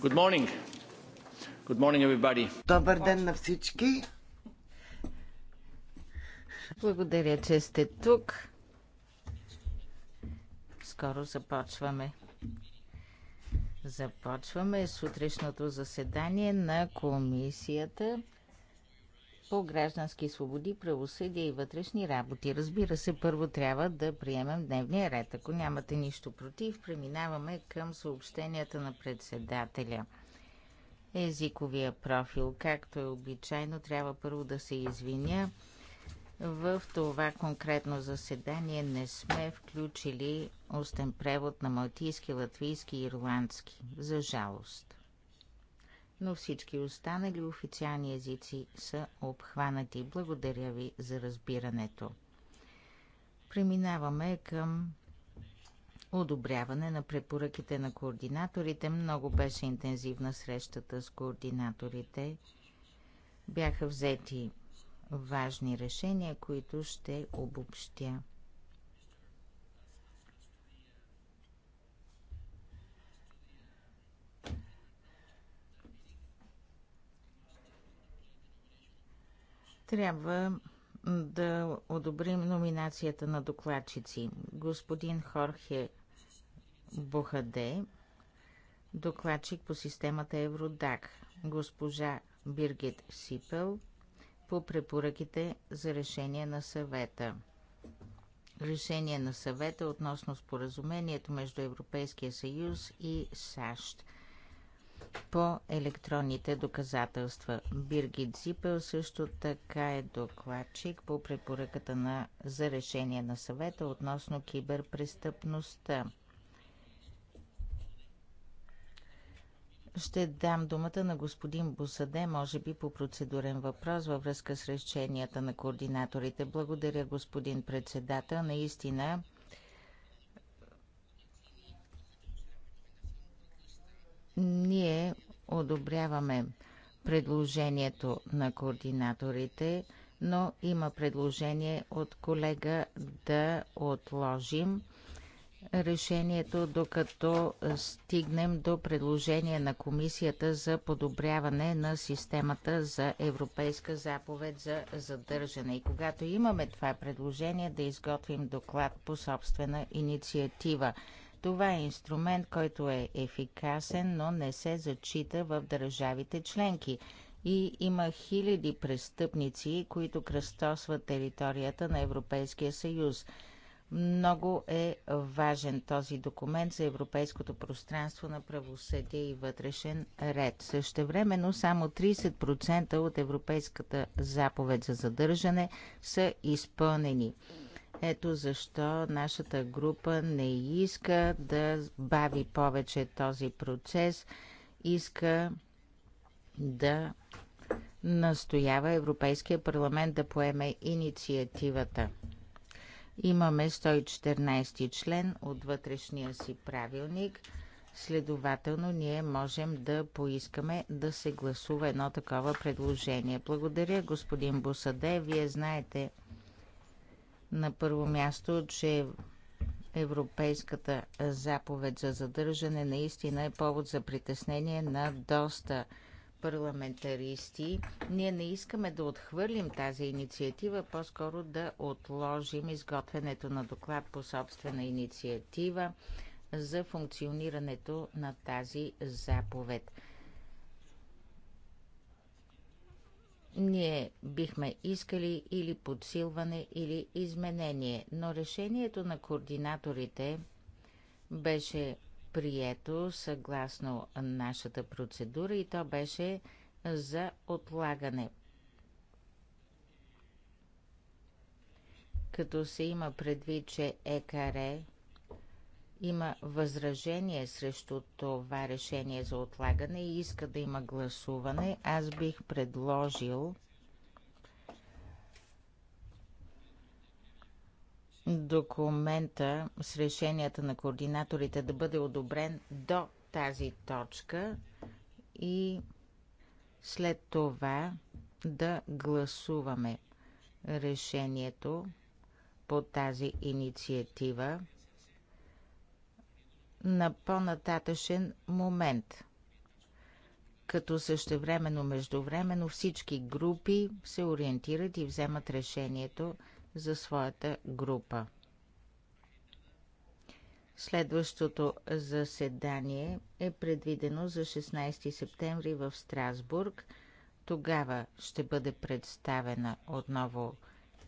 Good morning. Good morning, everybody. Добър ден на всички. Благодаря, че сте тук. Скоро започваме. Започваме сутрешното заседание на комисията по граждански свободи, правосъдие и вътрешни работи. Разбира се, първо трябва да приемем дневния ред. Ако нямате нищо против, преминаваме към съобщенията на председателя. Езиковия профил, както е обичайно, трябва първо да се извиня. В това конкретно заседание не сме включили устен превод на малтийски, латвийски и ирландски, за жалост но всички останали официални езици са обхванати. Благодаря ви за разбирането. Преминаваме към одобряване на препоръките на координаторите. Много беше интензивна срещата с координаторите. Бяха взети важни решения, които ще обобщя. Трябва да одобрим номинацията на докладчици. Господин Хорхе Бохаде, докладчик по системата Евродак. Госпожа Биргит Сипел по препоръките за решение на съвета. Решение на съвета относно споразумението между Европейския съюз и САЩ – по електронните доказателства. Биргит Зипел също така е докладчик по препоръката на, за решение на съвета относно киберпрестъпността. Ще дам думата на господин Босаде, може би по процедурен въпрос във връзка с решенията на координаторите. Благодаря, господин председател. Наистина, Ние одобряваме предложението на координаторите, но има предложение от колега да отложим решението, докато стигнем до предложение на Комисията за подобряване на системата за Европейска заповед за задържане. И когато имаме това предложение, да изготвим доклад по собствена инициатива. Това е инструмент, който е ефикасен, но не се зачита в държавите членки. И има хиляди престъпници, които кръстосват територията на Европейския съюз. Много е важен този документ за европейското пространство на правосъдие и вътрешен ред. Същевременно само 30% от Европейската заповед за задържане са изпълнени. Ето защо нашата група не иска да бави повече този процес, иска да настоява Европейския парламент да поеме инициативата. Имаме 114 член от вътрешния си правилник. Следователно, ние можем да поискаме да се гласува едно такова предложение. Благодаря, господин Босаде. Вие знаете, на първо място, че Европейската заповед за задържане наистина е повод за притеснение на доста парламентаристи. Ние не искаме да отхвърлим тази инициатива, по-скоро да отложим изготвянето на доклад по собствена инициатива за функционирането на тази заповед. Ние бихме искали или подсилване, или изменение, но решението на координаторите беше прието съгласно нашата процедура и то беше за отлагане. Като се има предвид, че ЕКАРЕ има възражение срещу това решение за отлагане и иска да има гласуване, аз бих предложил документа с решенията на координаторите да бъде одобрен до тази точка и след това да гласуваме решението по тази инициатива на по-нататъшен момент. Като същевременно, междувременно всички групи се ориентират и вземат решението за своята група. Следващото заседание е предвидено за 16 септември в Страсбург. Тогава ще бъде представена отново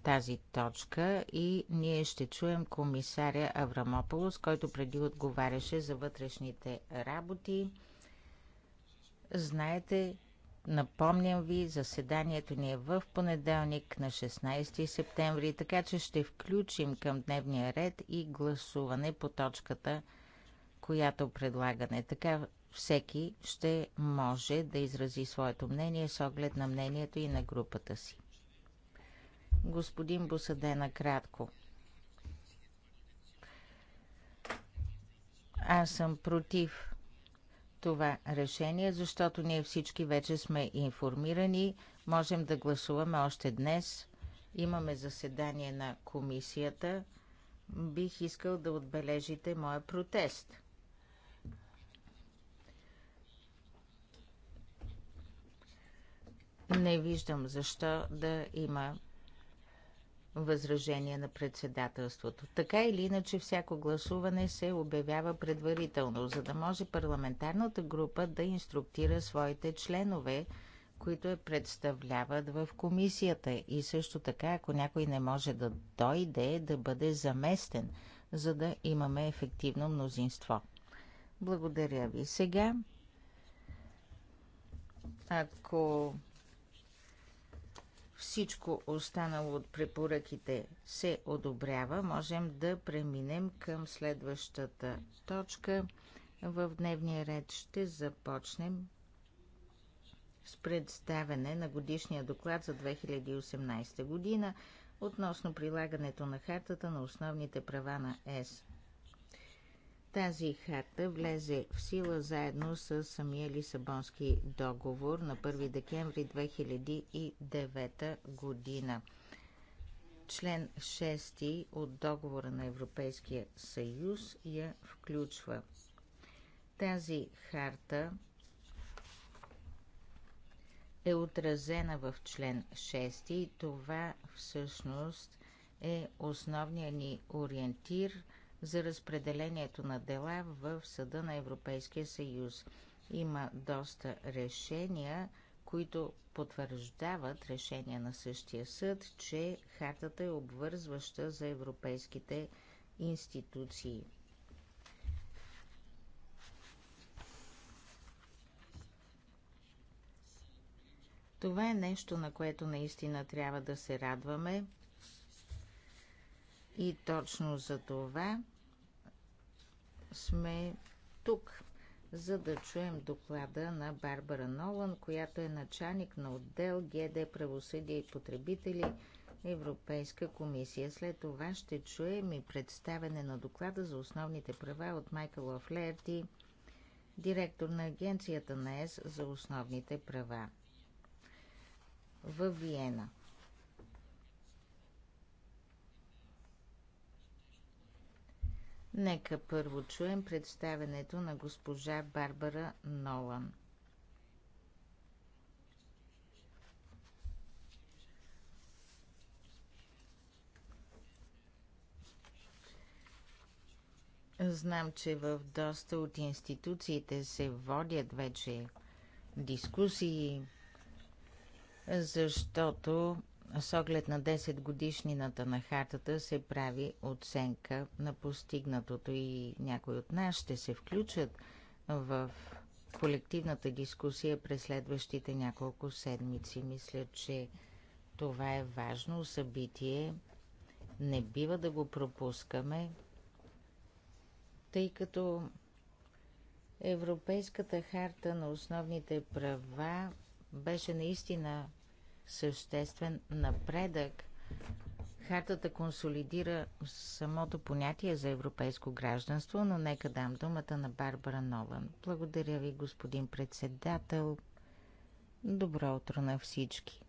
тази точка и ние ще чуем комисаря Аврамополос, който преди отговаряше за вътрешните работи. Знаете, напомням ви, заседанието ни е в понеделник на 16 септември, така че ще включим към дневния ред и гласуване по точката, която предлагаме. Така всеки ще може да изрази своето мнение с оглед на мнението и на групата си господин Босаде кратко. Аз съм против това решение, защото ние всички вече сме информирани. Можем да гласуваме още днес. Имаме заседание на комисията. Бих искал да отбележите моя протест. Не виждам защо да има възражение на председателството. Така или иначе, всяко гласуване се обявява предварително, за да може парламентарната група да инструктира своите членове, които я представляват в комисията. И също така, ако някой не може да дойде, да бъде заместен, за да имаме ефективно мнозинство. Благодаря ви. Сега, ако всичко останало от препоръките се одобрява, можем да преминем към следващата точка. В дневния ред ще започнем с представяне на годишния доклад за 2018 година относно прилагането на Хартата на основните права на ЕС. Тази харта влезе в сила заедно с самия Лисабонски договор на 1 декември 2009 година. Член 6 от договора на Европейския съюз я включва. Тази харта е отразена в член 6 и това всъщност е основният ни ориентир за разпределението на дела в Съда на Европейския съюз. Има доста решения, които потвърждават решения на същия съд, че хартата е обвързваща за европейските институции. Това е нещо, на което наистина трябва да се радваме. И точно за това сме тук, за да чуем доклада на Барбара Нолан, която е началник на отдел ГД Правосъдие и потребители Европейска комисия. След това ще чуем и представене на доклада за основните права от Майкъл Офлерти, директор на Агенцията на ЕС за основните права в Виена – Нека първо чуем представенето на госпожа Барбара Нолан. Знам, че в доста от институциите се водят вече дискусии, защото с оглед на 10 годишнината на хартата се прави оценка на постигнатото и някои от нас ще се включат в колективната дискусия през следващите няколко седмици. Мисля, че това е важно събитие. Не бива да го пропускаме, тъй като Европейската харта на основните права беше наистина съществен напредък. Хартата консолидира самото понятие за европейско гражданство, но нека дам думата на Барбара Нован. Благодаря ви, господин председател. Добро утро на всички.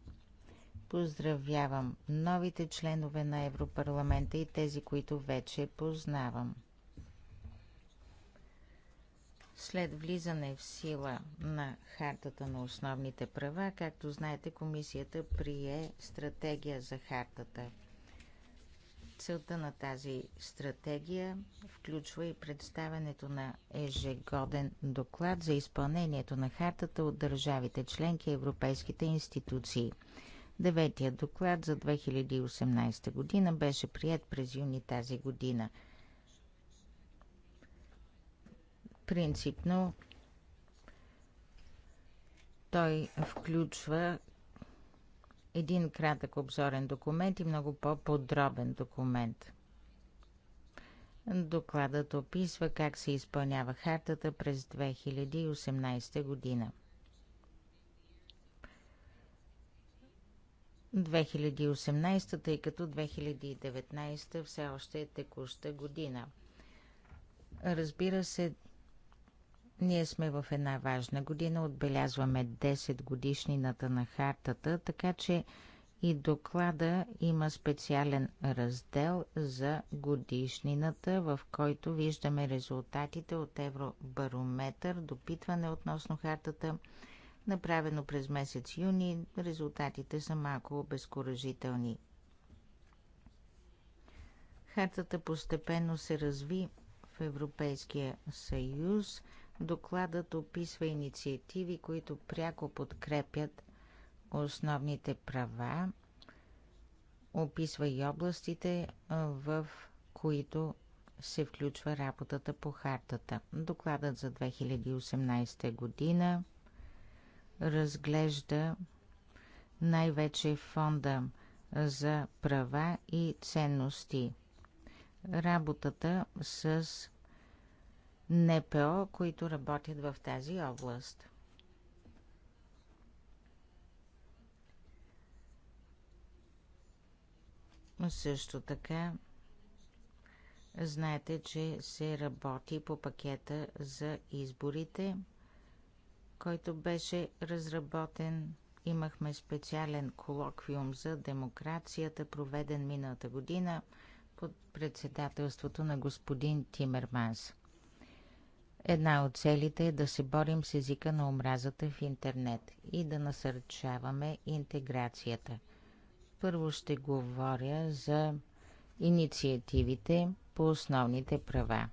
Поздравявам новите членове на Европарламента и тези, които вече познавам – след влизане в сила на Хартата на основните права, както знаете, комисията прие стратегия за Хартата. Целта на тази стратегия включва и представянето на ежегоден доклад за изпълнението на Хартата от държавите членки и европейските институции. Деветият доклад за 2018 година беше прият през юни тази година – Принципно той включва един кратък обзорен документ и много по-подробен документ. Докладът описва как се изпълнява хартата през 2018 година. 2018, тъй като 2019 все още е текуща година. Разбира се, ние сме в една важна година, отбелязваме 10 годишнината на хартата, така че и доклада има специален раздел за годишнината, в който виждаме резултатите от Евробарометър, допитване относно хартата, направено през месец юни. Резултатите са малко обезкуражителни. Хартата постепенно се разви в Европейския съюз – Докладът описва инициативи, които пряко подкрепят основните права, описва и областите, в които се включва работата по хартата. Докладът за 2018 година разглежда най-вече фонда за права и ценности. Работата с НПО, които работят в тази област. Също така, знаете, че се работи по пакета за изборите, който беше разработен. Имахме специален колоквиум за демокрацията, проведен миналата година под председателството на господин Тимерманс. Една от целите е да се борим с езика на омразата в интернет и да насърчаваме интеграцията. Първо ще говоря за инициативите по основните права.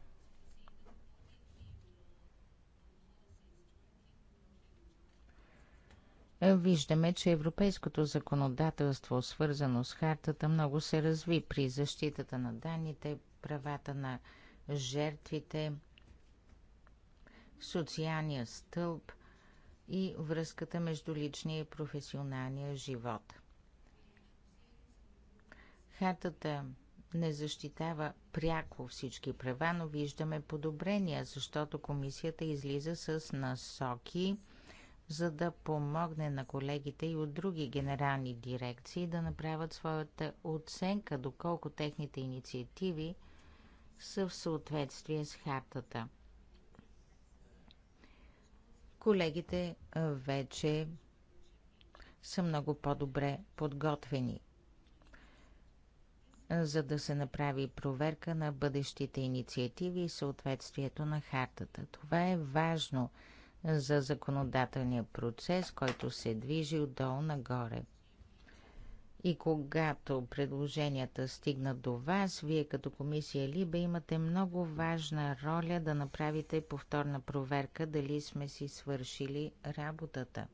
Виждаме, че европейското законодателство, свързано с хартата, много се разви при защитата на данните, правата на жертвите – социалния стълб и връзката между личния и професионалния живот. Хатата не защитава пряко всички права, но виждаме подобрения, защото комисията излиза с насоки, за да помогне на колегите и от други генерални дирекции да направят своята оценка, доколко техните инициативи са в съответствие с хартата – колегите вече са много по-добре подготвени, за да се направи проверка на бъдещите инициативи и съответствието на хартата. Това е важно за законодателния процес, който се движи отдолу нагоре – и когато предложенията стигнат до вас, вие като комисия Либе имате много важна роля да направите повторна проверка дали сме си свършили работата.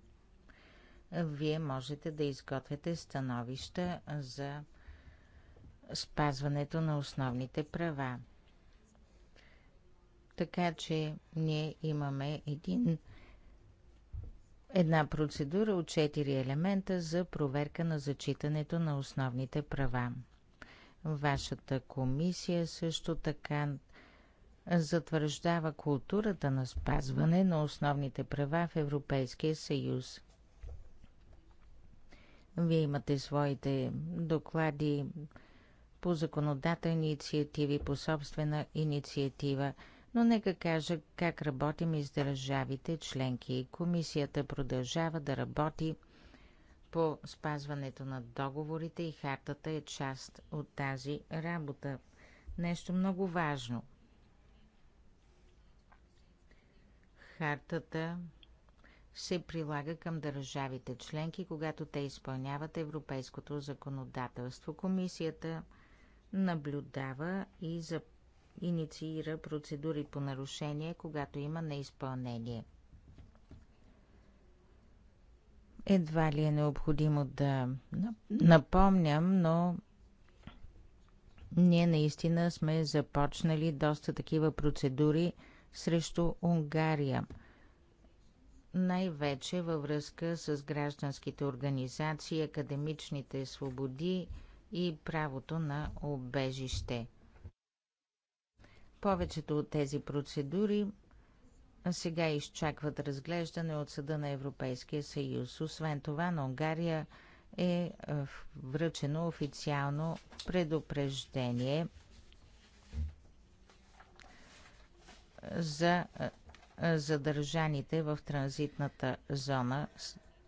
Вие можете да изготвяте становища за спазването на основните права. Така че ние имаме един една процедура от четири елемента за проверка на зачитането на основните права. Вашата комисия също така затвърждава културата на спазване на основните права в Европейския съюз. Вие имате своите доклади по законодателни инициативи, по собствена инициатива – но нека кажа как работим и с държавите членки. Комисията продължава да работи по спазването на договорите и хартата е част от тази работа. Нещо много важно. Хартата се прилага към държавите членки, когато те изпълняват европейското законодателство. Комисията наблюдава и запазва инициира процедури по нарушение, когато има неизпълнение. Едва ли е необходимо да напомням, но ние наистина сме започнали доста такива процедури срещу Унгария. Най-вече във връзка с гражданските организации, академичните свободи и правото на обежище. Повечето от тези процедури сега изчакват разглеждане от Съда на Европейския съюз. Освен това, на Унгария е, е връчено официално предупреждение за е, задържаните в транзитната зона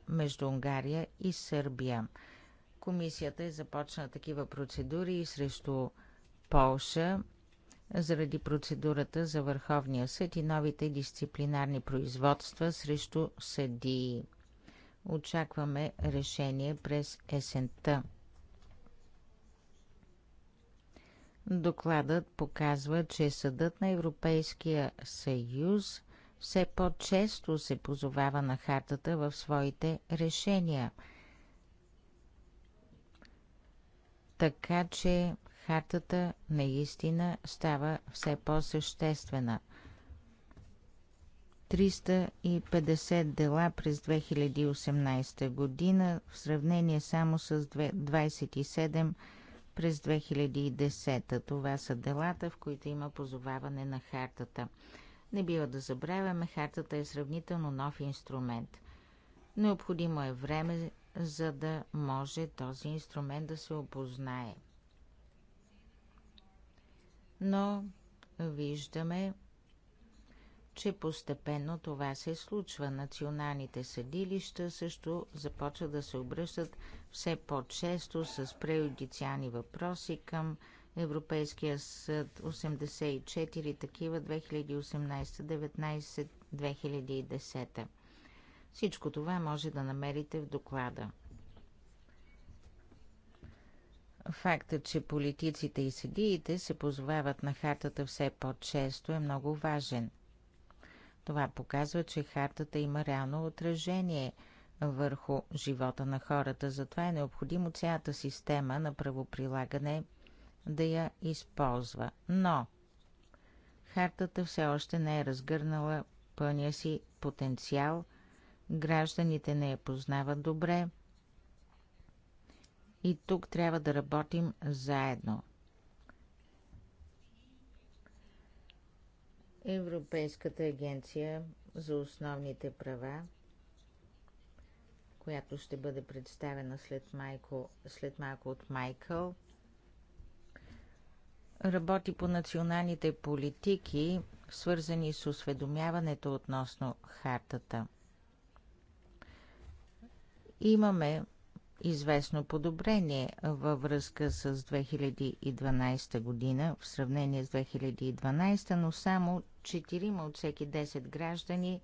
между Унгария и Сърбия. Комисията е започна такива процедури и срещу Полша заради процедурата за Върховния съд и новите дисциплинарни производства срещу съдии. Очакваме решение през есента. Докладът показва, че Съдът на Европейския съюз все по-често се позовава на хартата в своите решения. Така че хартата наистина става все по-съществена. 350 дела през 2018 година в сравнение само с 27 през 2010. Това са делата, в които има позоваване на хартата. Не бива да забравяме, хартата е сравнително нов инструмент. Необходимо е време, за да може този инструмент да се опознае – но виждаме, че постепенно това се случва. Националните съдилища също започват да се обръщат все по-често с преюдициални въпроси към Европейския съд 84 такива 2018-19-2010. Всичко това може да намерите в доклада. Фактът, че политиците и съдиите се позовават на хартата все по-често е много важен. Това показва, че хартата има реално отражение върху живота на хората. Затова е необходимо цялата система на правоприлагане да я използва. Но хартата все още не е разгърнала пълния си потенциал, гражданите не я познават добре, и тук трябва да работим заедно. Европейската агенция за основните права, която ще бъде представена след, майко, след малко от Майкъл, работи по националните политики, свързани с осведомяването относно хартата. Имаме известно подобрение във връзка с 2012 година в сравнение с 2012, но само 4 от всеки 10 граждани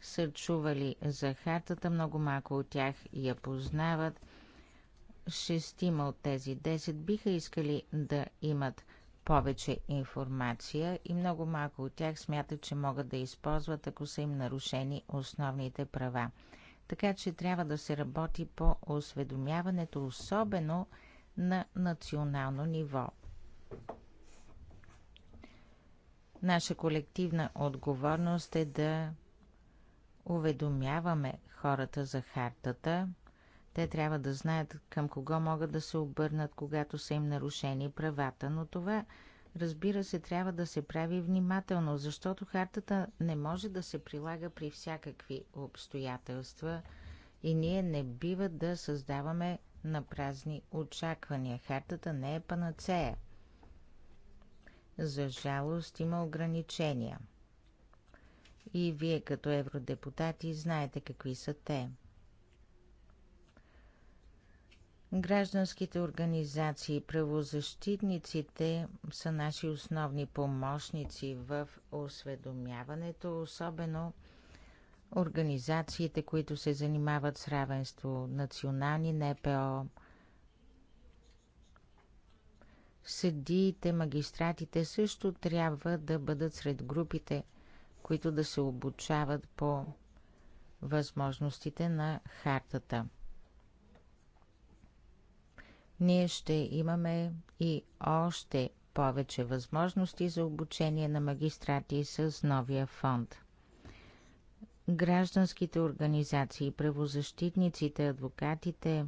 са чували за хартата, много малко от тях я познават. Шестима от тези 10 биха искали да имат повече информация и много малко от тях смятат, че могат да използват, ако са им нарушени основните права. Така че трябва да се работи по осведомяването, особено на национално ниво. Наша колективна отговорност е да уведомяваме хората за хартата. Те трябва да знаят към кого могат да се обърнат, когато са им нарушени правата, но това Разбира се, трябва да се прави внимателно, защото хартата не може да се прилага при всякакви обстоятелства и ние не бива да създаваме на празни очаквания. Хартата не е панацея. За жалост има ограничения. И вие като евродепутати знаете какви са те – Гражданските организации, правозащитниците са наши основни помощници в осведомяването, особено организациите, които се занимават с равенство, национални НПО, съдиите, магистратите също трябва да бъдат сред групите, които да се обучават по възможностите на хартата – ние ще имаме и още повече възможности за обучение на магистрати с новия фонд. Гражданските организации, правозащитниците, адвокатите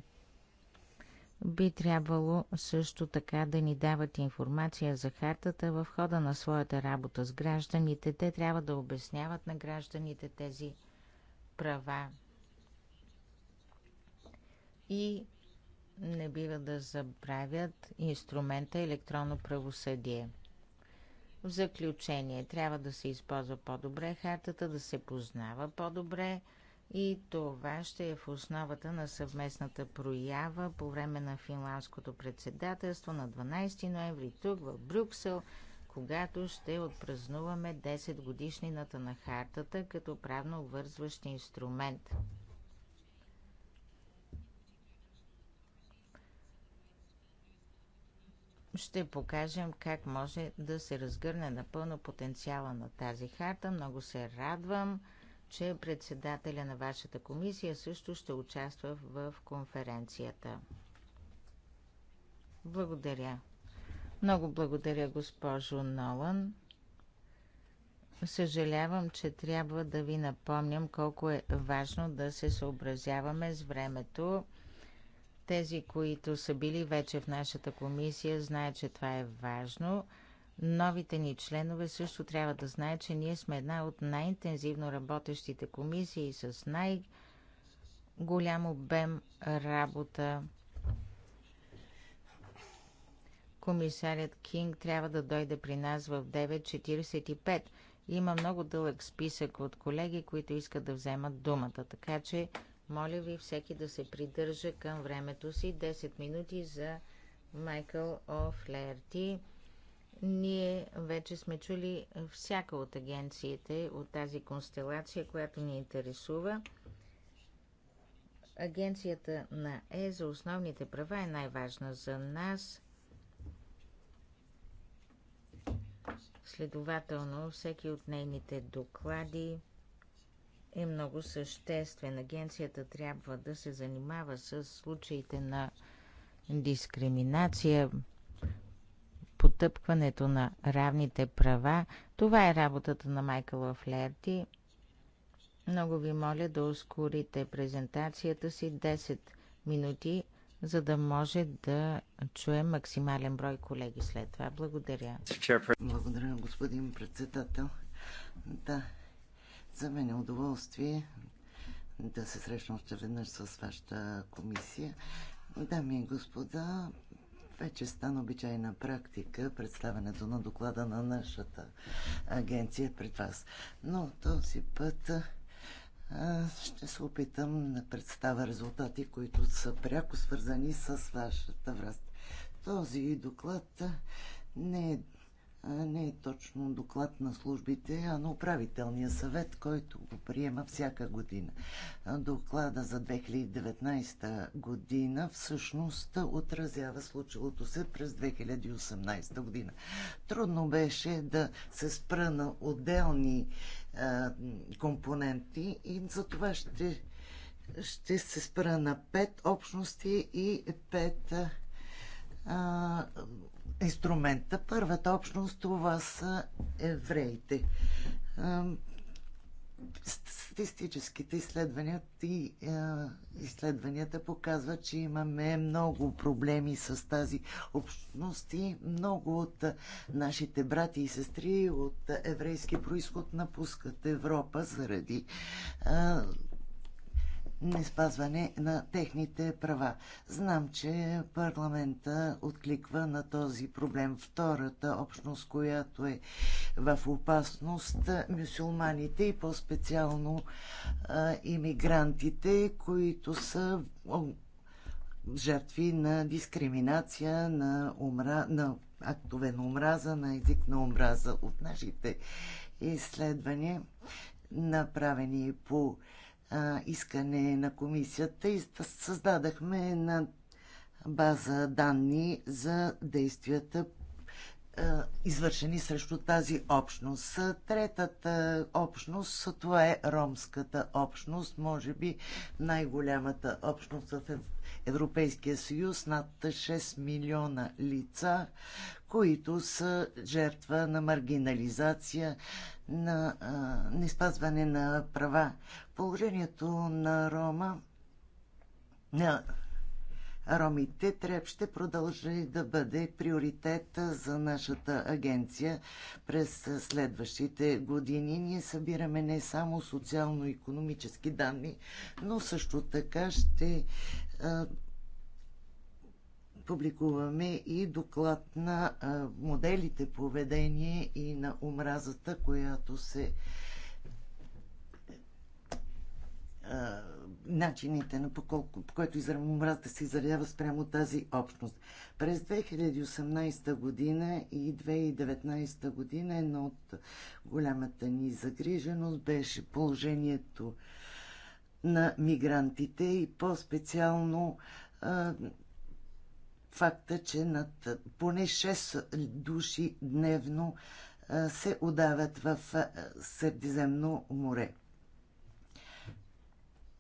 би трябвало също така да ни дават информация за хартата в хода на своята работа с гражданите. Те трябва да обясняват на гражданите тези права. И не бива да забравят инструмента електронно правосъдие. В заключение, трябва да се използва по-добре хартата, да се познава по-добре и това ще е в основата на съвместната проява по време на финландското председателство на 12 ноември тук в Брюксел, когато ще отпразнуваме 10 годишнината на хартата като правно обвързващ инструмент. ще покажем как може да се разгърне напълно потенциала на тази харта. Много се радвам, че председателя на вашата комисия също ще участва в конференцията. Благодаря. Много благодаря, госпожо Нолан. Съжалявам, че трябва да ви напомням колко е важно да се съобразяваме с времето. Тези, които са били вече в нашата комисия, знаят, че това е важно. Новите ни членове също трябва да знаят, че ние сме една от най-интензивно работещите комисии с най-голям обем работа. Комисарят Кинг трябва да дойде при нас в 9.45. Има много дълъг списък от колеги, които искат да вземат думата, така че моля ви всеки да се придържа към времето си. 10 минути за Майкъл О'Флерти. Ние вече сме чули всяка от агенциите от тази констелация, която ни интересува. Агенцията на Е за основните права е най-важна за нас. Следователно, всеки от нейните доклади е много съществен. Агенцията трябва да се занимава с случаите на дискриминация, потъпкването на равните права. Това е работата на Майкъл Флерти. Много ви моля да ускорите презентацията си 10 минути, за да може да чуем максимален брой колеги след това. Благодаря. Благодаря, господин председател. Да, за мен е удоволствие да се срещна още веднъж с вашата комисия. Дами и господа, вече стана обичайна практика представенето на доклада на нашата агенция пред вас. Но този път ще се опитам да представя резултати, които са пряко свързани с вашата власт. Този доклад не е не е точно доклад на службите, а на управителния съвет, който го приема всяка година. Доклада за 2019 година всъщност отразява случилото се през 2018 година. Трудно беше да се спра на отделни компоненти и за това ще, ще се спра на пет общности и пет инструмента. Първата общност това са евреите. Статистическите изследвания и изследванията показват, че имаме много проблеми с тази общност и много от нашите брати и сестри от еврейски происход напускат Европа заради не спазване на техните права. Знам, че парламента откликва на този проблем. Втората общност, която е в опасност, мюсюлманите и по-специално иммигрантите, които са жертви на дискриминация, на, умра... на актове на омраза, на език на омраза от нашите изследвания, направени по а, искане на комисията и създадахме една база данни за действията извършени срещу тази общност. Третата общност, това е ромската общност, може би най-голямата общност в Европейския съюз, над 6 милиона лица, които са жертва на маргинализация, на неспазване на права. Положението на Рома, на ромите, треп ще продължи да бъде приоритет за нашата агенция през следващите години. Ние събираме не само социално-економически данни, но също така ще публикуваме и доклад на моделите поведение и на омразата, която се начините на по, колко, по който омразата се изразява спрямо тази общност. През 2018 година и 2019 година едно от голямата ни загриженост беше положението на мигрантите и по-специално факта, че над поне 6 души дневно се удават в Средиземно море.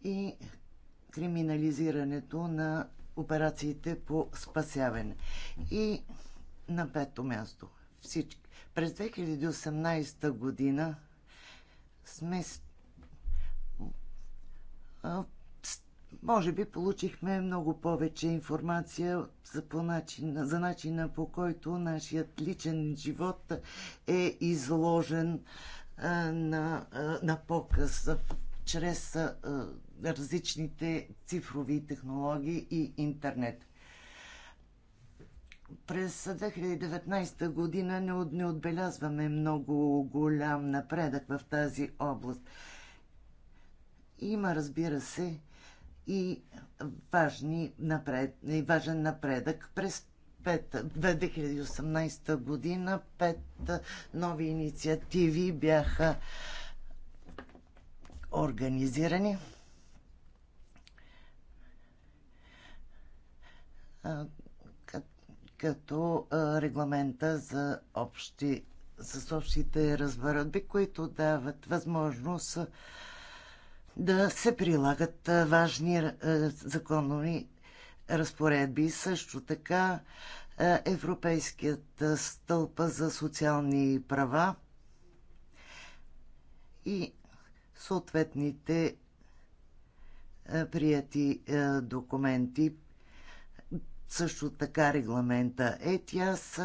И криминализирането на операциите по спасяване. И на пето място. Всички. През 2018 година сме може би получихме много повече информация за, по начин, за начина по който нашият личен живот е изложен а, на, а, на показ чрез а, различните цифрови технологии и интернет. През 2019 година не, не отбелязваме много голям напредък в тази област. Има, разбира се, и важни напред, и важен напредък през 2018 година пет нови инициативи бяха организирани. като регламента за общи, с общите разбъръдби, които дават възможност да се прилагат важни законови разпоредби. Също така Европейският стълпа за социални права и съответните прияти документи, също така регламента ЕТИАС,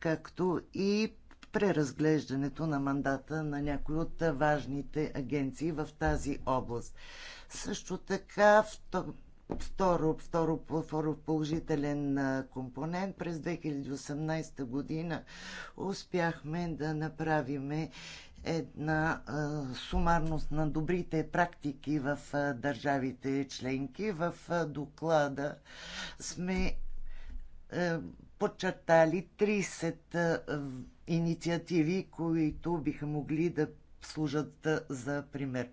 както и преразглеждането на мандата на някои от важните агенции в тази област. Също така, второ, второ, второ положителен компонент през 2018 година успяхме да направиме една а, сумарност на добрите практики в а, държавите членки. В а, доклада сме е, а, подчертали 30 а, инициативи, които биха могли да служат за пример.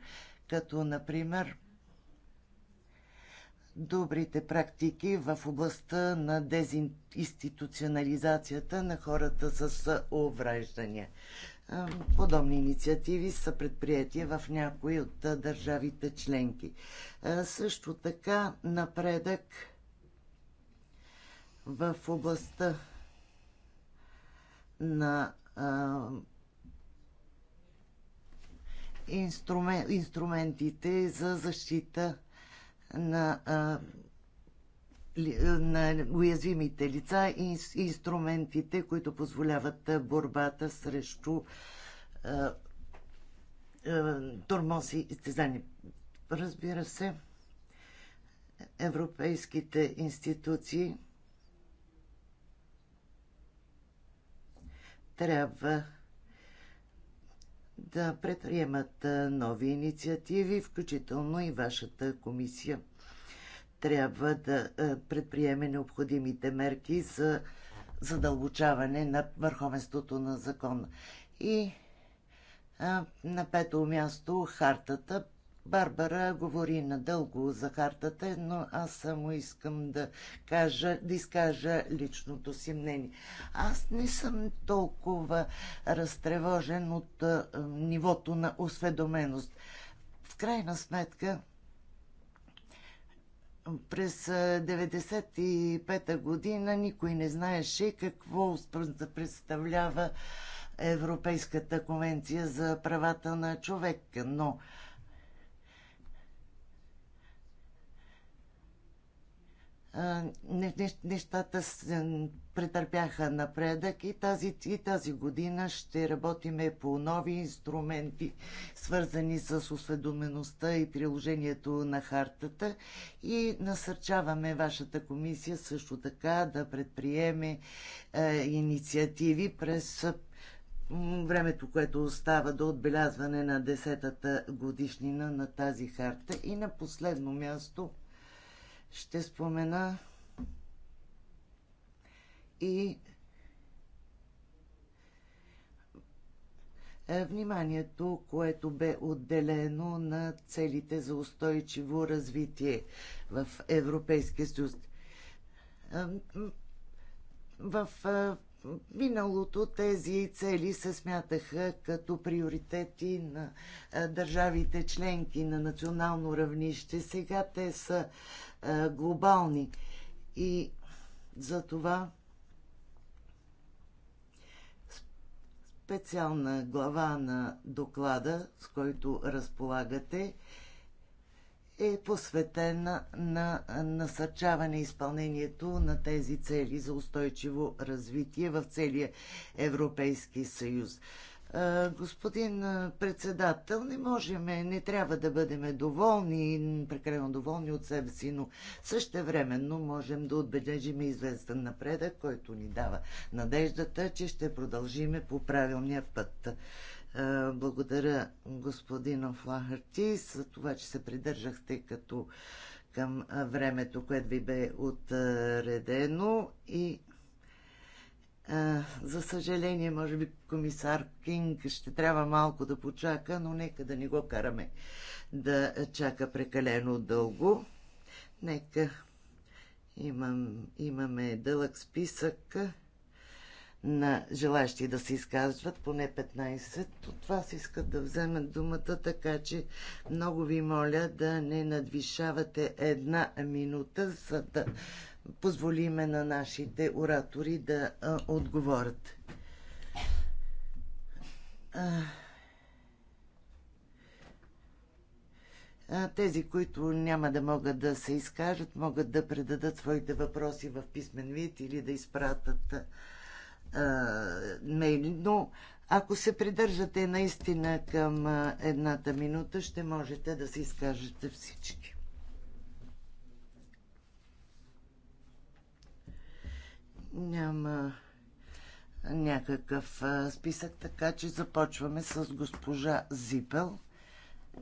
Като, например, добрите практики в областта на дезинституционализацията на хората с увреждания. Подобни инициативи са предприяти в някои от държавите членки. Също така напредък в областта на инструмен, инструментите за защита на, а, на уязвимите лица и инструментите, които позволяват борбата срещу а, тормоз и стезани. Разбира се, европейските институции трябва да предприемат нови инициативи, включително и вашата комисия. Трябва да предприеме необходимите мерки за задълбочаване на върховенството на закона. И на пето място хартата Барбара говори надълго за хартата, но аз само искам да, кажа, да изкажа личното си мнение. Аз не съм толкова разтревожен от а, нивото на осведоменост. В крайна сметка, през 1995 година никой не знаеше какво представлява Европейската конвенция за правата на човека, но нещата се претърпяха напредък и тази, и тази година ще работиме по нови инструменти, свързани с осведомеността и приложението на хартата и насърчаваме вашата комисия също така да предприеме е, инициативи през времето, което остава до отбелязване на 10-та годишнина на тази харта. И на последно място – ще спомена и е, вниманието, което бе отделено на целите за устойчиво развитие в Европейския съюз. Е, в е, миналото тези цели се смятаха като приоритети на държавите членки на национално равнище. Сега те са глобални. И за това специална глава на доклада, с който разполагате, е посветена на насърчаване изпълнението на тези цели за устойчиво развитие в целия Европейски съюз. Господин председател, не можем, не трябва да бъдем доволни, прекалено доволни от себе си, но също същевременно можем да отбележим известен напредък, който ни дава надеждата, че ще продължиме по правилния път. Благодаря господин Флахарти за това, че се придържахте като към времето, което ви бе отредено и за съжаление, може би комисар Кинг ще трябва малко да почака, но нека да не го караме да чака прекалено дълго. Нека имам, имаме дълъг списък на желащи да се изказват, поне 15 от вас искат да вземат думата, така че много ви моля да не надвишавате една минута, за да позволиме на нашите оратори да а, отговорят. А, а, тези, които няма да могат да се изкажат, могат да предадат своите въпроси в писмен вид или да изпратат мейли, но ако се придържате наистина към едната минута, ще можете да се изкажете всички. Няма някакъв списък, така че започваме с госпожа Зипел.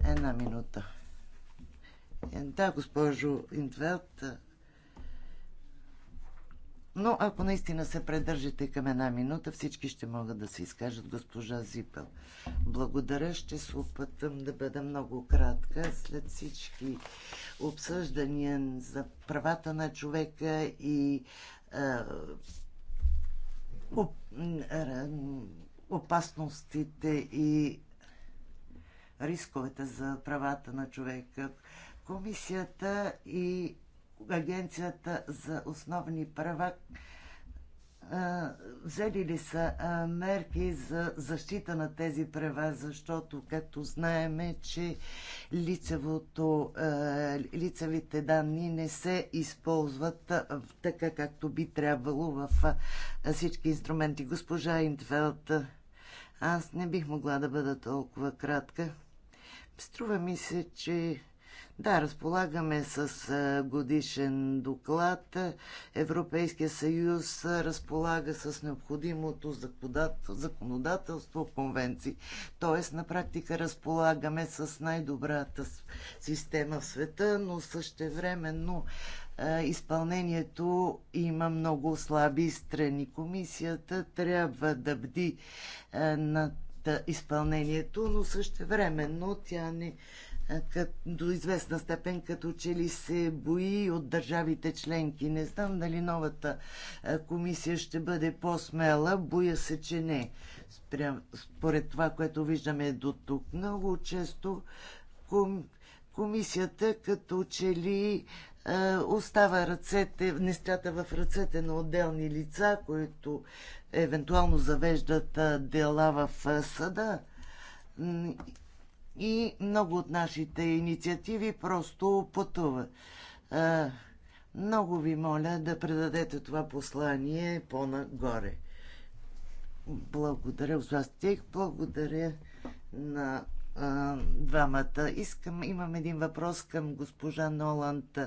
Една минута. Е, да, госпожо Интвелт, но ако наистина се предържите към една минута, всички ще могат да се изкажат госпожа Зипел. Благодаря, ще се опътам да бъда много кратка. След всички обсъждания за правата на човека и е, е, опасностите и рисковете за правата на човека. Комисията и Агенцията за основни права взели ли са мерки за защита на тези права, защото, както знаеме, че лицевото, лицевите данни не се използват така, както би трябвало в всички инструменти. Госпожа Интфелд, аз не бих могла да бъда толкова кратка. Струва ми се, че да, разполагаме с годишен доклад. Европейския съюз разполага с необходимото законодателство, конвенции. Тоест, на практика разполагаме с най-добрата система в света, но същевременно изпълнението има много слаби страни. Комисията трябва да бди над изпълнението, но същевременно тя не до известна степен като че ли се бои от държавите членки. Не знам дали новата комисия ще бъде по-смела. Боя се, че не. Спрям, според това, което виждаме до тук. Много често ком, комисията като че ли остава ръцете, нещата в ръцете на отделни лица, които евентуално завеждат дела в съда и много от нашите инициативи просто пътува. Много ви моля да предадете това послание по-нагоре. Благодаря, Застих. Благодаря на а, двамата. Искам, имам един въпрос към госпожа Ноланд.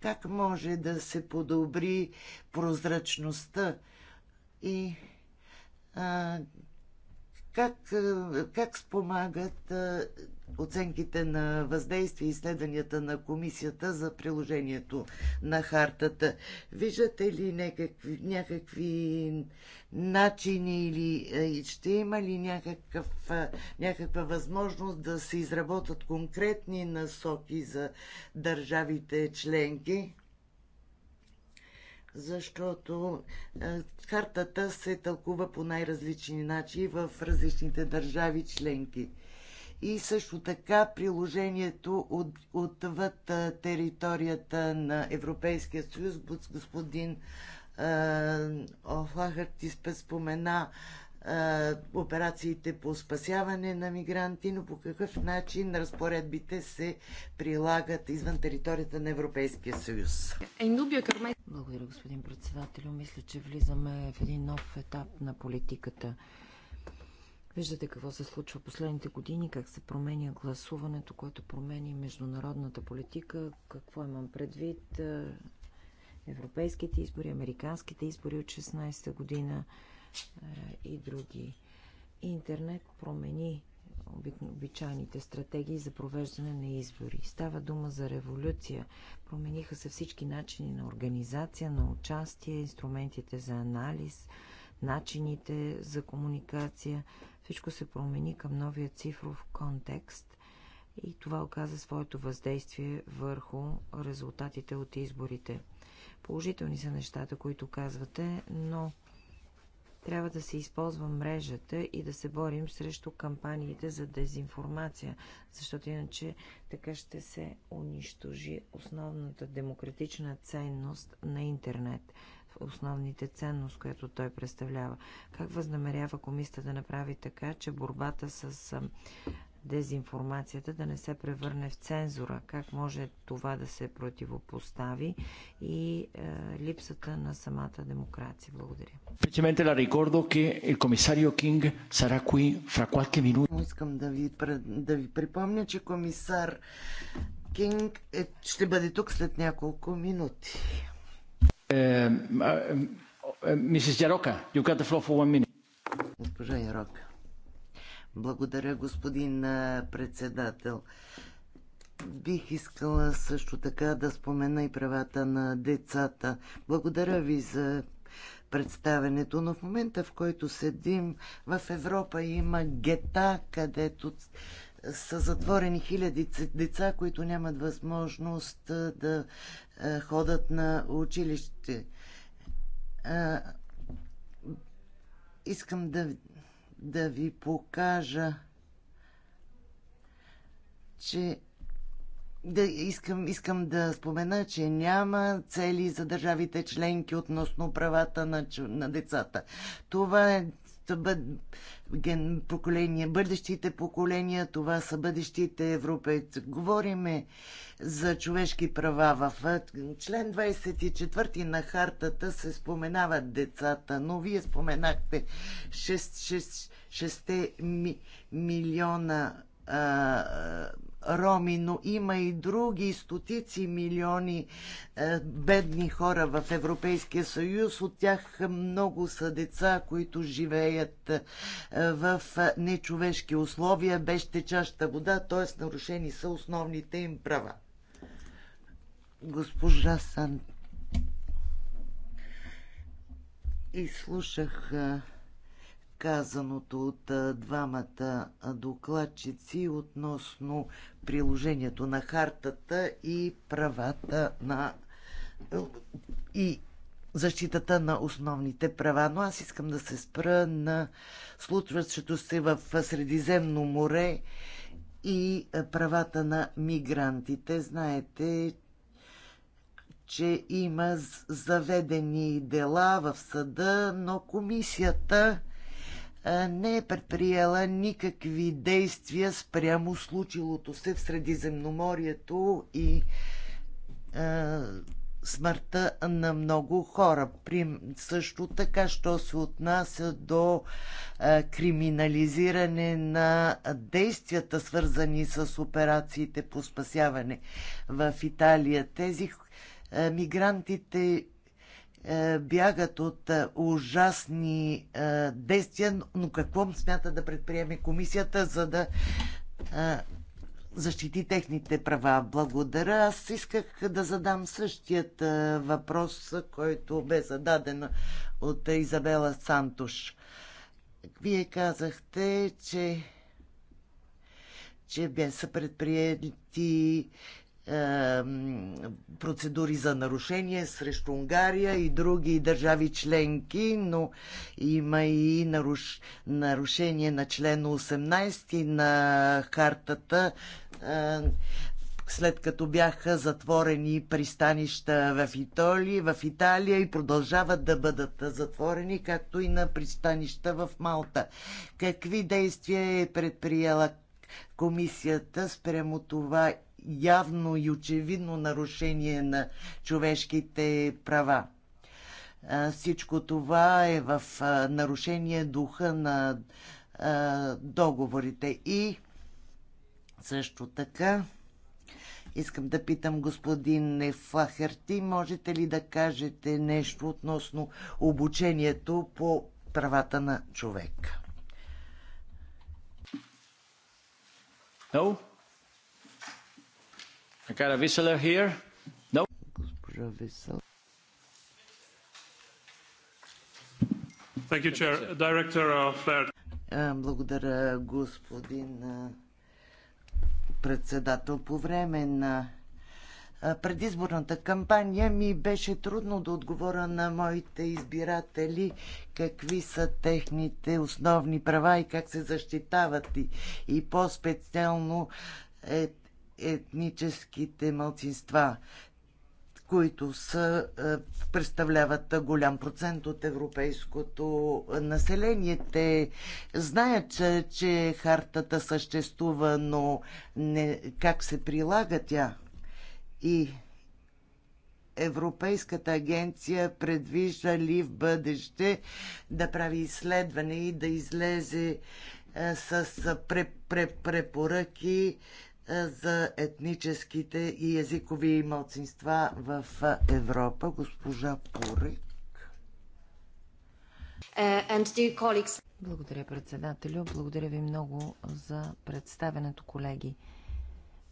Как може да се подобри прозрачността и а, как, е, как спомагат е, оценките на въздействие и изследванията на комисията за приложението на хартата? Виждате ли някакви, някакви начини или е, ще има ли някакъв, някаква възможност да се изработят конкретни насоки за държавите членки? защото е, картата се тълкува по най-различни начини в различните държави членки. И също така приложението от, отвъд е, територията на Европейския съюз, господин е, Охлахарт спомена операциите по спасяване на мигранти, но по какъв начин разпоредбите се прилагат извън територията на Европейския съюз. Благодаря, господин председател. Мисля, че влизаме в един нов етап на политиката. Виждате какво се случва последните години, как се променя гласуването, което промени международната политика. Какво имам предвид? Европейските избори, американските избори от 16-та година. Е, и други. Интернет промени обичайните стратегии за провеждане на избори. Става дума за революция. Промениха се всички начини на организация, на участие, инструментите за анализ, начините за комуникация. Всичко се промени към новия цифров контекст и това оказа своето въздействие върху резултатите от изборите. Положителни са нещата, които казвате, но трябва да се използва мрежата и да се борим срещу кампаниите за дезинформация, защото иначе така ще се унищожи основната демократична ценност на интернет основните ценност, която той представлява. Как възнамерява комисията да направи така, че борбата с дезинформацията да не се превърне в цензура. Как може това да се противопостави и е, липсата на самата демокрация? Благодаря. Semplicemente la ricordo che il commissario King sarà qui fra qualche minuto. Искам да ви, да ви припомня, че комисар Кинг е, ще бъде тук след няколко минути. Е, мисис Ярока, you got the floor for one minute. Госпожа Ярока. Благодаря, господин председател. Бих искала също така да спомена и правата на децата. Благодаря ви за представенето, но в момента, в който седим в Европа, има гета, където са затворени хиляди деца, които нямат възможност да ходят на училище. Искам да да ви покажа, че да, искам, искам да спомена, че няма цели за държавите членки относно правата на, на децата. Това е бъд, ген, поколения, бъдещите поколения, това са бъдещите европейци. Говориме за човешки права. В член 24 на хартата се споменават децата, но вие споменахте 6, 6, 6 милиона а, роми, но има и други стотици милиони е, бедни хора в Европейския съюз. От тях много са деца, които живеят е, в нечовешки условия, без течаща вода, т.е. нарушени са основните им права. Госпожа Сан. И слушах. Е казаното от двамата докладчици относно приложението на хартата и правата на и защитата на основните права. Но аз искам да се спра на случващото се в Средиземно море и правата на мигрантите. Знаете, че има заведени дела в съда, но комисията не е предприела никакви действия спрямо случилото се в Средиземноморието и а, смъртта на много хора. При, също така, що се отнася до а, криминализиране на действията, свързани с операциите по спасяване в Италия. Тези а, мигрантите е, бягат от е, ужасни е, действия, но какво смята да предприеме комисията, за да защити техните права. Благодаря. Аз исках да задам същият въпрос, който бе зададен от Изабела Сантуш. Вие казахте, че че бе са предприяти процедури за нарушение срещу Унгария и други държави членки, но има и наруш... нарушение на член 18 на хартата след като бяха затворени пристанища в Итоли, в Италия и продължават да бъдат затворени, както и на пристанища в Малта. Какви действия е предприела комисията спрямо това явно и очевидно нарушение на човешките права. Всичко това е в нарушение духа на договорите. И също така искам да питам господин Нефлахерти, можете ли да кажете нещо относно обучението по правата на човека? No? Кара Виселер here. No. Госпожа Thank you, Chair. Director Flair. Uh, благодаря, господин председател. По време на предизборната кампания ми беше трудно да отговоря на моите избиратели какви са техните основни права и как се защитават и, и по-специално е етническите мълцинства, които са, е, представляват голям процент от европейското население. Те знаят, че, че хартата съществува, но не, как се прилага тя? И Европейската агенция предвижда ли в бъдеще да прави изследване и да излезе е, с препоръки за етническите и езикови малцинства в Европа, госпожа Порик. Е, Благодаря, председателю. Благодаря ви много за представенето, колеги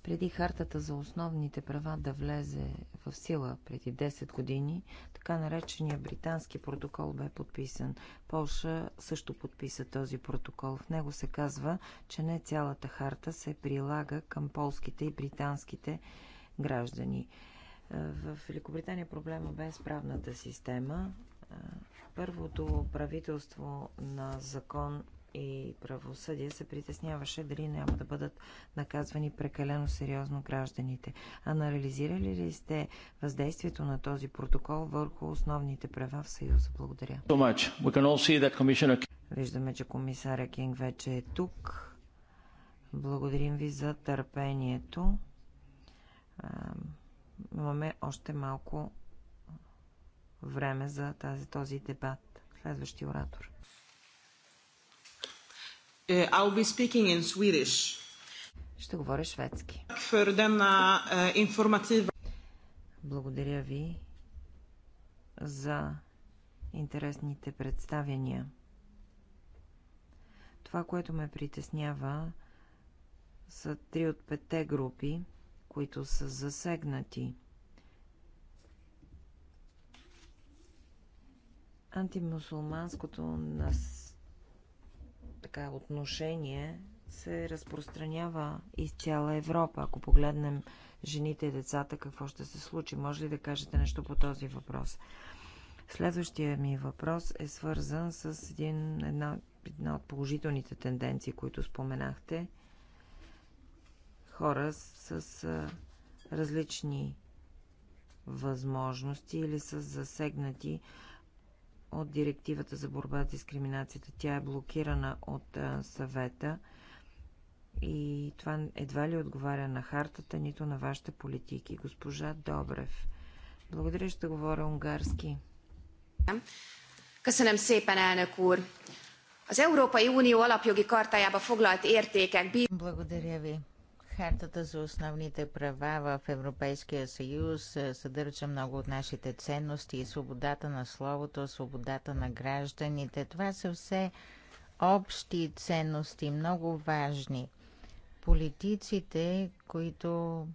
преди хартата за основните права да влезе в сила преди 10 години, така наречения британски протокол бе подписан. Полша също подписа този протокол. В него се казва, че не цялата харта се прилага към полските и британските граждани. Е, в Великобритания проблема бе с правната система. Е, първото правителство на закон и правосъдие се притесняваше дали няма да бъдат наказвани прекалено сериозно гражданите. Анализирали ли сте въздействието на този протокол върху основните права в Съюза? Благодаря. Виждаме, че комисаря Кинг вече е тук. Благодарим ви за търпението. Имаме още малко време за тази, този дебат. Следващия оратор. Eh, I'll be speaking in Swedish. Ще говоря шведски. Eh, Благодаря ви за интересните представяния. Това, което ме притеснява, са три от петте групи, които са засегнати. Антимусулманското нас така отношение се разпространява из цяла Европа. Ако погледнем жените и децата, какво ще се случи? Може ли да кажете нещо по този въпрос? Следващия ми въпрос е свързан с един, една, една от положителните тенденции, които споменахте. Хора с, с различни възможности или с засегнати от директивата за борба с дискриминацията. Тя е блокирана от съвета и това едва ли отговаря на хартата, нито на вашите политики. Госпожа Добрев. Благодаря, ще говоря унгарски. Köszönöm szépen, elnök úr! Az Európai Unió alapjogi kartájába foglalt értékek... Благодаря ви. Хартата за основните права в Европейския съюз е, съдържа много от нашите ценности свободата на словото, свободата на гражданите. Това са все общи ценности, много важни. Политиците, които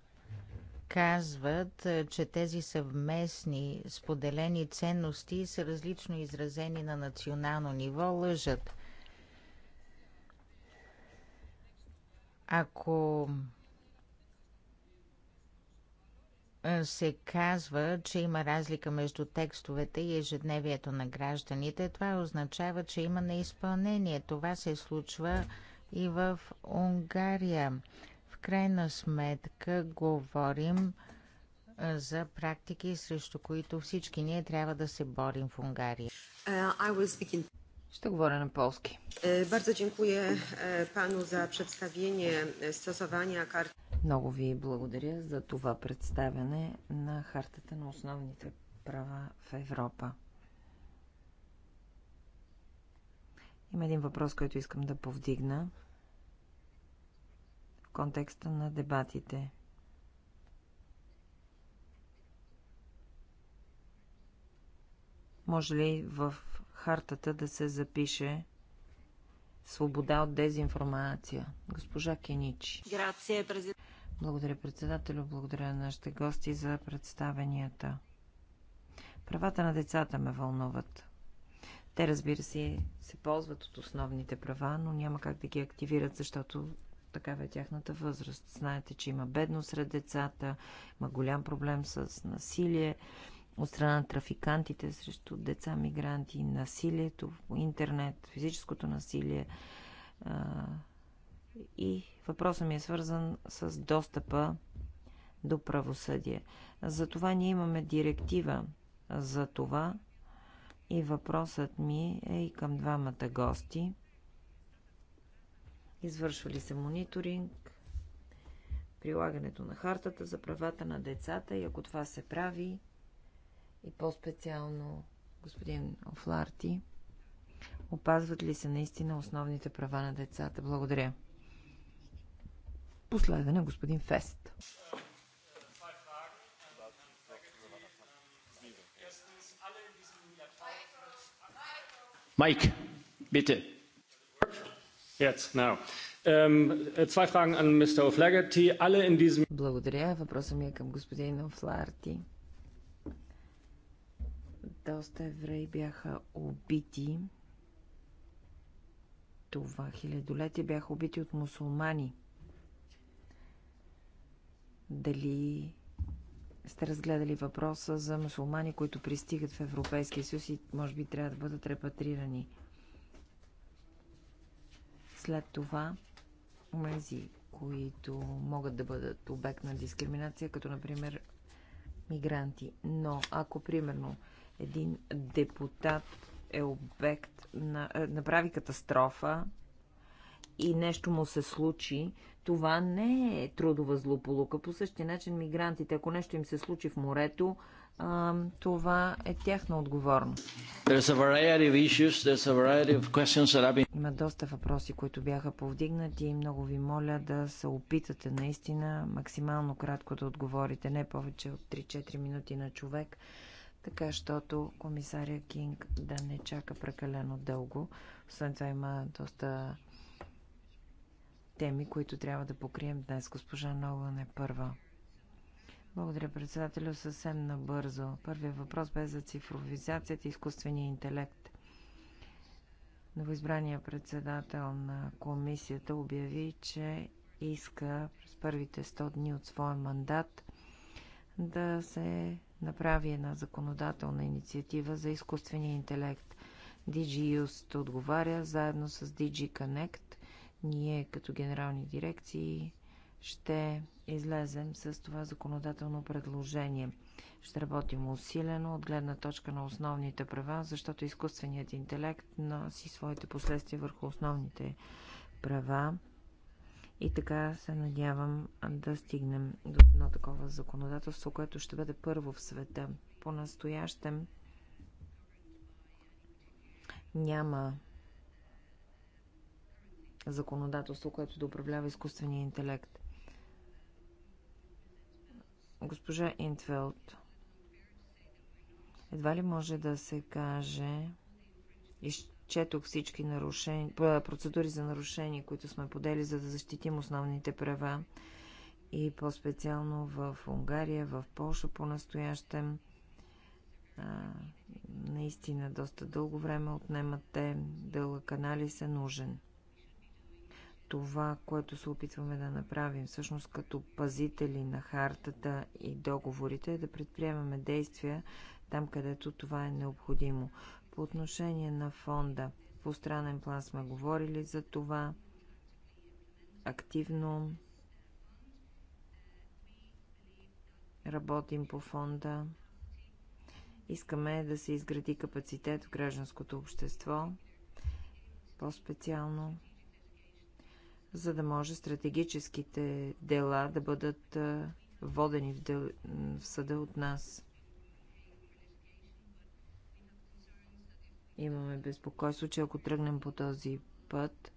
казват, е, че тези съвместни споделени ценности са различно изразени на национално ниво, лъжат – Ако се казва, че има разлика между текстовете и ежедневието на гражданите, това означава, че има неизпълнение. Това се случва и в Унгария. В крайна сметка говорим за практики, срещу които всички ние трябва да се борим в Унгария. Uh, ще говоря на полски. Е, е, е, Много ви благодаря за това представяне на хартата на основните права в Европа. Има един въпрос, който искам да повдигна в контекста на дебатите. Може ли в хартата да се запише свобода от дезинформация. Госпожа Кеничи. Грация, президент. Благодаря председателю, благодаря на нашите гости за представенията. Правата на децата ме вълнуват. Те, разбира се, се ползват от основните права, но няма как да ги активират, защото такава е тяхната възраст. Знаете, че има бедност сред децата, има голям проблем с насилие от страна на трафикантите срещу деца мигранти, насилието в интернет, физическото насилие. И въпросът ми е свързан с достъпа до правосъдие. Затова ние имаме директива за това и въпросът ми е и към двамата гости. извършвали се мониторинг, прилагането на хартата за правата на децата и ако това се прави, и по-специално господин Офларти, опазват ли се наистина основните права на децата? Благодаря. Последен е господин Фест. Майк, бите. Um, Благодаря. Въпросът ми е към господин Офларти доста евреи бяха убити. Това хилядолетие бяха убити от мусулмани. Дали сте разгледали въпроса за мусулмани, които пристигат в Европейския съюз и може би трябва да бъдат репатрирани? След това, тези, които могат да бъдат обект на дискриминация, като например мигранти. Но ако примерно един депутат е обект на... Е, направи катастрофа и нещо му се случи, това не е трудова злополука. По същия начин мигрантите, ако нещо им се случи в морето, а, това е тяхна отговорност. Има доста въпроси, които бяха повдигнати и много ви моля да се опитате наистина максимално кратко да отговорите, не повече от 3-4 минути на човек, така щото комисаря Кинг да не чака прекалено дълго. Освен това има доста теми, които трябва да покрием днес. Госпожа Нова, не първа. Благодаря, председателю. Съвсем набързо. Първият въпрос бе за цифровизацията и изкуствения интелект. Новоизбраният председател на комисията обяви, че иска през първите 100 дни от своя мандат да се направи една законодателна инициатива за изкуствения интелект. DG Just отговаря заедно с DG Connect. Ние като генерални дирекции ще излезем с това законодателно предложение. Ще работим усилено от гледна точка на основните права, защото изкуственият интелект носи своите последствия върху основните права и така се надявам да стигнем до едно такова законодателство, което ще бъде първо в света. По-настоящем няма законодателство, което да управлява изкуствения интелект. Госпожа Интфелд, едва ли може да се каже, Четох всички нарушени, процедури за нарушение, които сме подели, за да защитим основните права. И по-специално в Унгария, в Польша по-настоящем. наистина доста дълго време отнемат те. Дълъг анализ е нужен това, което се опитваме да направим, всъщност като пазители на хартата и договорите, е да предприемаме действия там, където това е необходимо. По отношение на фонда, по странен план сме говорили за това активно. Работим по фонда. Искаме да се изгради капацитет в гражданското общество, по-специално, за да може стратегическите дела да бъдат водени в, в съда от нас. Имаме безпокойство, че ако тръгнем по този път,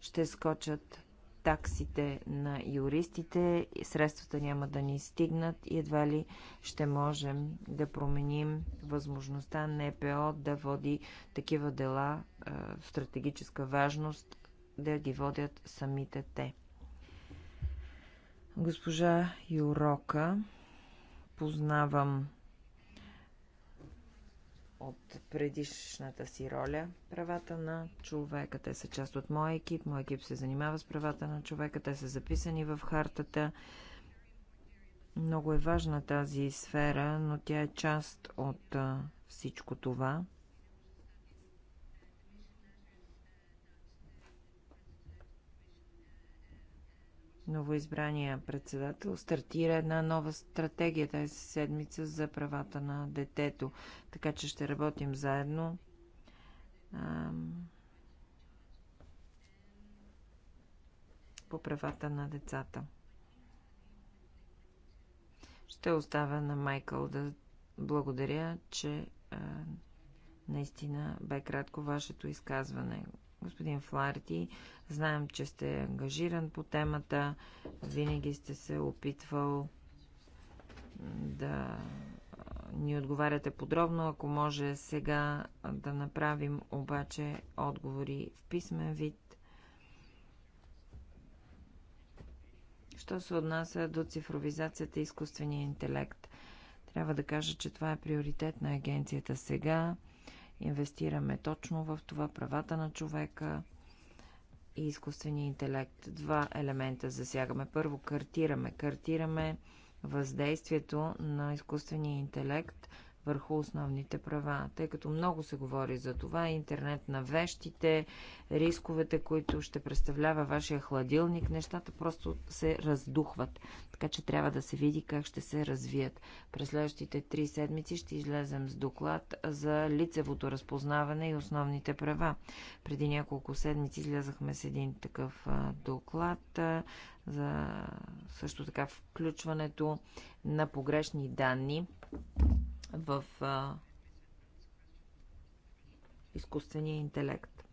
ще скочат таксите на юристите, средствата няма да ни стигнат и едва ли ще можем да променим възможността на ЕПО да води такива дела е, в стратегическа важност, да ги водят самите те. Госпожа Юрока, познавам от предишната си роля правата на човека. Те са част от моя екип. Моя екип се занимава с правата на човека. Те са записани в хартата. Много е важна тази сфера, но тя е част от всичко това. новоизбрания председател стартира една нова стратегия тази седмица за правата на детето. Така че ще работим заедно. по правата на децата. Ще оставя на Майкъл да благодаря, че а, наистина бе кратко вашето изказване. Господин Фларти, знаем, че сте ангажиран по темата, винаги сте се опитвал да ни отговаряте подробно. Ако може сега да направим обаче отговори в писмен вид. Що се отнася до цифровизацията и изкуствения интелект? Трябва да кажа, че това е приоритет на агенцията сега. Инвестираме точно в това правата на човека и изкуствения интелект. Два елемента засягаме. Първо, картираме. Картираме въздействието на изкуствения интелект върху основните права. Тъй като много се говори за това, интернет на вещите, рисковете, които ще представлява вашия хладилник, нещата просто се раздухват. Така че трябва да се види как ще се развият. През следващите три седмици ще излезем с доклад за лицевото разпознаване и основните права. Преди няколко седмици излязахме с един такъв доклад за също така включването на погрешни данни в а, изкуствения интелект.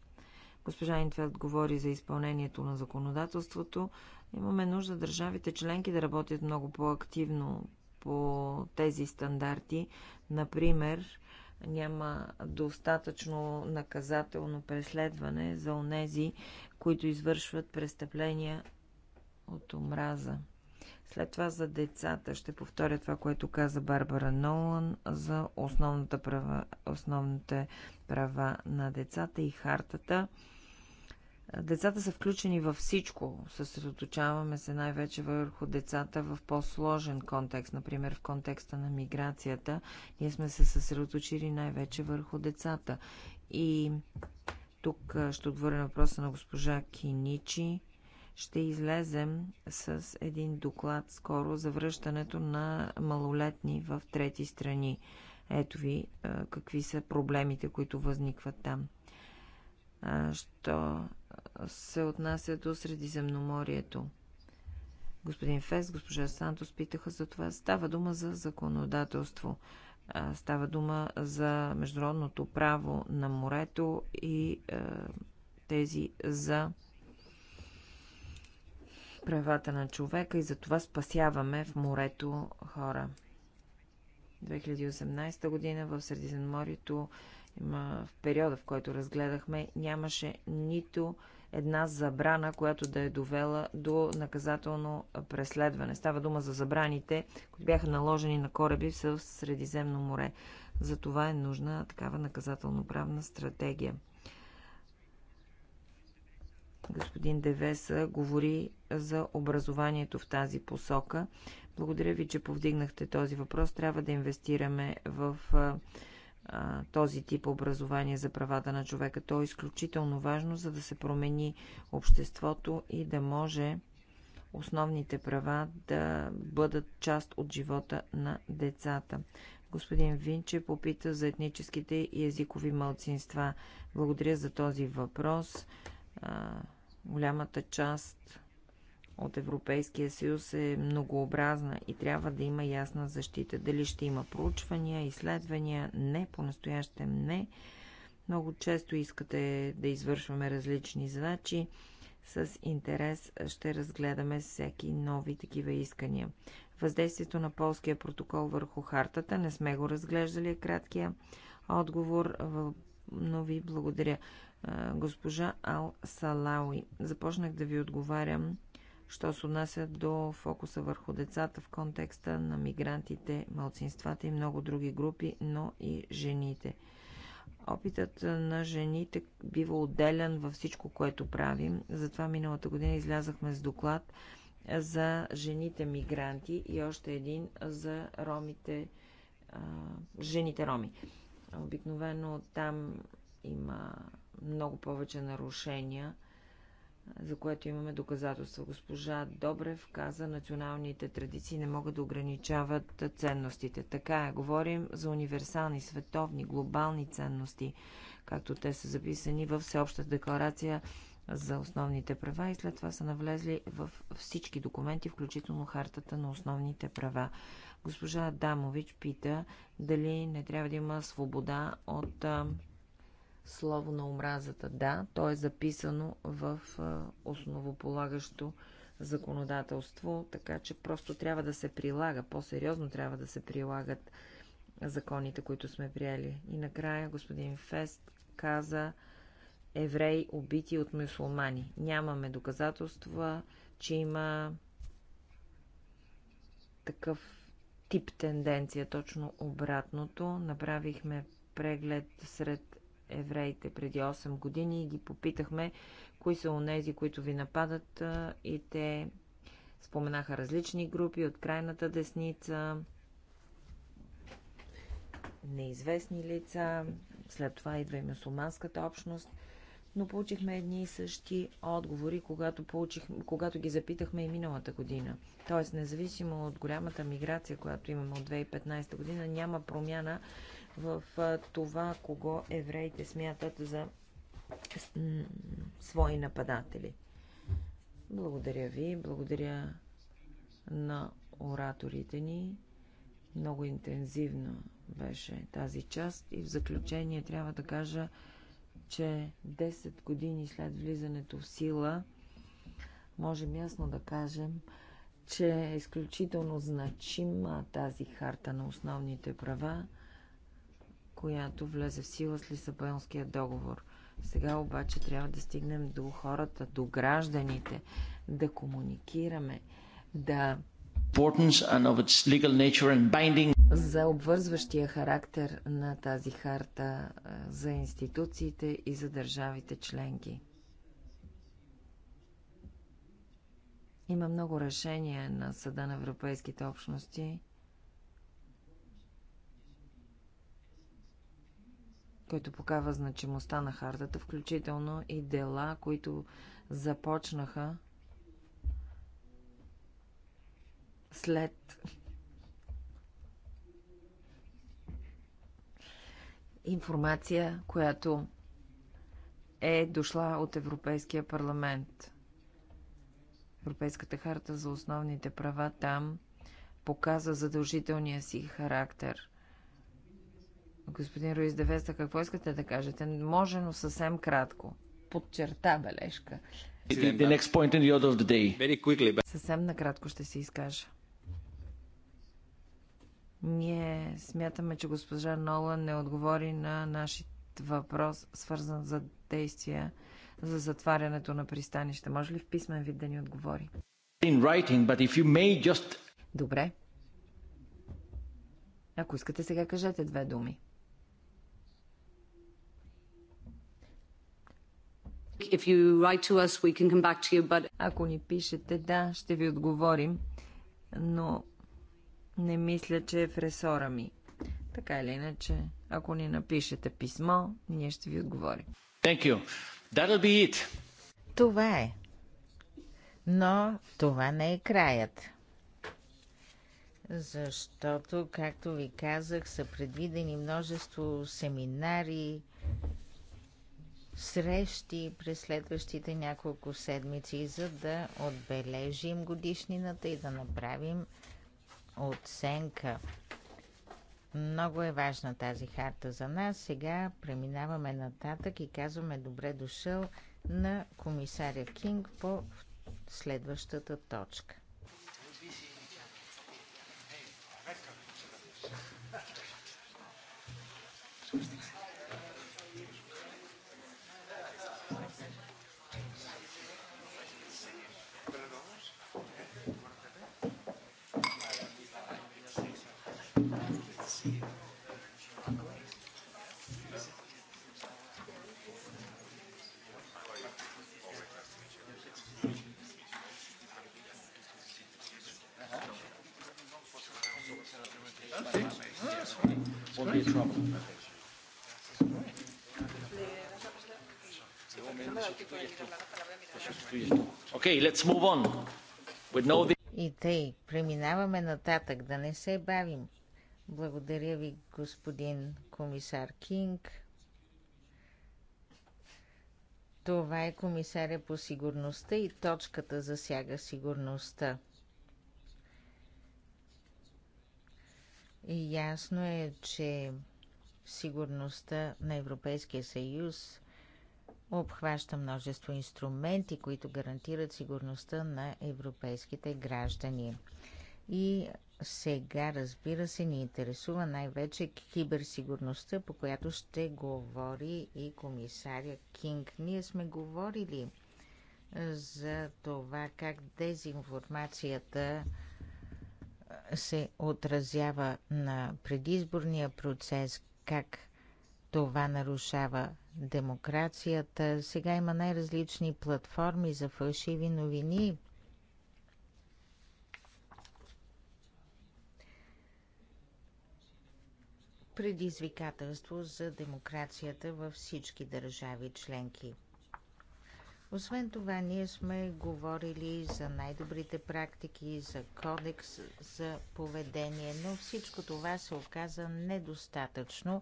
Госпожа Инфелд говори за изпълнението на законодателството. Имаме нужда държавите членки да работят много по-активно по тези стандарти. Например, няма достатъчно наказателно преследване за онези, които извършват престъпления от омраза. След това за децата ще повторя това, което каза Барбара Нолан за основната права, основните права на децата и хартата. Децата са включени във всичко. Съсредоточаваме се най-вече върху децата в по-сложен контекст, например в контекста на миграцията. Ние сме се съсредоточили най-вече върху децата. И тук ще отворя въпроса на госпожа Киничи ще излезем с един доклад скоро за връщането на малолетни в трети страни. Ето ви какви са проблемите, които възникват там. Що се отнася до Средиземноморието? Господин Фес, госпожа Сантос питаха за това. Става дума за законодателство. Става дума за международното право на морето и тези за правата на човека и затова спасяваме в морето хора. 2018 година в Средиземноморието в периода, в който разгледахме, нямаше нито една забрана, която да е довела до наказателно преследване. Става дума за забраните, които бяха наложени на кораби в Средиземно море. За това е нужна такава наказателно-правна стратегия. Господин Девеса говори за образованието в тази посока. Благодаря ви, че повдигнахте този въпрос. Трябва да инвестираме в а, този тип образование за правата на човека. То е изключително важно, за да се промени обществото и да може основните права да бъдат част от живота на децата. Господин Винче попита за етническите и езикови малцинства. Благодаря за този въпрос. Голямата част от Европейския съюз е многообразна и трябва да има ясна защита. Дали ще има проучвания, изследвания? Не, по-настоящем не. Много често искате да извършваме различни задачи. С интерес ще разгледаме всеки нови такива искания. Въздействието на полския протокол върху хартата не сме го разглеждали, е краткия отговор, но ви благодаря госпожа Ал Салауи. Започнах да ви отговарям, що се отнася до фокуса върху децата в контекста на мигрантите, малцинствата и много други групи, но и жените. Опитът на жените бива отделен във всичко, което правим. Затова миналата година излязахме с доклад за жените мигранти и още един за ромите, жените роми. Обикновено там има много повече нарушения, за което имаме доказателства. Госпожа Добрев каза, националните традиции не могат да ограничават ценностите. Така е, говорим за универсални, световни, глобални ценности, както те са записани в Всеобща декларация за основните права и след това са навлезли в всички документи, включително хартата на основните права. Госпожа Адамович пита дали не трябва да има свобода от слово на омразата. Да, то е записано в основополагащо законодателство, така че просто трябва да се прилага, по-сериозно трябва да се прилагат законите, които сме приели. И накрая господин Фест каза евреи убити от мусулмани. Нямаме доказателства, че има такъв тип тенденция, точно обратното. Направихме преглед сред евреите преди 8 години и ги попитахме кои са онези, които ви нападат и те споменаха различни групи от крайната десница, неизвестни лица, след това идва и мусулманската общност, но получихме едни и същи отговори, когато, получих, когато ги запитахме и миналата година. Тоест, независимо от голямата миграция, която имаме от 2015 година, няма промяна в това, кого евреите смятат за свои нападатели. Благодаря ви, благодаря на ораторите ни. Много интензивно беше тази част и в заключение трябва да кажа, че 10 години след влизането в сила можем ясно да кажем, че е изключително значима тази харта на основните права която влезе в сила с Лисабонския договор. Сега обаче трябва да стигнем до хората, до гражданите, да комуникираме, да за обвързващия характер на тази харта за институциите и за държавите членки. Има много решения на Съда на Европейските общности, който показва значимостта на хартата, включително и дела, които започнаха след информация, която е дошла от Европейския парламент. Европейската харта за основните права там показа задължителния си характер – Господин Руиз Девеста, какво искате да кажете? Може, но съвсем кратко. Подчерта бележка. The, the next point in the order of the day. Very quickly, but... Съвсем накратко ще се изкажа. Ние смятаме, че госпожа Нола не отговори на нашия въпрос, свързан за действия за затварянето на пристанище. Може ли в писмен вид да ни отговори? Writing, just... Добре. Ако искате, сега кажете две думи. Us, you, but... Ако ни пишете, да, ще ви отговорим, но не мисля, че е в ресора ми. Така или иначе, ако ни напишете писмо, ние ще ви отговорим. Thank you. That'll be it. Това е. Но това не е краят. Защото, както ви казах, са предвидени множество семинари, срещи през следващите няколко седмици, за да отбележим годишнината и да направим оценка. Много е важна тази харта за нас. Сега преминаваме нататък и казваме добре дошъл на комисаря Кинг по следващата точка. Thank you. won't be a trouble. Okay, let's move on. With no... И тъй, преминаваме нататък, да не се бавим. Благодаря ви, господин комисар Кинг. Това е комисаря по сигурността и точката засяга сигурността. И ясно е, че сигурността на Европейския съюз обхваща множество инструменти, които гарантират сигурността на европейските граждани. И сега, разбира се, ни интересува най-вече киберсигурността, по която ще говори и комисаря Кинг. Ние сме говорили за това как дезинформацията се отразява на предизборния процес, как това нарушава демокрацията. Сега има най-различни платформи за фалшиви новини. предизвикателство за демокрацията във всички държави членки. Освен това, ние сме говорили за най-добрите практики, за кодекс за поведение, но всичко това се оказа недостатъчно.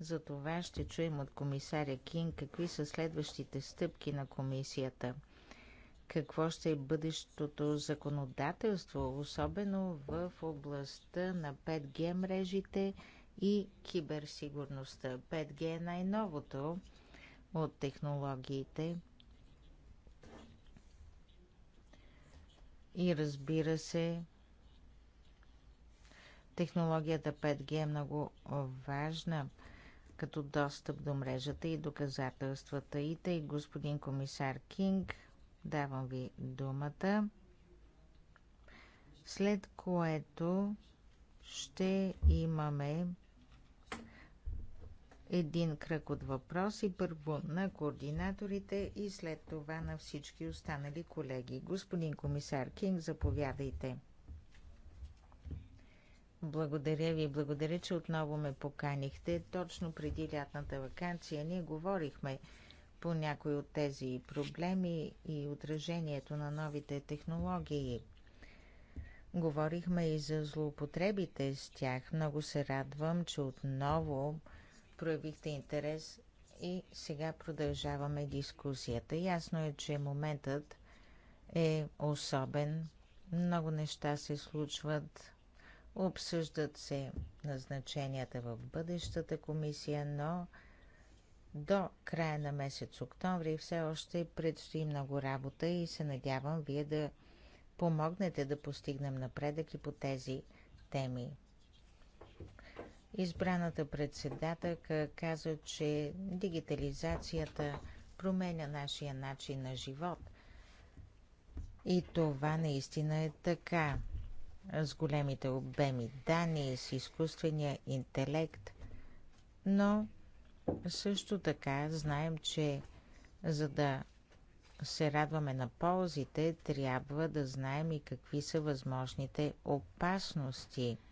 За това ще чуем от комисаря Кин какви са следващите стъпки на комисията. Какво ще е бъдещото законодателство, особено в областта на 5G мрежите – и киберсигурността. 5G е най-новото от технологиите. И разбира се, технологията 5G е много важна като достъп до мрежата и доказателствата. И тъй, господин комисар Кинг, давам ви думата, след което ще имаме един кръг от въпроси, първо на координаторите и след това на всички останали колеги. Господин комисар Кинг, заповядайте. Благодаря ви, благодаря, че отново ме поканихте. Точно преди лятната вакансия ние говорихме по някои от тези проблеми и отражението на новите технологии. Говорихме и за злоупотребите с тях. Много се радвам, че отново проявихте интерес и сега продължаваме дискусията. Ясно е, че моментът е особен. Много неща се случват. Обсъждат се назначенията в бъдещата комисия, но до края на месец октомври все още предстои много работа и се надявам вие да помогнете да постигнем напредък и по тези теми. Избраната председателка каза, че дигитализацията променя нашия начин на живот. И това наистина е така. С големите обеми данни, с изкуствения интелект. Но също така знаем, че за да се радваме на ползите, трябва да знаем и какви са възможните опасности –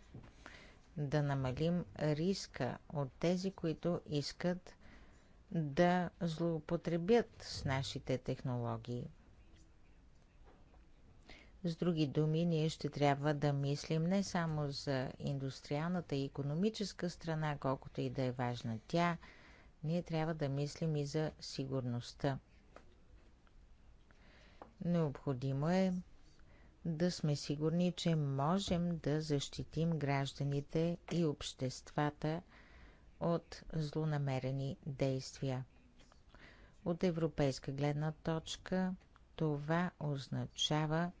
да намалим риска от тези, които искат да злоупотребят с нашите технологии. С други думи, ние ще трябва да мислим не само за индустриалната и економическа страна, колкото и да е важна тя, ние трябва да мислим и за сигурността. Необходимо е да сме сигурни, че можем да защитим гражданите и обществата от злонамерени действия. От европейска гледна точка това означава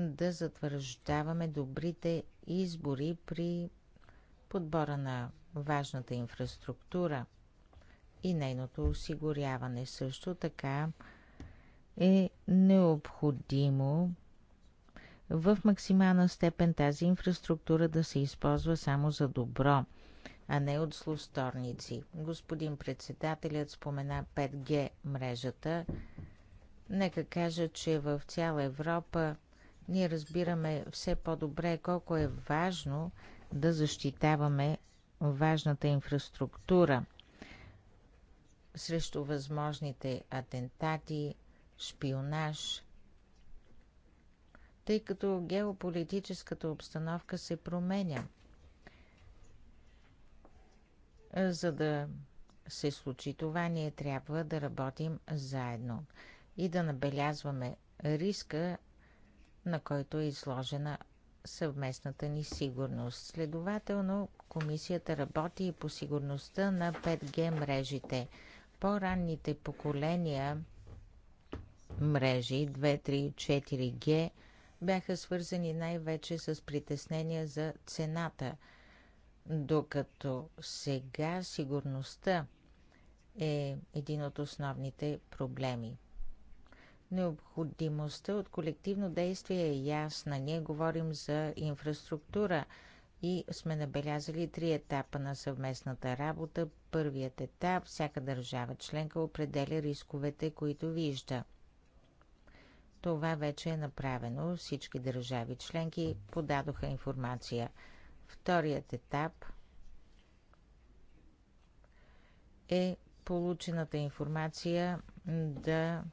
да затвърждаваме добрите избори при подбора на важната инфраструктура и нейното осигуряване. Също така е необходимо в максимална степен тази инфраструктура да се използва само за добро, а не от злосторници. Господин председателят спомена 5G мрежата. Нека кажа, че в цяла Европа ние разбираме все по-добре колко е важно да защитаваме важната инфраструктура срещу възможните атентати, шпионаж – тъй като геополитическата обстановка се променя. За да се случи това, ние трябва да работим заедно и да набелязваме риска, на който е изложена съвместната ни сигурност. Следователно, комисията работи и по сигурността на 5G мрежите. По-ранните поколения мрежи 2, 3, 4G – бяха свързани най-вече с притеснения за цената, докато сега сигурността е един от основните проблеми. Необходимостта от колективно действие е ясна. Ние говорим за инфраструктура и сме набелязали три етапа на съвместната работа. Първият етап всяка държава членка определя рисковете, които вижда – това вече е направено. Всички държави членки подадоха информация. Вторият етап е получената информация да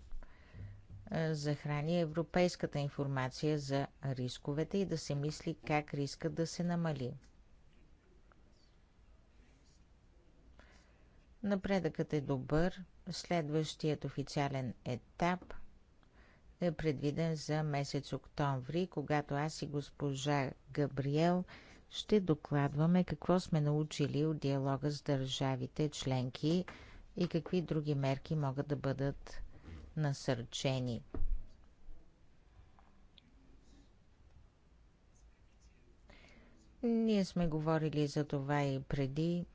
е, захрани европейската информация за рисковете и да се мисли как риска да се намали. Напредъкът е добър. Следващият официален етап – е предвиден за месец октомври, когато аз и госпожа Габриел ще докладваме какво сме научили от диалога с държавите членки и какви други мерки могат да бъдат насърчени. Ние сме говорили за това и преди.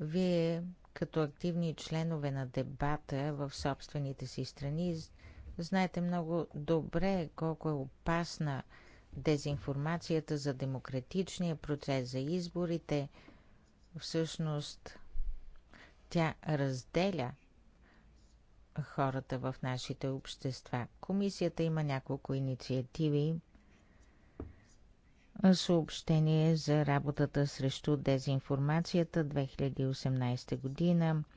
Вие, като активни членове на дебата в собствените си страни, Знаете много добре колко е опасна дезинформацията за демократичния процес, за изборите. Всъщност, тя разделя хората в нашите общества. Комисията има няколко инициативи. Съобщение за работата срещу дезинформацията 2018 година –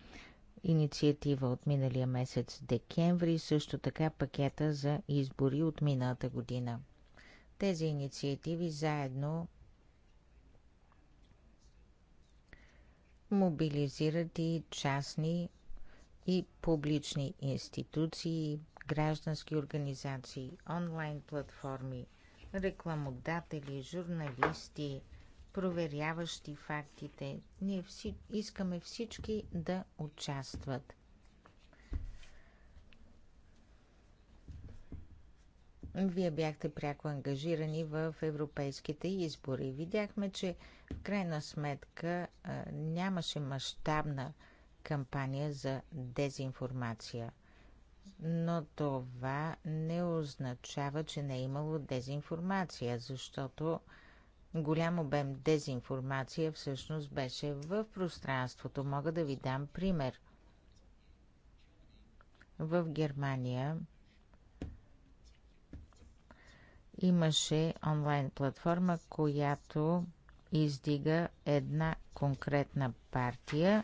инициатива от миналия месец декември, също така пакета за избори от миналата година. Тези инициативи заедно мобилизират и частни и публични институции, граждански организации, онлайн платформи, рекламодатели, журналисти, проверяващи фактите. Ние вси... искаме всички да участват. Вие бяхте пряко ангажирани в европейските избори. Видяхме, че в крайна сметка нямаше мащабна кампания за дезинформация. Но това не означава, че не е имало дезинформация, защото голям обем дезинформация всъщност беше в пространството. Мога да ви дам пример. В Германия имаше онлайн платформа, която издига една конкретна партия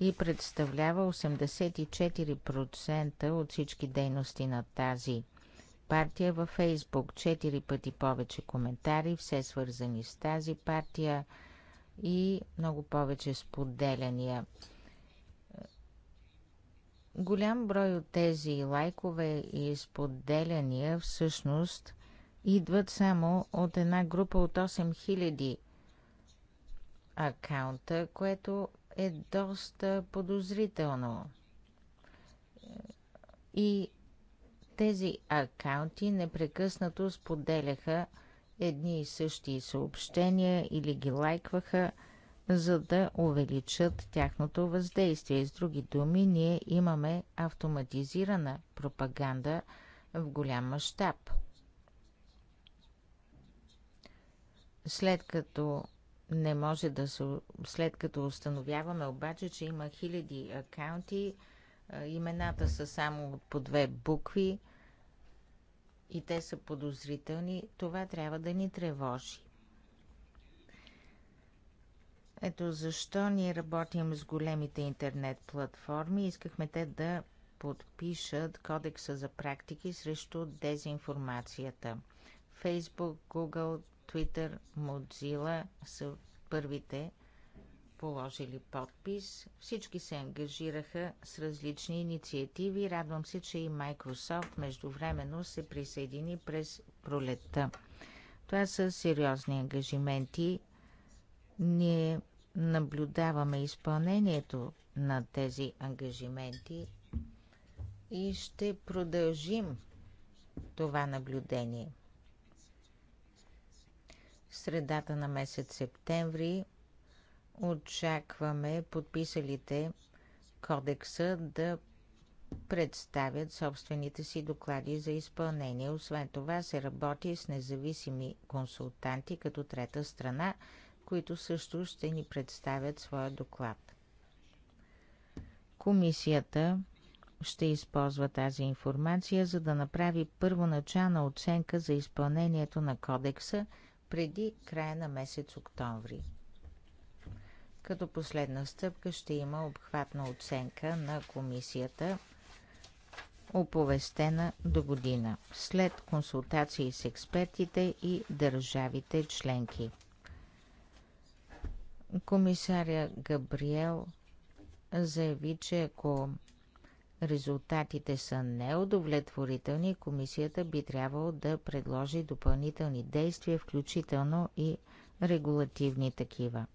и представлява 84% от всички дейности на тази партия партия във Фейсбук. Четири пъти повече коментари, все свързани с тази партия и много повече споделяния. Голям брой от тези лайкове и споделяния всъщност идват само от една група от 8000 акаунта, което е доста подозрително. И тези акаунти непрекъснато споделяха едни и същи съобщения или ги лайкваха, за да увеличат тяхното въздействие. С други думи, ние имаме автоматизирана пропаганда в голям мащаб. След като не може да се... След като установяваме обаче, че има хиляди акаунти, имената са само по две букви, и те са подозрителни, това трябва да ни тревожи. Ето защо ние работим с големите интернет платформи. Искахме те да подпишат кодекса за практики срещу дезинформацията. Facebook, Google, Twitter, Mozilla са първите положили подпис. Всички се ангажираха с различни инициативи. Радвам се, че и Microsoft междувременно се присъедини през пролетта. Това са сериозни ангажименти. Ние наблюдаваме изпълнението на тези ангажименти и ще продължим това наблюдение. В средата на месец септември Очакваме подписалите кодекса да представят собствените си доклади за изпълнение. Освен това се работи с независими консултанти като трета страна, които също ще ни представят своя доклад. Комисията ще използва тази информация, за да направи първоначална оценка за изпълнението на кодекса преди края на месец октомври. Като последна стъпка ще има обхватна оценка на комисията, оповестена до година, след консултации с експертите и държавите членки. Комисаря Габриел заяви, че ако резултатите са неудовлетворителни, комисията би трябвало да предложи допълнителни действия, включително и регулативни такива.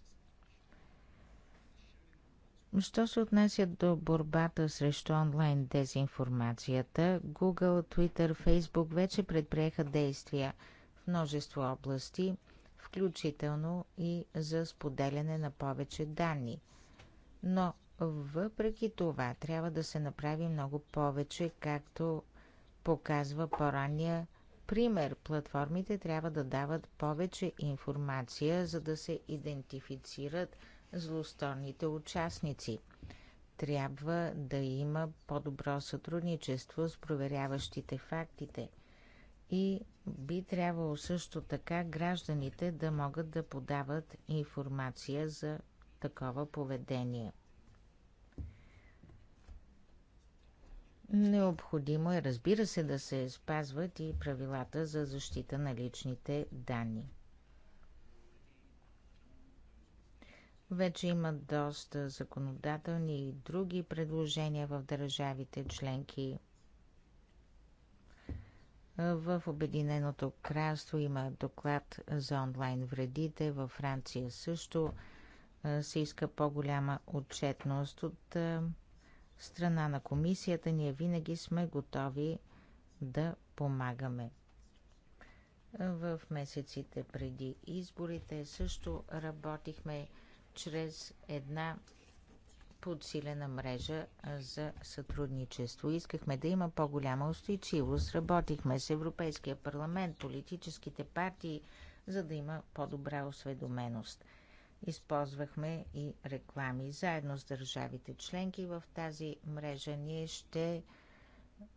Що се отнася до борбата срещу онлайн дезинформацията, Google, Twitter, Facebook вече предприеха действия в множество области, включително и за споделяне на повече данни. Но въпреки това трябва да се направи много повече, както показва по-ранния пример. Платформите трябва да дават повече информация, за да се идентифицират – злостонните участници. Трябва да има по-добро сътрудничество с проверяващите фактите и би трябвало също така гражданите да могат да подават информация за такова поведение. Необходимо е, разбира се, да се спазват и правилата за защита на личните данни. Вече има доста законодателни и други предложения в държавите членки. В Обединеното кралство има доклад за онлайн вредите, във Франция също се иска по-голяма отчетност от страна на комисията. Ние винаги сме готови да помагаме. В месеците преди изборите също работихме чрез една подсилена мрежа за сътрудничество. Искахме да има по-голяма устойчивост. Работихме с Европейския парламент, политическите партии, за да има по-добра осведоменост. Използвахме и реклами. Заедно с държавите членки в тази мрежа ние ще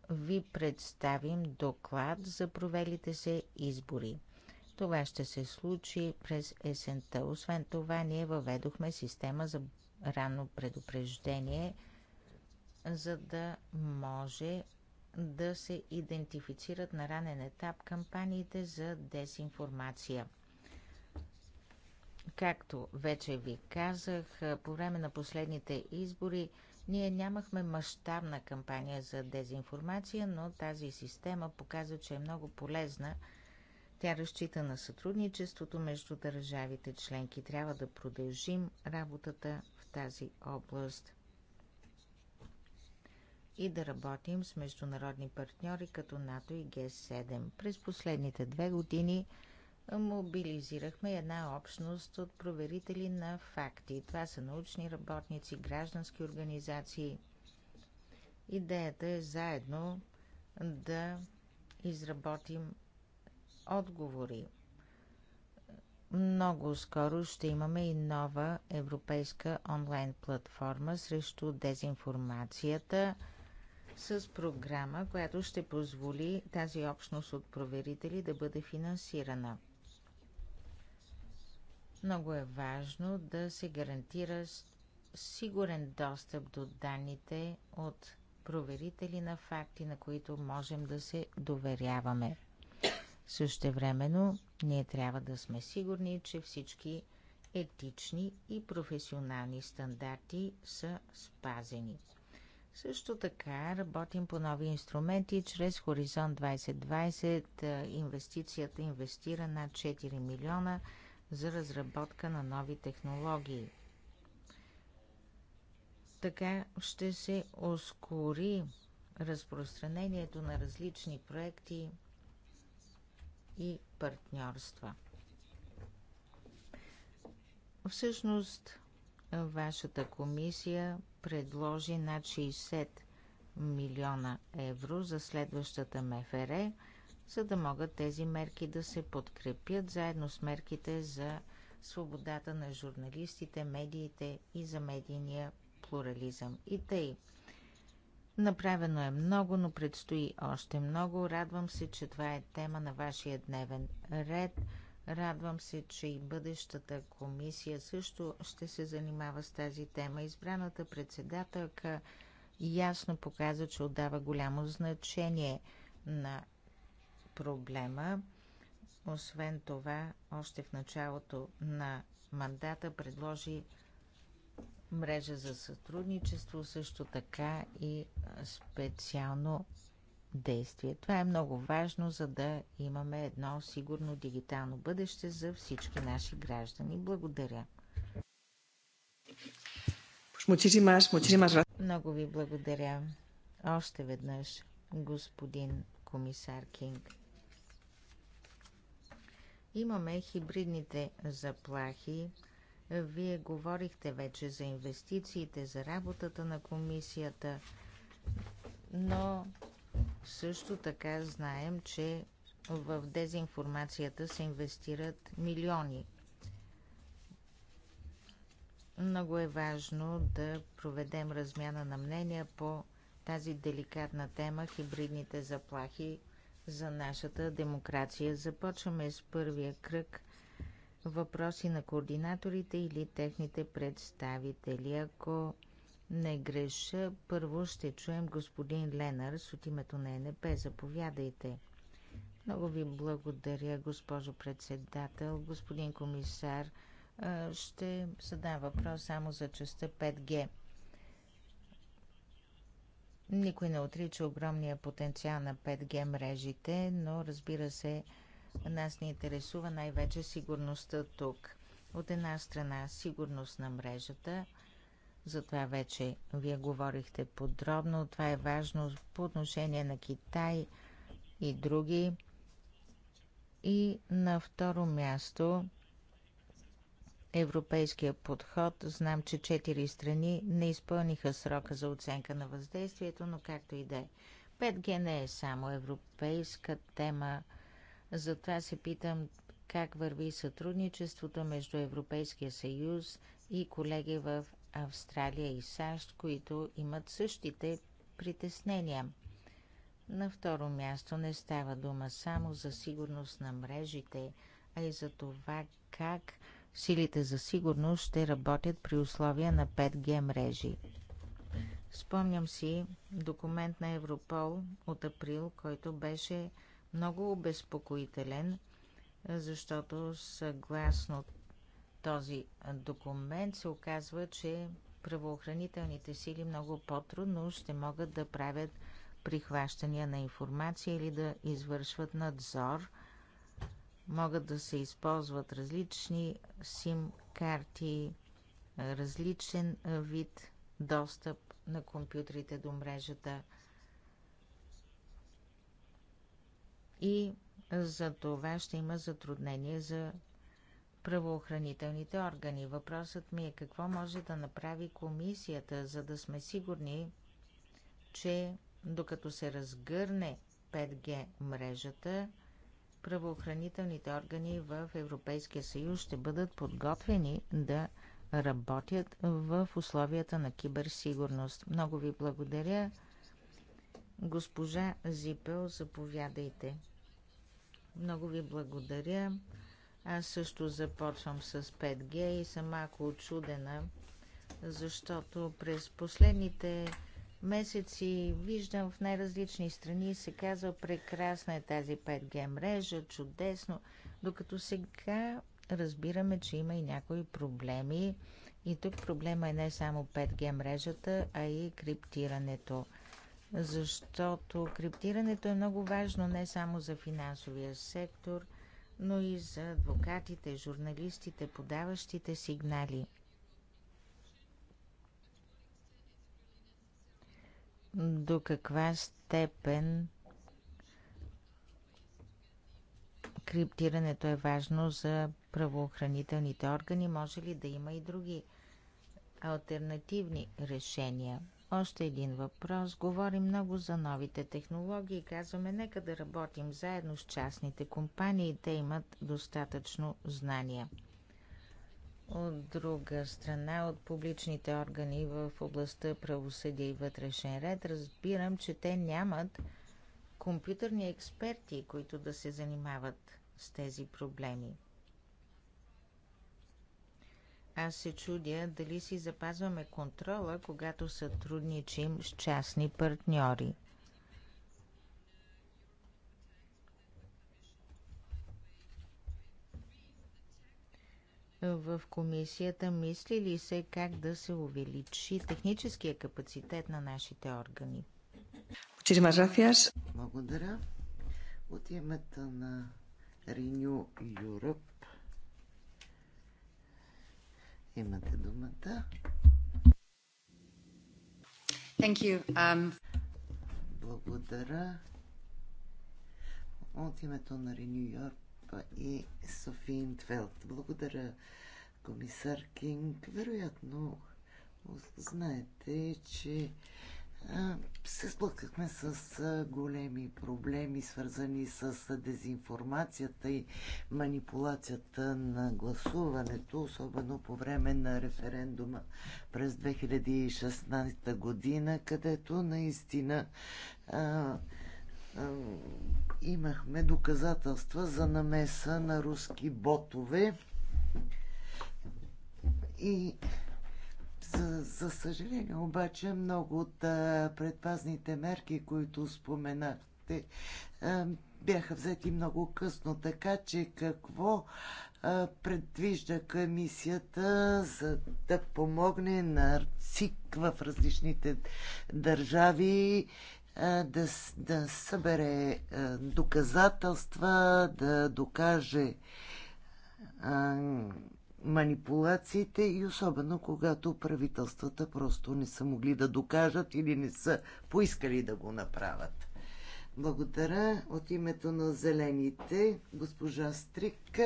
ви представим доклад за провелите се избори. Това ще се случи през есента. Освен това, ние въведохме система за ранно предупреждение, за да може да се идентифицират на ранен етап кампаниите за дезинформация. Както вече ви казах, по време на последните избори ние нямахме мащабна кампания за дезинформация, но тази система показва, че е много полезна – тя разчита на сътрудничеството между държавите членки. Трябва да продължим работата в тази област и да работим с международни партньори като НАТО и Г7. През последните две години мобилизирахме една общност от проверители на факти. Това са научни работници, граждански организации. Идеята е заедно да изработим отговори. Много скоро ще имаме и нова европейска онлайн платформа срещу дезинформацията с програма, която ще позволи тази общност от проверители да бъде финансирана. Много е важно да се гарантира сигурен достъп до данните от проверители на факти, на които можем да се доверяваме. Също времено ние трябва да сме сигурни, че всички етични и професионални стандарти са спазени. Също така работим по нови инструменти чрез Хоризонт 2020. Инвестицията инвестира над 4 милиона за разработка на нови технологии. Така ще се ускори разпространението на различни проекти – и партньорства. Всъщност, вашата комисия предложи над 60 милиона евро за следващата МФР, за да могат тези мерки да се подкрепят заедно с мерките за свободата на журналистите, медиите и за медийния плурализъм. И тъй, Направено е много, но предстои още много. Радвам се, че това е тема на вашия дневен ред. Радвам се, че и бъдещата комисия също ще се занимава с тази тема. Избраната председателка ясно показа, че отдава голямо значение на проблема. Освен това, още в началото на мандата предложи мрежа за сътрудничество, също така и специално действие. Това е много важно, за да имаме едно сигурно дигитално бъдеще за всички наши граждани. Благодаря. Много ви благодаря. Още веднъж, господин комисар Кинг. Имаме хибридните заплахи, вие говорихте вече за инвестициите, за работата на комисията, но също така знаем, че в дезинформацията се инвестират милиони. Много е важно да проведем размяна на мнения по тази деликатна тема хибридните заплахи за нашата демокрация. Започваме с първия кръг въпроси на координаторите или техните представители. Ако не греша, първо ще чуем господин Ленърс от името на ЕНП. Заповядайте. Много ви благодаря, госпожо председател, господин комисар. Ще задам въпрос само за частта 5G. Никой не отрича огромния потенциал на 5G мрежите, но разбира се, нас ни интересува най-вече сигурността тук. От една страна сигурност на мрежата, за това вече вие говорихте подробно. Това е важно по отношение на Китай и други. И на второ място европейския подход. Знам, че четири страни не изпълниха срока за оценка на въздействието, но както и да е. 5G не е само европейска тема. Затова се питам как върви сътрудничеството между Европейския съюз и колеги в Австралия и САЩ, които имат същите притеснения. На второ място не става дума само за сигурност на мрежите, а и за това как силите за сигурност ще работят при условия на 5G мрежи. Спомням си документ на Европол от април, който беше много обезпокоителен, защото съгласно този документ се оказва, че правоохранителните сили много по-трудно ще могат да правят прихващания на информация или да извършват надзор. Могат да се използват различни сим-карти, различен вид достъп на компютрите до мрежата – и за това ще има затруднение за правоохранителните органи. Въпросът ми е какво може да направи комисията, за да сме сигурни, че докато се разгърне 5G мрежата, правоохранителните органи в Европейския съюз ще бъдат подготвени да работят в условията на киберсигурност. Много ви благодаря. Госпожа Зипел, заповядайте. Много ви благодаря. Аз също започвам с 5G и съм малко очудена, защото през последните месеци виждам в най-различни страни се казва прекрасна е тази 5G мрежа, чудесно, докато сега разбираме, че има и някои проблеми и тук проблема е не само 5G мрежата, а и криптирането защото криптирането е много важно не само за финансовия сектор, но и за адвокатите, журналистите, подаващите сигнали. До каква степен криптирането е важно за правоохранителните органи? Може ли да има и други альтернативни решения? Още един въпрос. Говорим много за новите технологии. Казваме, нека да работим заедно с частните компании. Те имат достатъчно знания. От друга страна, от публичните органи в областта правосъдие и вътрешен ред, разбирам, че те нямат компютърни експерти, които да се занимават с тези проблеми. Аз се чудя дали си запазваме контрола, когато сътрудничим с частни партньори. в комисията мисли ли се как да се увеличи техническия капацитет на нашите органи? Благодаря. От името на Renew Europe Имате думата. Thank you. Um... Благодаря. От името на Реню Йорк и Софин Твелт. Благодаря, комисар Кинг. Вероятно, знаете, че се сблъскахме с големи проблеми, свързани с дезинформацията и манипулацията на гласуването, особено по време на референдума през 2016 година, където наистина а, а, имахме доказателства за намеса на руски ботове и за, за съжаление, обаче, много от а, предпазните мерки, които споменахте, а, бяха взети много късно. Така че какво а, предвижда комисията за да помогне на ЦИК в различните държави а, да, да събере а, доказателства, да докаже а, манипулациите и особено когато правителствата просто не са могли да докажат или не са поискали да го направят. Благодаря от името на зелените, госпожа Стрик.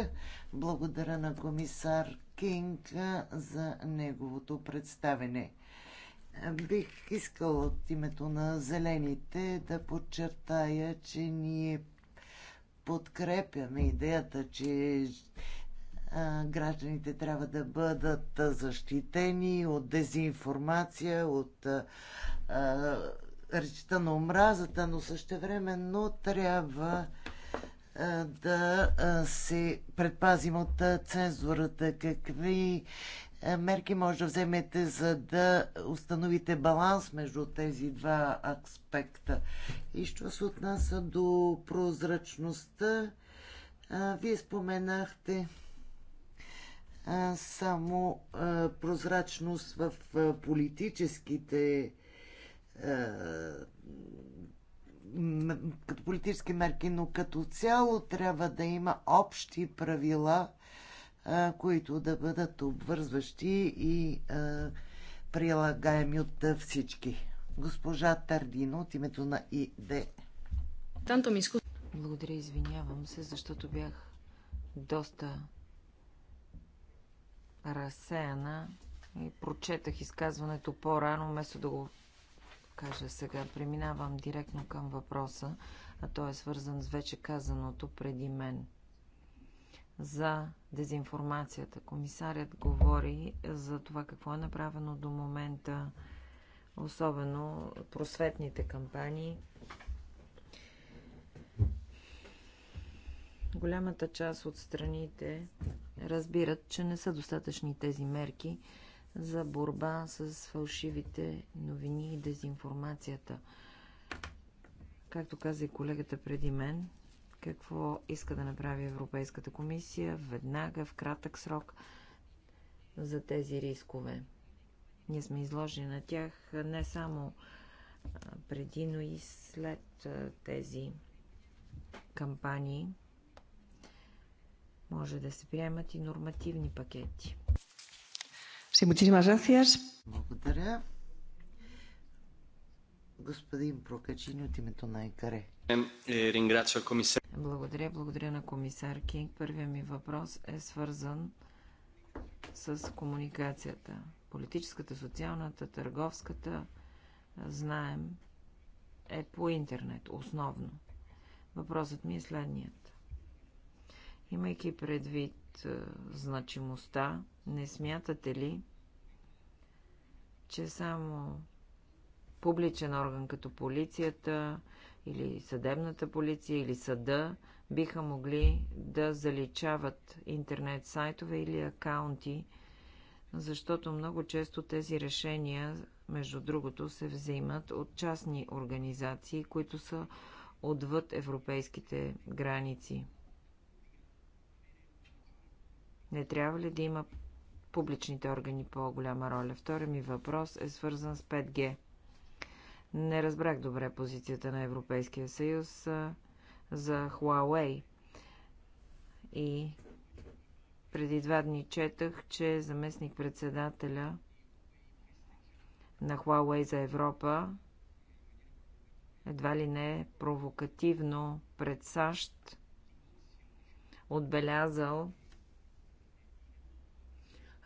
Благодаря на комисар Кинг за неговото представене. Бих искала от името на зелените да подчертая, че ние подкрепяме идеята, че гражданите трябва да бъдат защитени от дезинформация, от речта на омразата, но същевременно трябва да се предпазим от цензурата. Какви мерки може да вземете, за да установите баланс между тези два аспекта? И що се отнася до прозрачността, вие споменахте само прозрачност в политическите като политически мерки, но като цяло трябва да има общи правила, които да бъдат обвързващи и прилагаеми от всички. Госпожа Тардино от името на ИД. Танто ми Благодаря, извинявам се, защото бях доста разсеяна и прочетах изказването по-рано, вместо да го кажа сега. Преминавам директно към въпроса, а той е свързан с вече казаното преди мен. За дезинформацията. Комисарят говори за това какво е направено до момента, особено просветните кампании – Голямата част от страните разбират, че не са достатъчни тези мерки за борба с фалшивите новини и дезинформацията. Както каза и колегата преди мен, какво иска да направи Европейската комисия веднага, в кратък срок за тези рискове. Ние сме изложени на тях не само преди, но и след тези кампании може да се приемат и нормативни пакети. Благодаря. Господин Прокачин от името на ЕКАРЕ. Е, благодаря, благодаря на комисар Кинг. Първият ми въпрос е свързан с комуникацията. Политическата, социалната, търговската, знаем, е по интернет основно. Въпросът ми е следният. Имайки предвид е, значимостта, не смятате ли, че само публичен орган като полицията или съдебната полиция или съда биха могли да заличават интернет сайтове или акаунти, защото много често тези решения, между другото, се взимат от частни организации, които са отвъд европейските граници. Не трябва ли да има публичните органи по-голяма роля? Втори ми въпрос е свързан с 5G. Не разбрах добре позицията на Европейския съюз за Huawei. И преди два дни четах, че заместник председателя на Huawei за Европа едва ли не провокативно пред САЩ отбелязал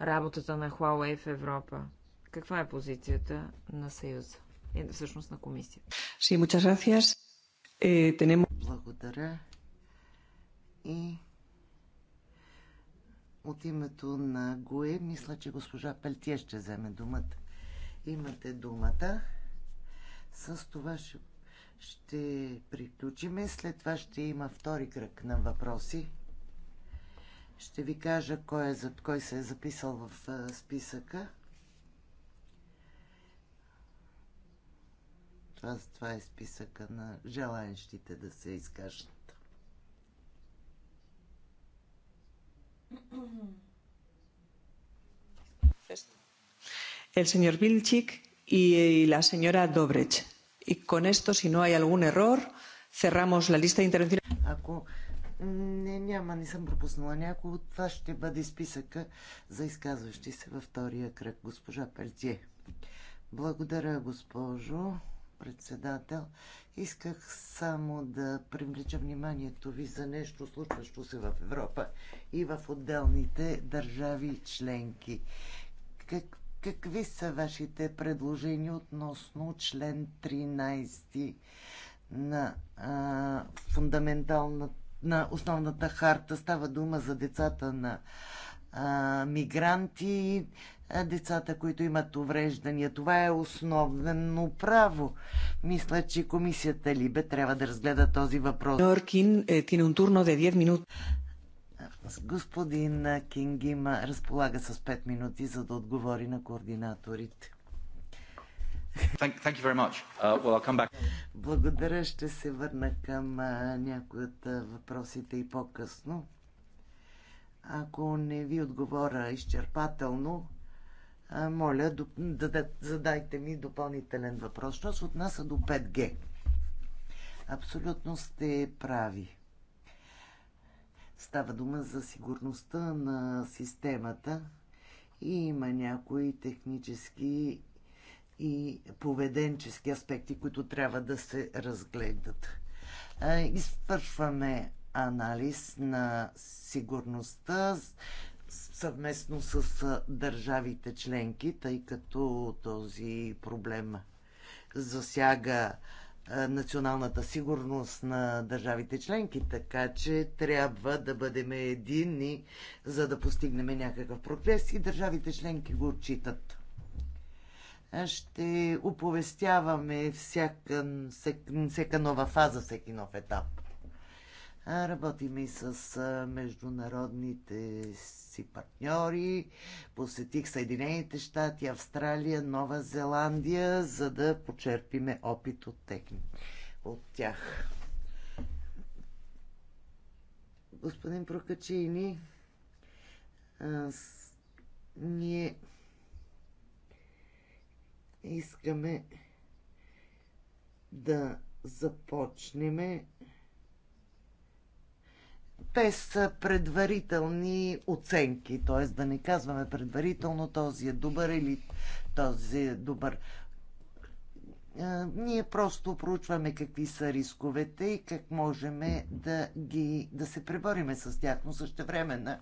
работата на Huawei в Европа. Каква е позицията на Съюза и всъщност на комисията? Sí, muchas gracias. Eh, tenemos... Благодаря. И от името на ГУЕ, мисля, че госпожа Пелтия ще вземе думата. Имате думата. С това ще, ще приключиме. След това ще има втори кръг на въпроси. Ще ви кажа кой, е, кой се е записал в списъка. Това, това е списъка на желаящите да се изкажат. El señor Vilchik y la señora Dobrech. Y con esto, si no hay algún error, cerramos la lista de intervenciones. Не, няма, не съм пропуснала някого. Това ще бъде списъка за изказващи се във втория кръг, госпожа Пелтие. Благодаря, госпожо председател. Исках само да привлеча вниманието ви за нещо случващо се в Европа и в отделните държави членки. Как, какви са вашите предложения относно член 13 на а, фундаменталната на основната харта. Става дума за децата на а, мигранти, децата, които имат увреждания. Това е основно право. Мисля, че комисията Либе трябва да разгледа този въпрос. Норкин, е, тине un turno 10 Господин Кинг има, разполага с 5 минути, за да отговори на координаторите. Thank, thank you very much. Uh, well, I'll come back. Благодаря, ще се върна към а, някои от а, въпросите и по-късно. Ако не ви отговоря изчерпателно, а, моля, доп... да, задайте ми допълнителен въпрос. Що се отнася до 5G? Абсолютно сте прави. Става дума за сигурността на системата и има някои технически и поведенчески аспекти, които трябва да се разгледат. Извършваме анализ на сигурността съвместно с държавите членки, тъй като този проблем засяга националната сигурност на държавите членки, така че трябва да бъдем единни, за да постигнем някакъв прогрес и държавите членки го отчитат ще оповестяваме всяка, всяка нова фаза, всеки нов етап. Работим и с международните си партньори. Посетих Съединените щати, Австралия, Нова Зеландия, за да почерпиме опит от, техни, от тях. Господин Прокачини, ние искаме да започнем без предварителни оценки, т.е. да не казваме предварително този е добър или този е добър. Ние просто проучваме какви са рисковете и как можем да, ги, да се пребориме с тях, но на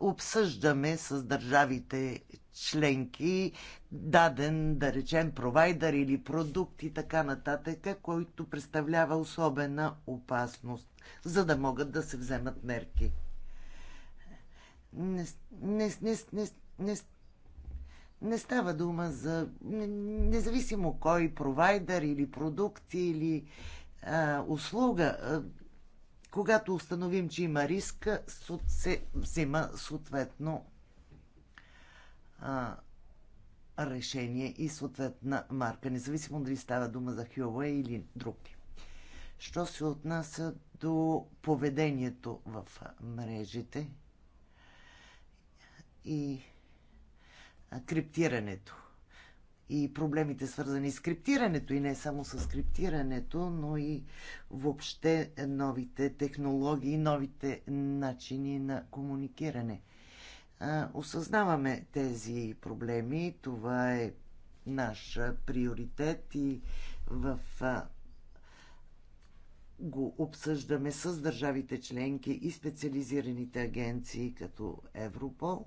обсъждаме с държавите членки, даден, да речем, провайдер или продукт и така нататък, който представлява особена опасност, за да могат да се вземат мерки. Не, не, не, не, не, не става дума за независимо кой провайдер или продукт или а, услуга. А, когато установим, че има риск, се взима съответно а, решение и съответна марка, независимо дали става дума за Huawei или други. Що се отнася до поведението в мрежите и криптирането и проблемите свързани с криптирането и не само с криптирането, но и въобще новите технологии, новите начини на комуникиране осъзнаваме тези проблеми. Това е наш приоритет и в го обсъждаме с държавите членки и специализираните агенции като Европол.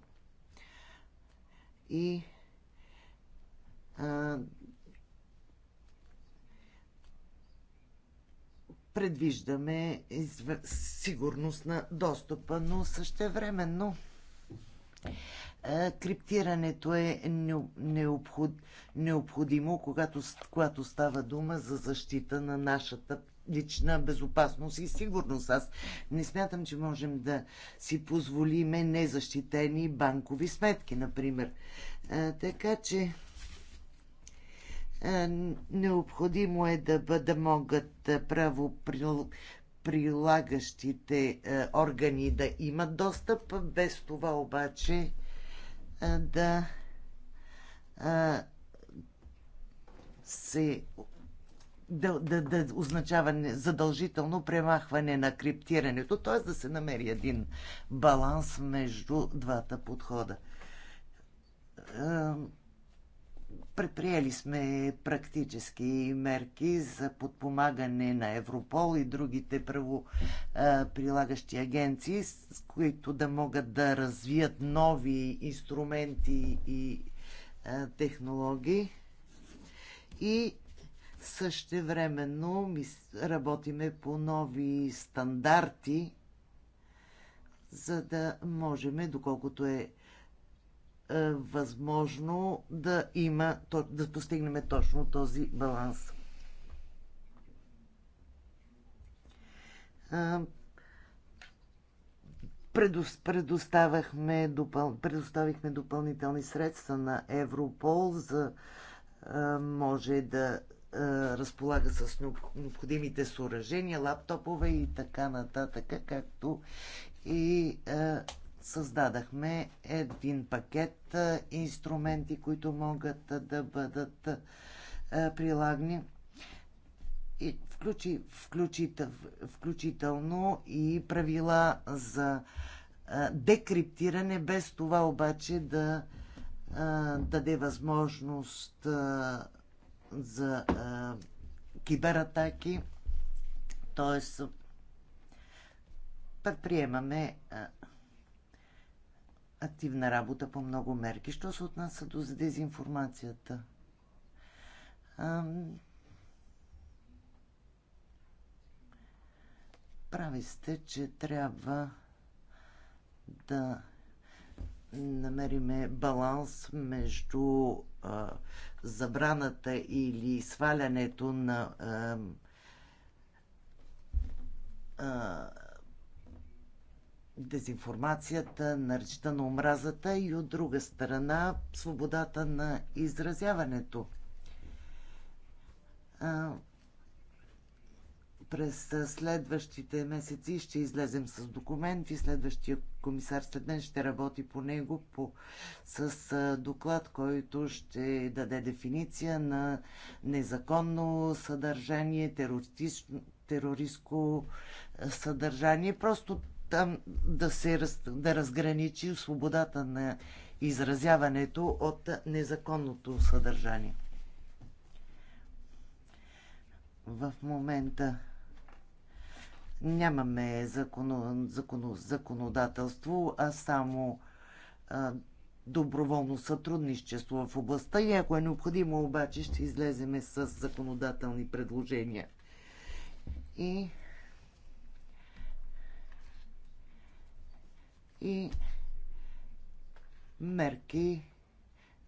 И а, предвиждаме сигурност на достъпа, но същевременно времено е, криптирането е необход, необходимо, когато, когато става дума за защита на нашата лична безопасност и сигурност. Аз не смятам, че можем да си позволиме незащитени банкови сметки, например. А, е, така че е, необходимо е да, да могат право прилагащите е, органи да имат достъп, без това обаче е, да е, се да, да, да означава задължително премахване на криптирането, т.е. да се намери един баланс между двата подхода. Предприели сме практически мерки за подпомагане на Европол и другите правоприлагащи агенции, с които да могат да развият нови инструменти и технологии. И същевременно работиме по нови стандарти, за да можем, доколкото е е, възможно да има, да постигнем точно този баланс. Е, предоставихме, допъл... предоставихме допълнителни средства на Европол за е, може да разполага с необходимите съоръжения, лаптопове и така нататък, както и създадахме един пакет инструменти, които могат да бъдат прилагани и включи, включител, включително и правила за декриптиране, без това обаче да даде възможност за кибератаки. Тоест, предприемаме активна работа по много мерки. Що се отнася до дезинформацията? Ам... Прави сте, че трябва да намериме баланс между а, забраната или свалянето на а, а, дезинформацията, наречта на омразата и от друга страна свободата на изразяването. През следващите месеци ще излезем с документ и следващия комисар след ден ще работи по него по, с доклад, който ще даде дефиниция на незаконно съдържание, терористично, терористско съдържание. Просто там да се раз, да разграничи свободата на изразяването от незаконното съдържание. В момента нямаме законо, законо, законодателство, а само а, доброволно сътрудничество в областта и ако е необходимо обаче ще излеземе с законодателни предложения. И и мерки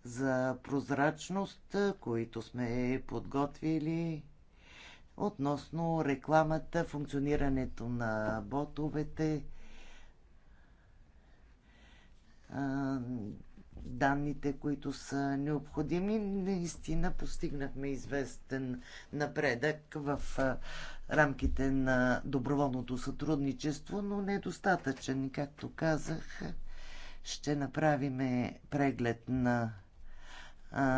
за прозрачност, които сме подготвили относно рекламата, функционирането на ботовете, данните, които са необходими. Наистина постигнахме известен напредък в рамките на доброволното сътрудничество, но недостатъчен. Както казах, ще направиме преглед на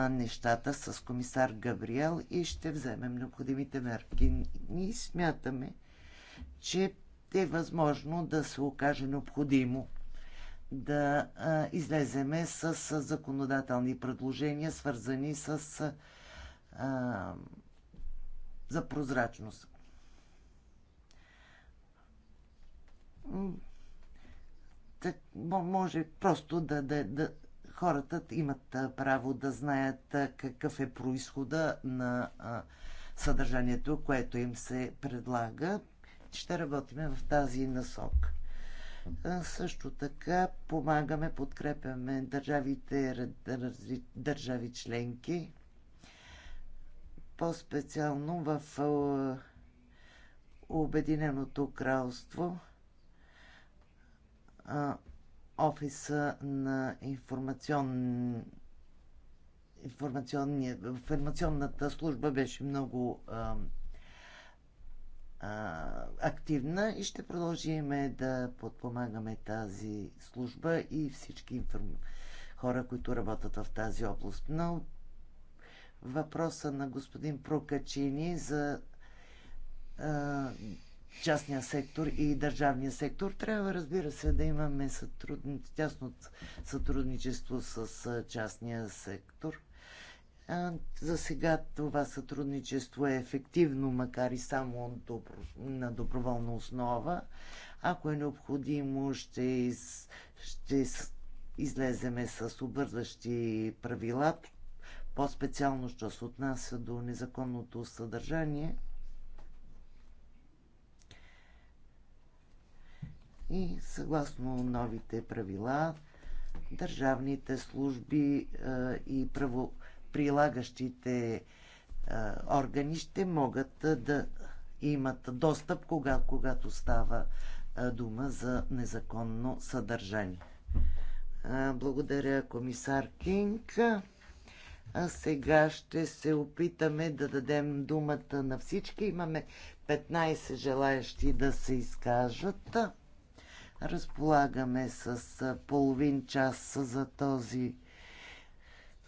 нещата с комисар Габриел и ще вземем необходимите мерки. Ние смятаме, че е възможно да се окаже необходимо да а, излеземе с, с законодателни предложения, свързани с а, за прозрачност. Так, може просто да, да, да хората имат право да знаят какъв е происхода на а, съдържанието, което им се предлага. Ще работим в тази насок. Също така помагаме, подкрепяме държавите, държави членки, по-специално в Обединеното кралство, офиса на информационния информационната служба беше много а, активна и ще продължиме да подпомагаме тази служба и всички информ... хора, които работят в тази област. Но въпроса на господин Прокачини за а, частния сектор и държавния сектор. Трябва, разбира се, да имаме сътруд... тясно сътрудничество с частния сектор. За сега това сътрудничество е ефективно, макар и само на доброволна основа. Ако е необходимо, ще, из, ще излеземе с обвързващи правила, по-специално, що се отнася до незаконното съдържание. И съгласно новите правила, държавните служби и правоохранителните прилагащите органи ще могат да имат достъп, кога, когато става дума за незаконно съдържание. Благодаря, комисар Кинг. А сега ще се опитаме да дадем думата на всички. Имаме 15 желаящи да се изкажат. Разполагаме с половин час за този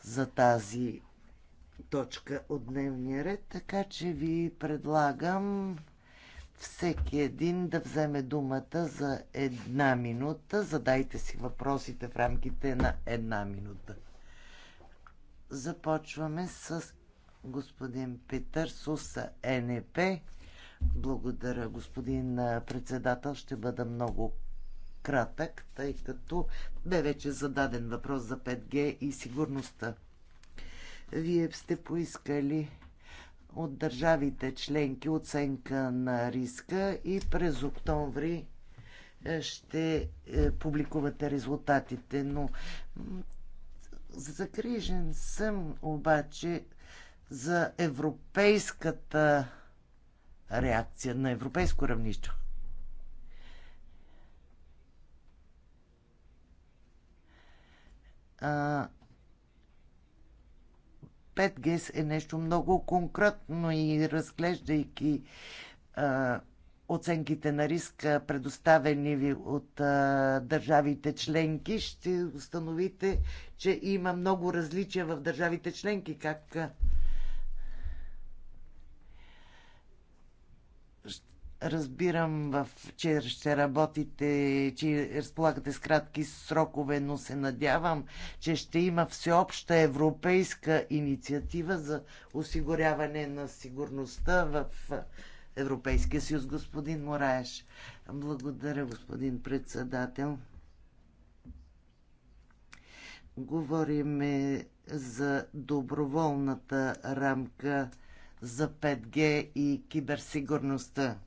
за тази точка от дневния ред, така че ви предлагам всеки един да вземе думата за една минута. Задайте си въпросите в рамките на една минута. Започваме с господин Питър Суса НП. Е Благодаря, господин председател. Ще бъда много кратък, тъй като бе вече зададен въпрос за 5G и сигурността. Вие сте поискали от държавите членки оценка на риска и през октомври е, ще е, публикувате резултатите, но загрижен съм обаче за европейската реакция на европейско равнище. 5G е нещо много конкретно и разглеждайки оценките на риска, предоставени ви от а, държавите членки, ще установите, че има много различия в държавите членки, как а, Разбирам, в, че ще работите, че разполагате с кратки срокове, но се надявам, че ще има всеобща европейска инициатива за осигуряване на сигурността в Европейския съюз, господин Мораеш. Благодаря, господин председател. Говориме за доброволната рамка за 5G и киберсигурността.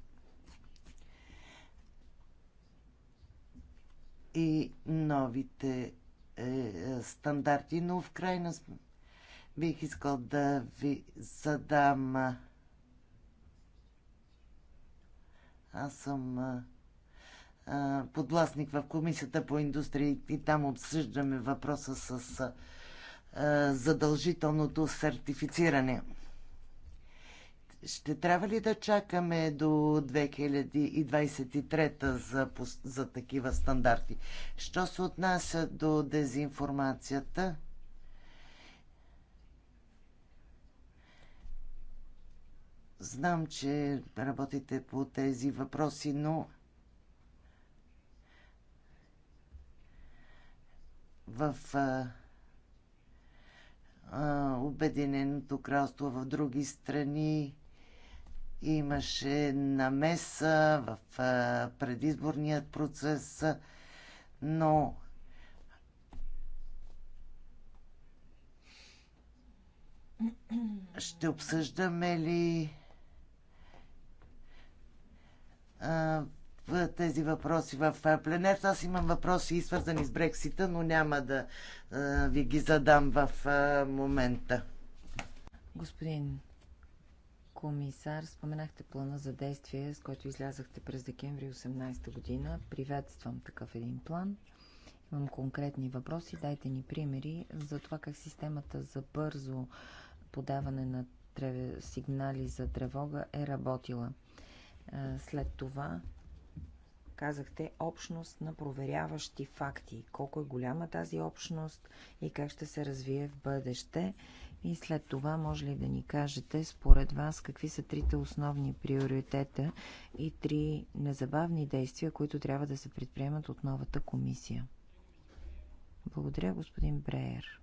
и новите е, стандарти, но в крайна бих искал да ви задам. Аз съм а, подвластник в Комисията по индустрия и там обсъждаме въпроса с а, задължителното сертифициране. Ще трябва ли да чакаме до 2023 за, за такива стандарти? Що се отнася до дезинформацията? Знам, че работите по тези въпроси, но в а, а, Обединеното кралство, в други страни, имаше намеса в предизборният процес, но ще обсъждаме ли тези въпроси в пленер. Аз имам въпроси свързани с Брексита, но няма да ви ги задам в момента. Господин комисар, споменахте плана за действие, с който излязахте през декември 18 година. Приветствам такъв един план. Имам конкретни въпроси. Дайте ни примери за това как системата за бързо подаване на сигнали за тревога е работила. След това казахте общност на проверяващи факти. Колко е голяма тази общност и как ще се развие в бъдеще и след това може ли да ни кажете, според вас, какви са трите основни приоритета и три незабавни действия, които трябва да се предприемат от новата комисия? Благодаря, господин Бреер.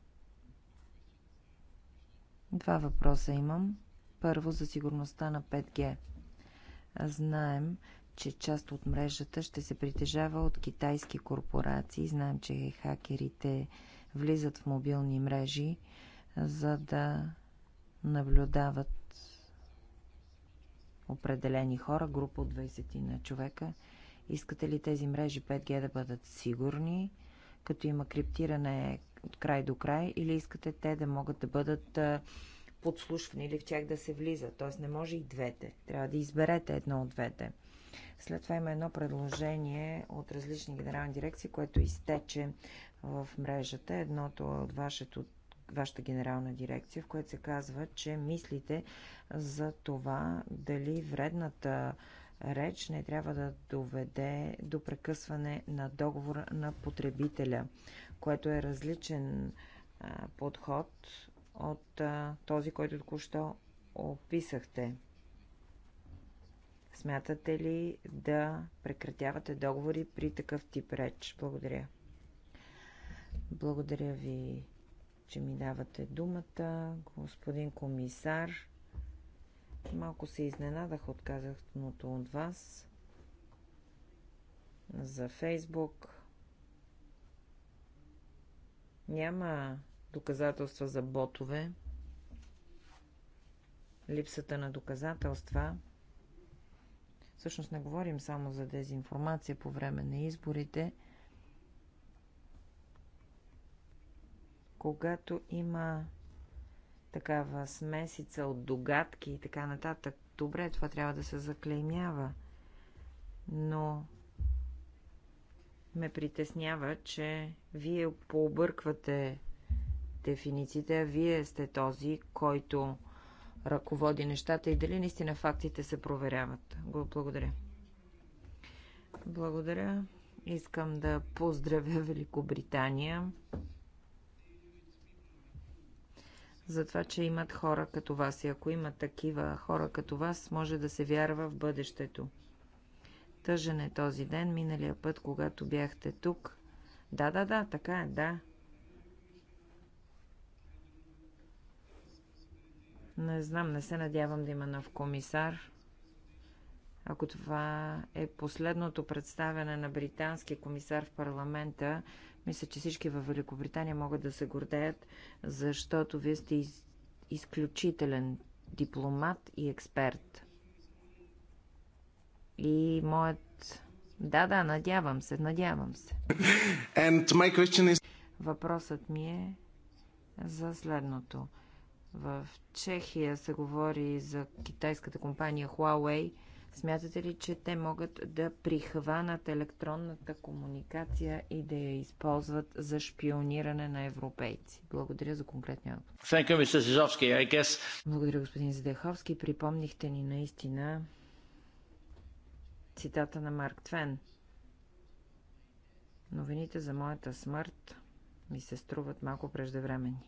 Два въпроса имам. Първо за сигурността на 5G. Знаем, че част от мрежата ще се притежава от китайски корпорации. Знаем, че хакерите влизат в мобилни мрежи за да наблюдават определени хора, група от 20 на човека. Искате ли тези мрежи 5G да бъдат сигурни, като има криптиране от край до край, или искате те да могат да бъдат подслушвани или в тях да се влиза? Т.е. не може и двете. Трябва да изберете едно от двете. След това има едно предложение от различни генерални дирекции, което изтече в мрежата. Едното е от вашето вашата генерална дирекция, в което се казва, че мислите за това дали вредната реч не трябва да доведе до прекъсване на договора на потребителя, което е различен а, подход от а, този, който току-що описахте. Смятате ли да прекратявате договори при такъв тип реч? Благодаря. Благодаря ви, че ми давате думата, господин комисар. Малко се изненадах от казахното от вас за Фейсбук. Няма доказателства за ботове. Липсата на доказателства. Всъщност не говорим само за дезинформация по време на изборите – Когато има такава смесица от догадки и така нататък, добре, това трябва да се заклеймява, но ме притеснява, че вие пообърквате дефинициите, а вие сте този, който ръководи нещата и дали наистина фактите се проверяват. Го благодаря. Благодаря. Искам да поздравя Великобритания за това, че имат хора като вас. И ако има такива хора като вас, може да се вярва в бъдещето. Тъжен е този ден, миналия път, когато бяхте тук. Да, да, да, така е, да. Не знам, не се надявам да има нов комисар. Ако това е последното представяне на британски комисар в парламента, мисля, че всички във Великобритания могат да се гордеят, защото вие сте из... изключителен дипломат и експерт. И моят... Да, да, надявам се, надявам се. And my question is... Въпросът ми е за следното. В Чехия се говори за китайската компания Huawei – Смятате ли, че те могат да прихванат електронната комуникация и да я използват за шпиониране на европейци? Благодаря за конкретния отговор. Благодаря, господин Задеховски. Припомнихте ни наистина цитата на Марк Твен. Новините за моята смърт ми се струват малко преждевременни.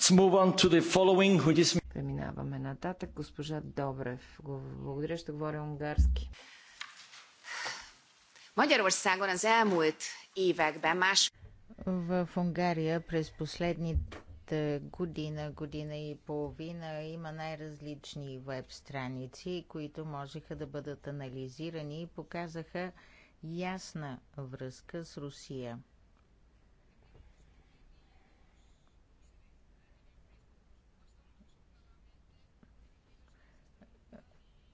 Let's move on to the following, which is Преминаваме нататък. Госпожа Добрев. Благодаря, ще говоря унгарски. В Унгария през последните година, година и половина има най-различни веб страници, които можеха да бъдат анализирани и показаха ясна връзка с Русия –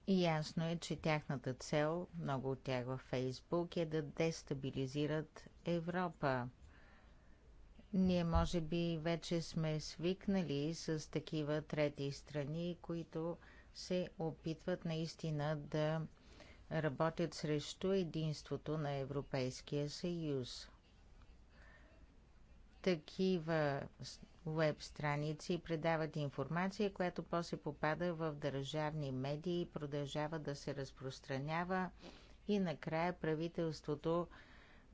И ясно е, че тяхната цел, много от тях във Фейсбук, е да дестабилизират Европа. Ние може би вече сме свикнали с такива трети страни, които се опитват наистина да работят срещу единството на Европейския съюз. Такива веб страници предават информация, която после попада в държавни медии и продължава да се разпространява и накрая правителството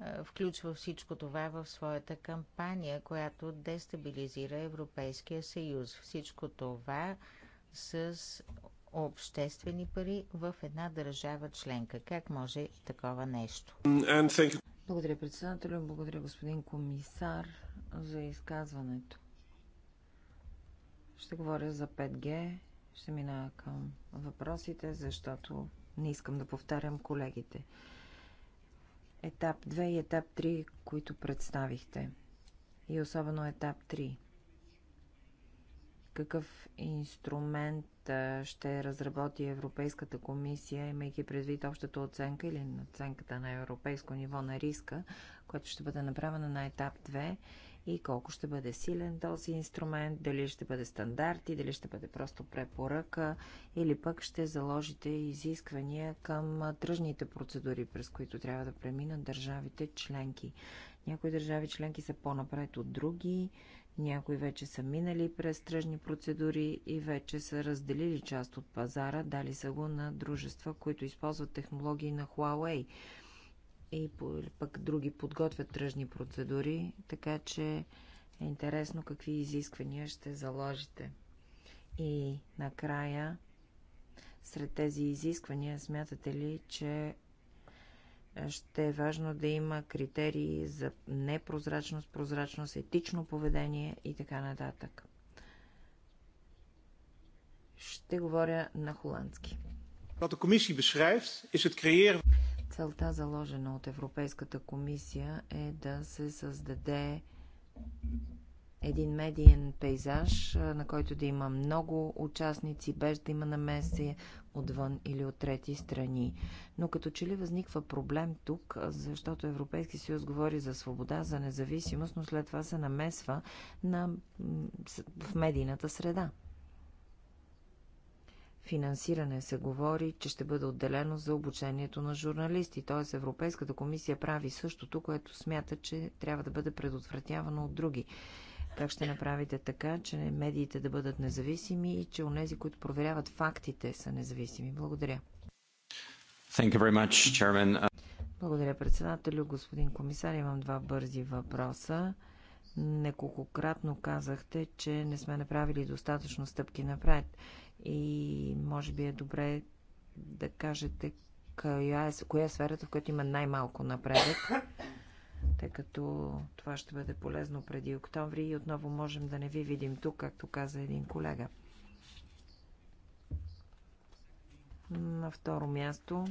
е, включва всичко това в своята кампания, която дестабилизира Европейския съюз. Всичко това с обществени пари в една държава членка. Как може такова нещо? Благодаря председателю, благодаря господин комисар за изказването. Ще говоря за 5G, ще мина към въпросите, защото не искам да повтарям колегите. Етап 2 и етап 3, които представихте. И особено етап 3. Какъв инструмент ще разработи Европейската комисия, имайки предвид общата оценка или оценката на европейско ниво на риска, което ще бъде направена на етап 2 и колко ще бъде силен този инструмент, дали ще бъде стандарти, дали ще бъде просто препоръка или пък ще заложите изисквания към тръжните процедури, през които трябва да преминат държавите членки. Някои държави членки са по-напред от други, някои вече са минали през тръжни процедури и вече са разделили част от пазара, дали са го на дружества, които използват технологии на Huawei – и пък други подготвят тръжни процедури, така че е интересно какви изисквания ще заложите. И накрая, сред тези изисквания, смятате ли, че е, ще е важно да има критерии за непрозрачност, прозрачност, етично поведение и така нататък? Ще говоря на холандски. Wat de commissie beschrijft, is het creëren. Целта, заложена от Европейската комисия, е да се създаде един медиен пейзаж, на който да има много участници, без да има намеси отвън или от трети страни. Но като че ли възниква проблем тук, защото Европейски съюз говори за свобода, за независимост, но след това се намесва на, в медийната среда финансиране се говори, че ще бъде отделено за обучението на журналисти, т.е. Европейската комисия прави същото, което смята, че трябва да бъде предотвратявано от други. Как ще направите така, че медиите да бъдат независими и че онези, които проверяват фактите, са независими? Благодаря. Thank you very much, chairman. Благодаря, председателю. Господин комисар, имам два бързи въпроса. Неколкократно казахте, че не сме направили достатъчно стъпки напред и може би е добре да кажете коя е, коя е сферата, в която има най-малко напредък, тъй като това ще бъде полезно преди октомври и отново можем да не ви видим тук, както каза един колега. На второ място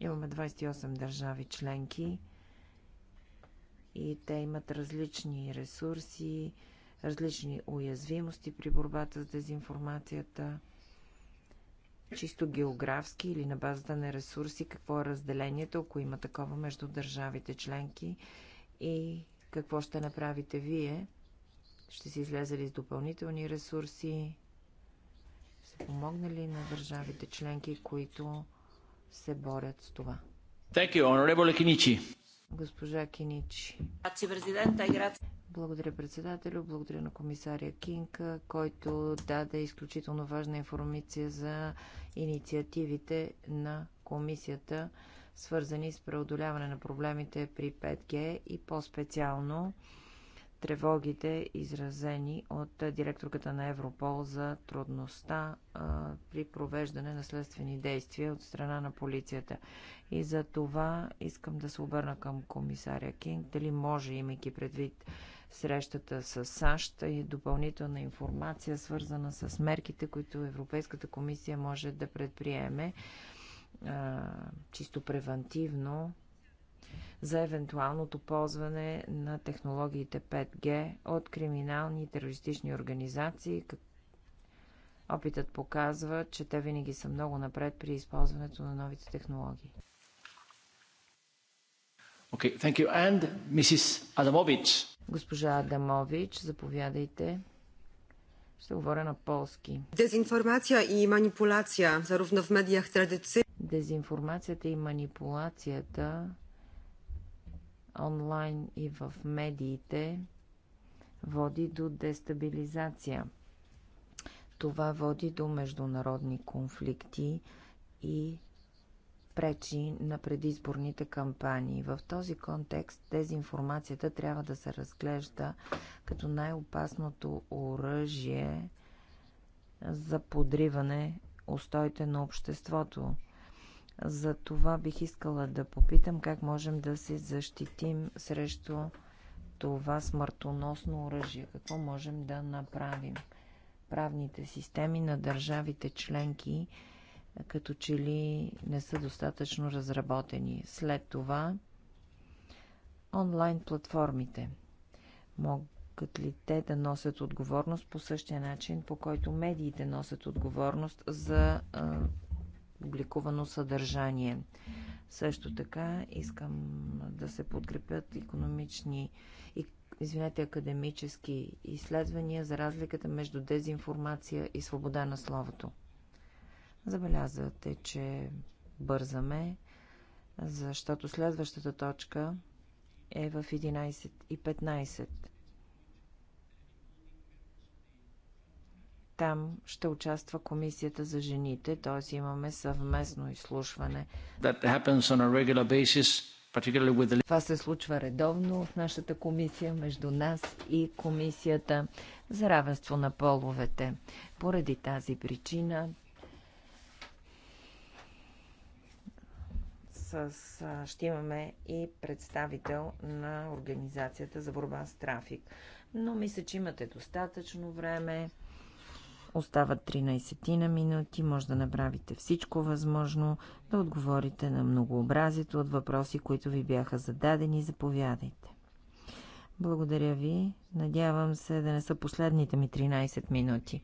имаме 28 държави членки и те имат различни ресурси, различни уязвимости при борбата с дезинформацията, чисто географски или на базата на ресурси, какво е разделението, ако има такова между държавите членки и какво ще направите вие. Ще си излезе ли с допълнителни ресурси? Ще помогна ли на държавите членки, които се борят с това? Thank you, Honorable Kinichi. Госпожа Киничи. Благодаря председателю, благодаря на комисаря Кинка, който даде изключително важна информация за инициативите на комисията, свързани с преодоляване на проблемите при 5G и по-специално тревогите, изразени от директорката на Европол за трудността а, при провеждане на следствени действия от страна на полицията. И за това искам да се обърна към комисаря Кинг, дали може, имайки предвид срещата с САЩ и допълнителна информация, свързана с мерките, които Европейската комисия може да предприеме а, чисто превентивно за евентуалното ползване на технологиите 5G от криминални и терористични организации. Опитът показва, че те винаги са много напред при използването на новите технологии. Okay, thank you. And Mrs. Adamovic. Госпожа Адамович, заповядайте. Ще говоря на полски. Дезинформация и манипулация, заровно в медиях традиции. Дезинформацията и манипулацията онлайн и в медиите води до дестабилизация. Това води до международни конфликти и пречи на предизборните кампании. В този контекст дезинформацията трябва да се разглежда като най-опасното оръжие за подриване устоите на обществото. За това бих искала да попитам как можем да се защитим срещу това смъртоносно оръжие. Какво можем да направим? Правните системи на държавите членки като че ли не са достатъчно разработени. След това онлайн платформите. Могат ли те да носят отговорност по същия начин, по който медиите носят отговорност за публикувано съдържание. Също така искам да се подкрепят економични и извинете, академически изследвания за разликата между дезинформация и свобода на словото. Забелязвате, че бързаме, защото следващата точка е в 11.15. Там ще участва Комисията за жените, т.е. имаме съвместно изслушване. Това се случва редовно в нашата комисия, между нас и Комисията за равенство на половете. Поради тази причина с, ще имаме и представител на Организацията за борба с трафик. Но мисля, че имате достатъчно време. Остават 13 на минути, може да направите всичко възможно, да отговорите на многообразието от въпроси, които ви бяха зададени. Заповядайте. Благодаря ви. Надявам се да не са последните ми 13 минути.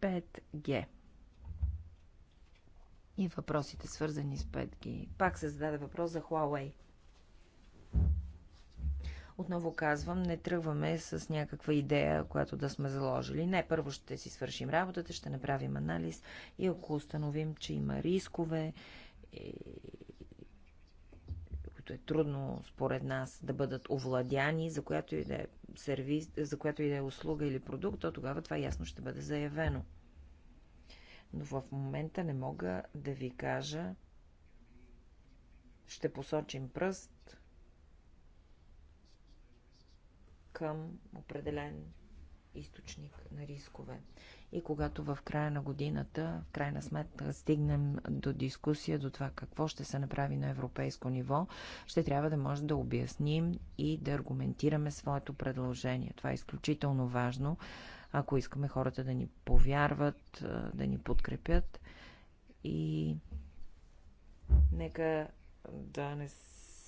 5G. И въпросите свързани с 5G. Пак се зададе въпрос за Huawei. Отново казвам, не тръгваме с някаква идея, която да сме заложили. Не, първо ще си свършим работата, ще направим анализ и ако установим, че има рискове, е, които е трудно според нас да бъдат овладяни, за която и да е сервис, за която и да е услуга или продукт, то тогава това ясно ще бъде заявено. Но в момента не мога да ви кажа, ще посочим пръст към определен източник на рискове. И когато в края на годината, в крайна сметка, стигнем до дискусия до това какво ще се направи на европейско ниво, ще трябва да може да обясним и да аргументираме своето предложение. Това е изключително важно, ако искаме хората да ни повярват, да ни подкрепят и нека да не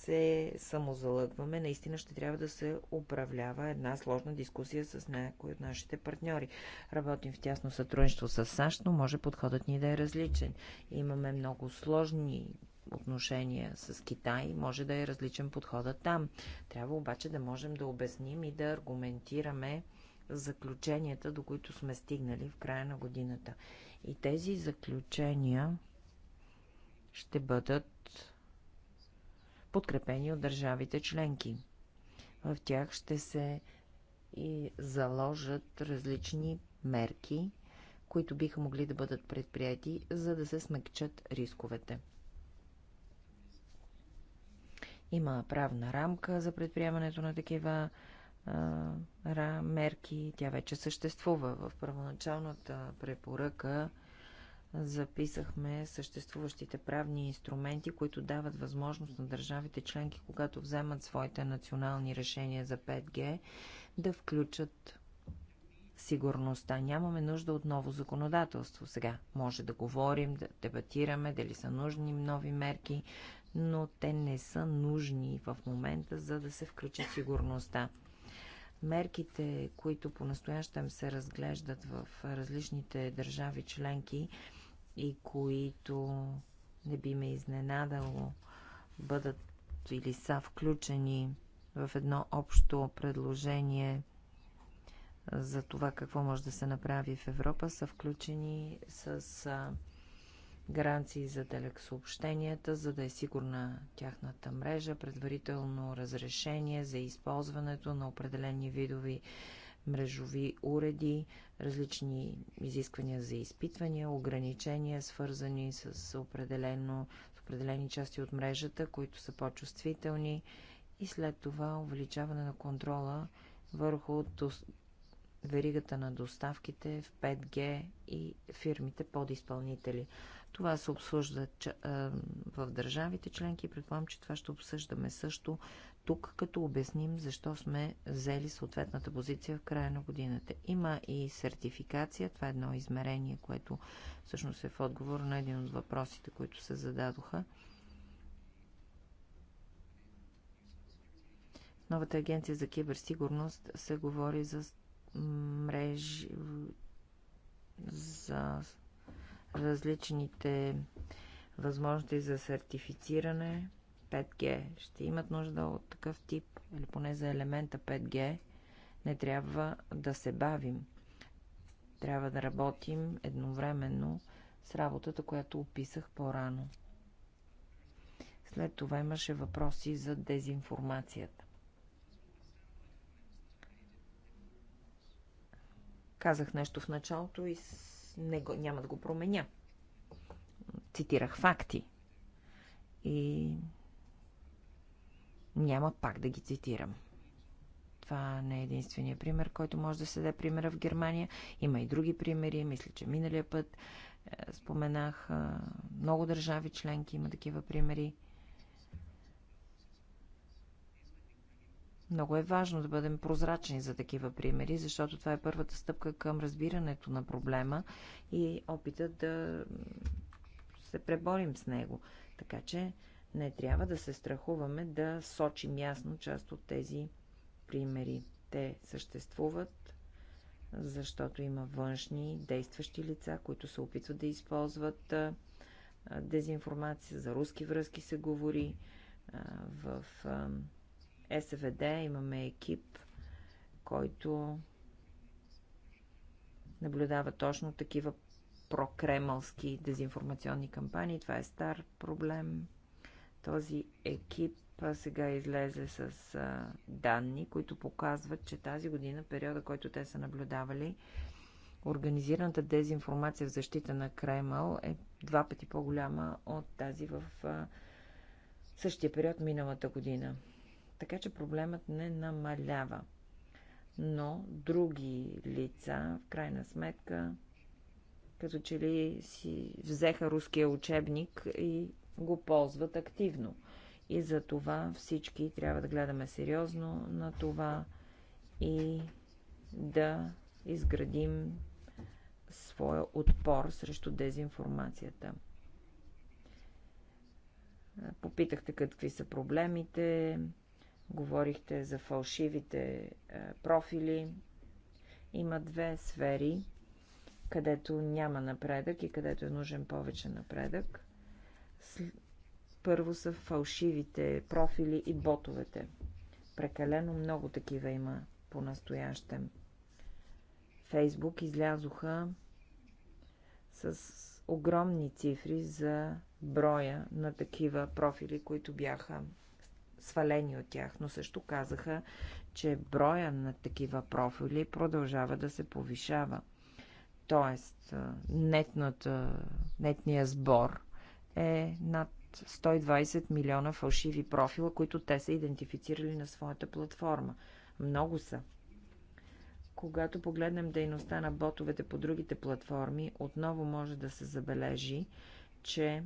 се самозалъгваме, наистина ще трябва да се управлява една сложна дискусия с някои от нашите партньори. Работим в тясно сътрудничество с САЩ, но може подходът ни да е различен. Имаме много сложни отношения с Китай, може да е различен подхода там. Трябва обаче да можем да обясним и да аргументираме заключенията, до които сме стигнали в края на годината. И тези заключения ще бъдат подкрепени от държавите членки. В тях ще се и заложат различни мерки, които биха могли да бъдат предприяти, за да се смекчат рисковете. Има правна рамка за предприемането на такива а, мерки. Тя вече съществува. В първоначалната препоръка записахме съществуващите правни инструменти, които дават възможност на държавите членки, когато вземат своите национални решения за 5G, да включат сигурността. Нямаме нужда от ново законодателство сега. Може да говорим, да дебатираме, дали са нужни нови мерки, но те не са нужни в момента, за да се включи сигурността. Мерките, които по-настоящем се разглеждат в различните държави членки, и които не би ме изненадало бъдат или са включени в едно общо предложение за това какво може да се направи в Европа, са включени с гаранции за телексъобщенията, за да е сигурна тяхната мрежа, предварително разрешение за използването на определени видови мрежови уреди, различни изисквания за изпитвания, ограничения, свързани с, определено, с определени части от мрежата, които са по-чувствителни и след това увеличаване на контрола върху дос... веригата на доставките в 5G и фирмите подизпълнители. Това се обсъжда в държавите членки и предполагам, че това ще обсъждаме също тук, като обясним защо сме взели съответната позиция в края на годината. Има и сертификация, това е едно измерение, което всъщност е в отговор на един от въпросите, които се зададоха. В новата агенция за киберсигурност се говори за мрежи, за различните възможности за сертифициране. 5G ще имат нужда от такъв тип, или поне за елемента 5G. Не трябва да се бавим. Трябва да работим едновременно с работата, която описах по-рано. След това имаше въпроси за дезинформацията. Казах нещо в началото и не го, няма да го променя. Цитирах факти. И няма пак да ги цитирам. Това не е единствения пример, който може да се даде примера в Германия. Има и други примери. Мисля, че миналия път е, споменах е, много държави членки има такива примери. Много е важно да бъдем прозрачни за такива примери, защото това е първата стъпка към разбирането на проблема и опита да се преборим с него. Така че не трябва да се страхуваме да сочим ясно част от тези примери. Те съществуват, защото има външни действащи лица, които се опитват да използват дезинформация. За руски връзки се говори в СВД имаме екип, който наблюдава точно такива прокремълски дезинформационни кампании. Това е стар проблем. Този екип сега излезе с данни, които показват, че тази година, периода, който те са наблюдавали, организираната дезинформация в защита на Кремъл е два пъти по-голяма от тази в същия период миналата година. Така че проблемът не намалява. Но други лица, в крайна сметка, като че ли си взеха руския учебник и го ползват активно. И за това всички трябва да гледаме сериозно на това и да изградим своя отпор срещу дезинформацията. Попитахте какви са проблемите, Говорихте за фалшивите е, профили. Има две сфери, където няма напредък и където е нужен повече напредък. Първо са фалшивите профили и ботовете. Прекалено много такива има по-настоящем. Фейсбук излязоха с огромни цифри за броя на такива профили, които бяха свалени от тях, но също казаха, че броя на такива профили продължава да се повишава. Тоест, нетната, нетния сбор е над 120 милиона фалшиви профила, които те са идентифицирали на своята платформа. Много са. Когато погледнем дейността на ботовете по другите платформи, отново може да се забележи, че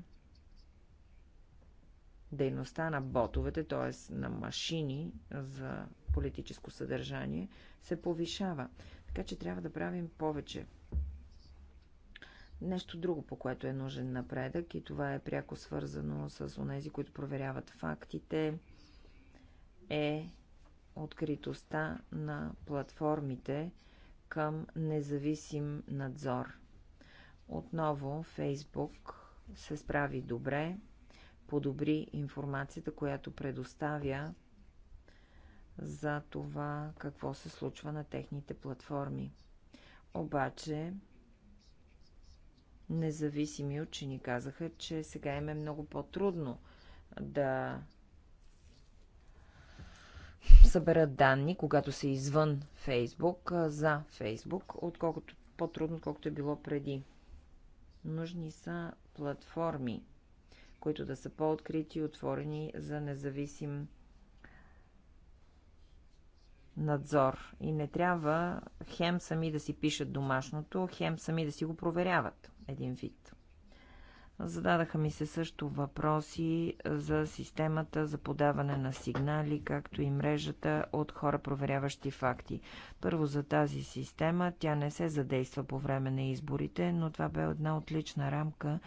дейността на ботовете, т.е. на машини за политическо съдържание, се повишава. Така че трябва да правим повече. Нещо друго, по което е нужен напредък, и това е пряко свързано с онези, които проверяват фактите, е откритостта на платформите към независим надзор. Отново Фейсбук се справи добре, подобри информацията, която предоставя за това какво се случва на техните платформи. Обаче, независими учени казаха, че сега им е много по-трудно да съберат данни, когато са извън Фейсбук, за Фейсбук, отколкото по-трудно, отколкото е било преди. Нужни са платформи които да са по-открити и отворени за независим надзор. И не трябва хем сами да си пишат домашното, хем сами да си го проверяват един вид. Зададаха ми се също въпроси за системата за подаване на сигнали, както и мрежата от хора проверяващи факти. Първо за тази система, тя не се задейства по време на изборите, но това бе една отлична рамка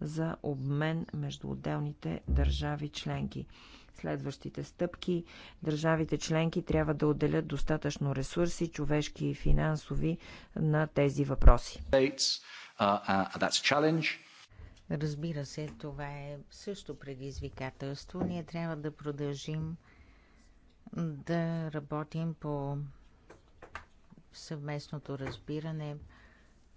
за обмен между отделните държави членки следващите стъпки. Държавите членки трябва да отделят достатъчно ресурси, човешки и финансови, на тези въпроси. Uh, uh, Разбира се, това е също предизвикателство. Ние трябва да продължим да работим по съвместното разбиране,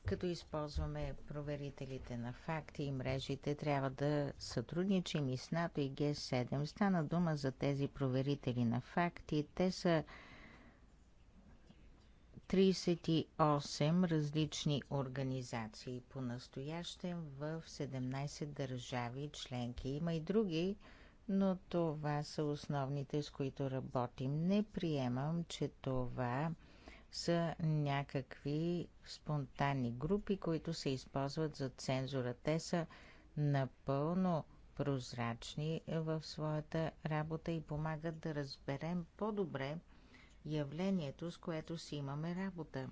като използваме проверителите на факти и мрежите, трябва да сътрудничим и с НАТО и Г7. Стана дума за тези проверители на факти. Те са 38 различни организации по настоящем в 17 държави членки. Има и други, но това са основните, с които работим. Не приемам, че това са някакви спонтанни групи, които се използват за цензура. Те са напълно прозрачни в своята работа и помагат да разберем по-добре явлението, с което си имаме работа.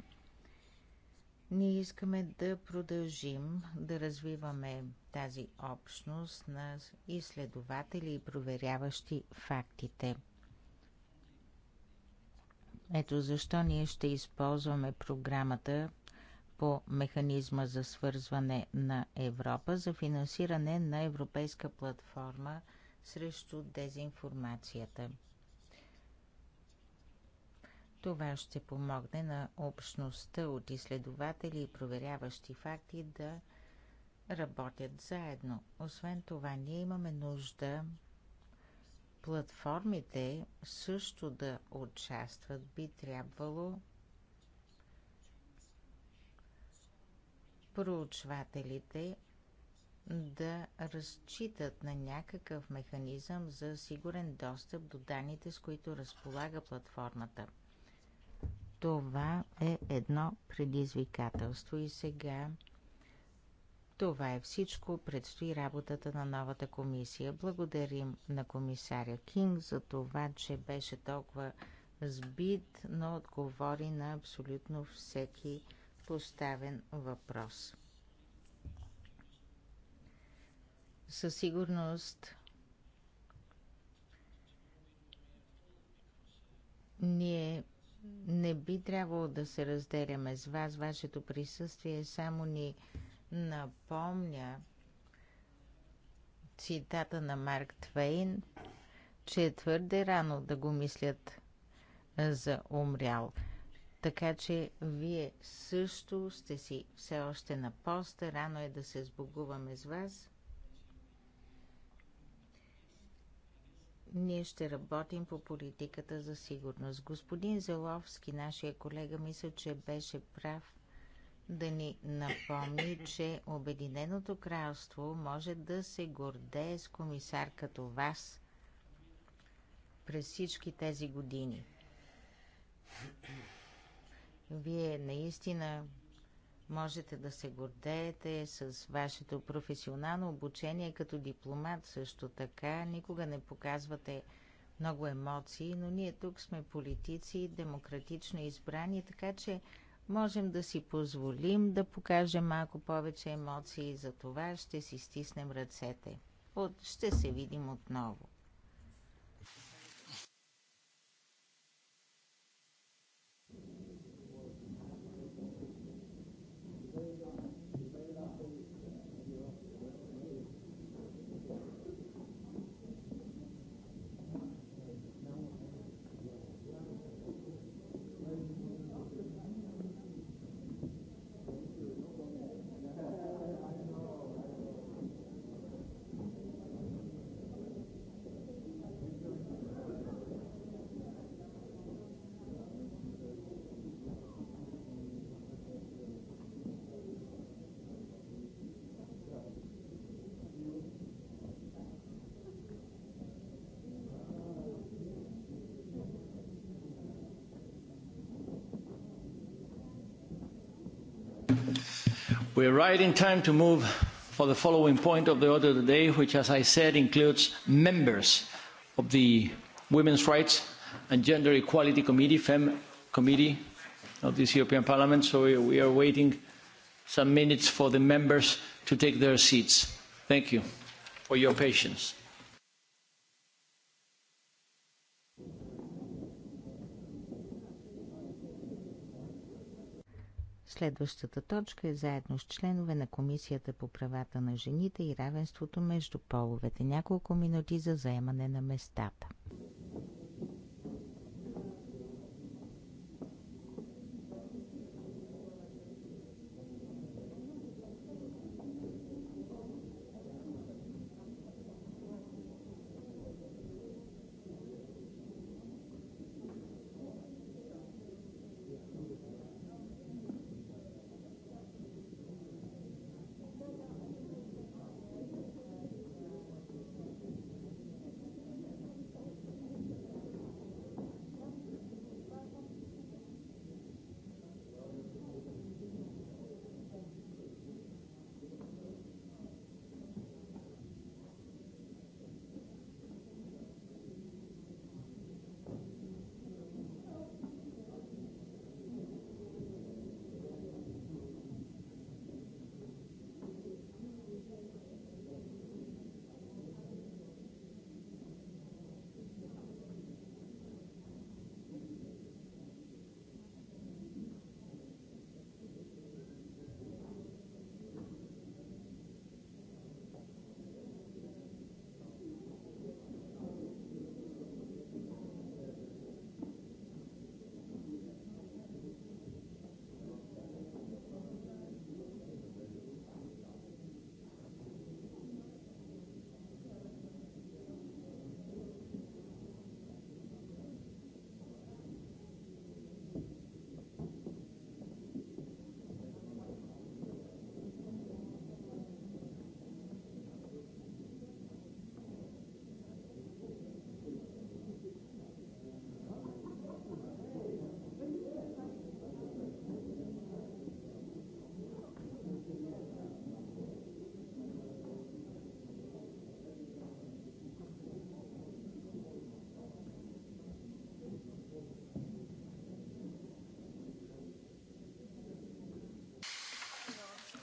Ние искаме да продължим да развиваме тази общност на изследователи и проверяващи фактите. Ето защо ние ще използваме програмата по механизма за свързване на Европа за финансиране на Европейска платформа срещу дезинформацията – това ще помогне на общността от изследователи и проверяващи факти да работят заедно. Освен това, ние имаме нужда платформите също да участват. Би трябвало проучвателите да разчитат на някакъв механизъм за сигурен достъп до данните, с които разполага платформата – това е едно предизвикателство и сега това е всичко. Предстои работата на новата комисия. Благодарим на комисаря Кинг за това, че беше толкова сбит, но отговори на абсолютно всеки поставен въпрос. Със сигурност ние не би трябвало да се разделяме с вас. Вашето присъствие само ни напомня цитата на Марк Твейн, че е твърде рано да го мислят за умрял. Така че вие също сте си все още на поста. Рано е да се сбогуваме с вас. ние ще работим по политиката за сигурност. Господин Зеловски, нашия колега, мисля, че беше прав да ни напомни, че Обединеното кралство може да се гордее с комисар като вас през всички тези години. Вие наистина Можете да се гордеете с вашето професионално обучение като дипломат също така. Никога не показвате много емоции, но ние тук сме политици, демократично избрани, така че можем да си позволим да покажем малко повече емоции. За това ще си стиснем ръцете. От... Ще се видим отново. We are right in time to move for the following point of the order of the day, which, as I said, includes members of the Women's Rights and Gender Equality Committee, FEM Committee of this European Parliament. So we are waiting some minutes for the members to take their seats. Thank you for your patience. Следващата точка е заедно с членове на Комисията по правата на жените и равенството между половете. Няколко минути за заемане на местата.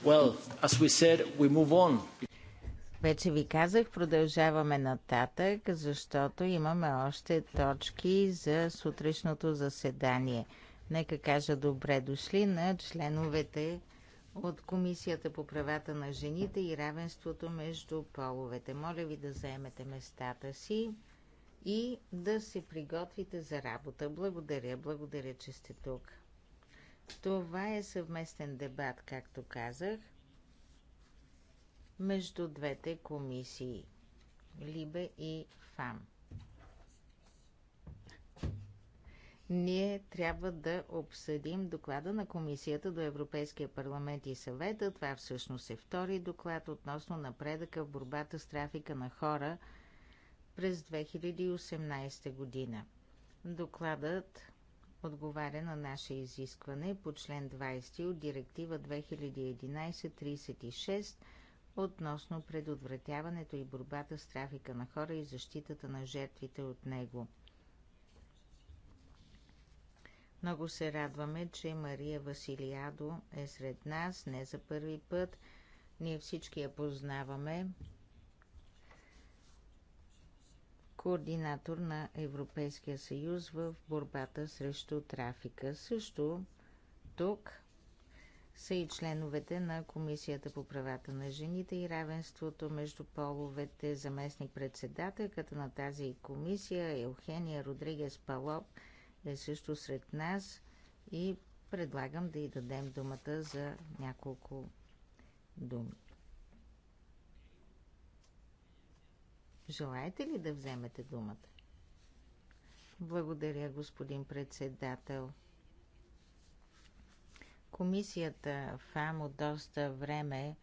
Well, as we said, we move on. Вече ви казах, продължаваме нататък, защото имаме още точки за сутрешното заседание. Нека кажа добре дошли на членовете от Комисията по правата на жените и равенството между половете. Моля ви да заемете местата си и да се приготвите за работа. Благодаря, благодаря, че сте тук. Това е съвместен дебат, както казах, между двете комисии Либе и ФАМ. Ние трябва да обсъдим доклада на Комисията до Европейския парламент и съвета. Това всъщност е втори доклад относно напредъка в борбата с трафика на хора през 2018 година. Докладът отговаря на наше изискване по член 20 от Директива 2011-36 относно предотвратяването и борбата с трафика на хора и защитата на жертвите от него. Много се радваме, че Мария Василиадо е сред нас не за първи път. Ние всички я познаваме координатор на Европейския съюз в борбата срещу трафика. Също тук са и членовете на Комисията по правата на жените и равенството между половете, заместник председателката на тази комисия Елхения Родригес Палоп е също сред нас и предлагам да й дадем думата за няколко думи. Желаете ли да вземете думата? Благодаря, господин председател. Комисията ФАМ от доста време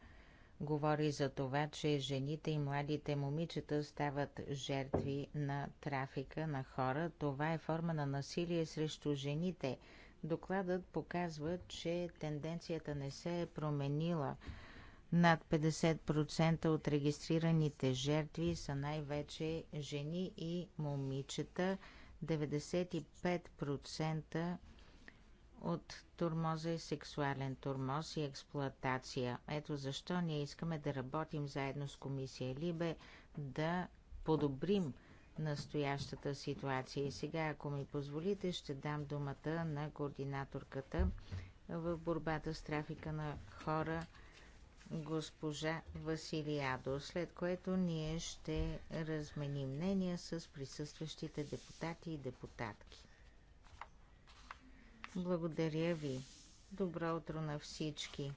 говори за това, че жените и младите момичета стават жертви на трафика на хора. Това е форма на насилие срещу жените. Докладът показва, че тенденцията не се е променила – над 50% от регистрираните жертви са най-вече жени и момичета. 95% от турмоза е сексуален турмоз и експлоатация. Ето защо ние искаме да работим заедно с комисия Либе да подобрим настоящата ситуация. И сега, ако ми позволите, ще дам думата на координаторката в борбата с трафика на хора – госпожа Василиадо, след което ние ще разменим мнения с присъстващите депутати и депутатки. Благодаря ви. Добро утро на всички.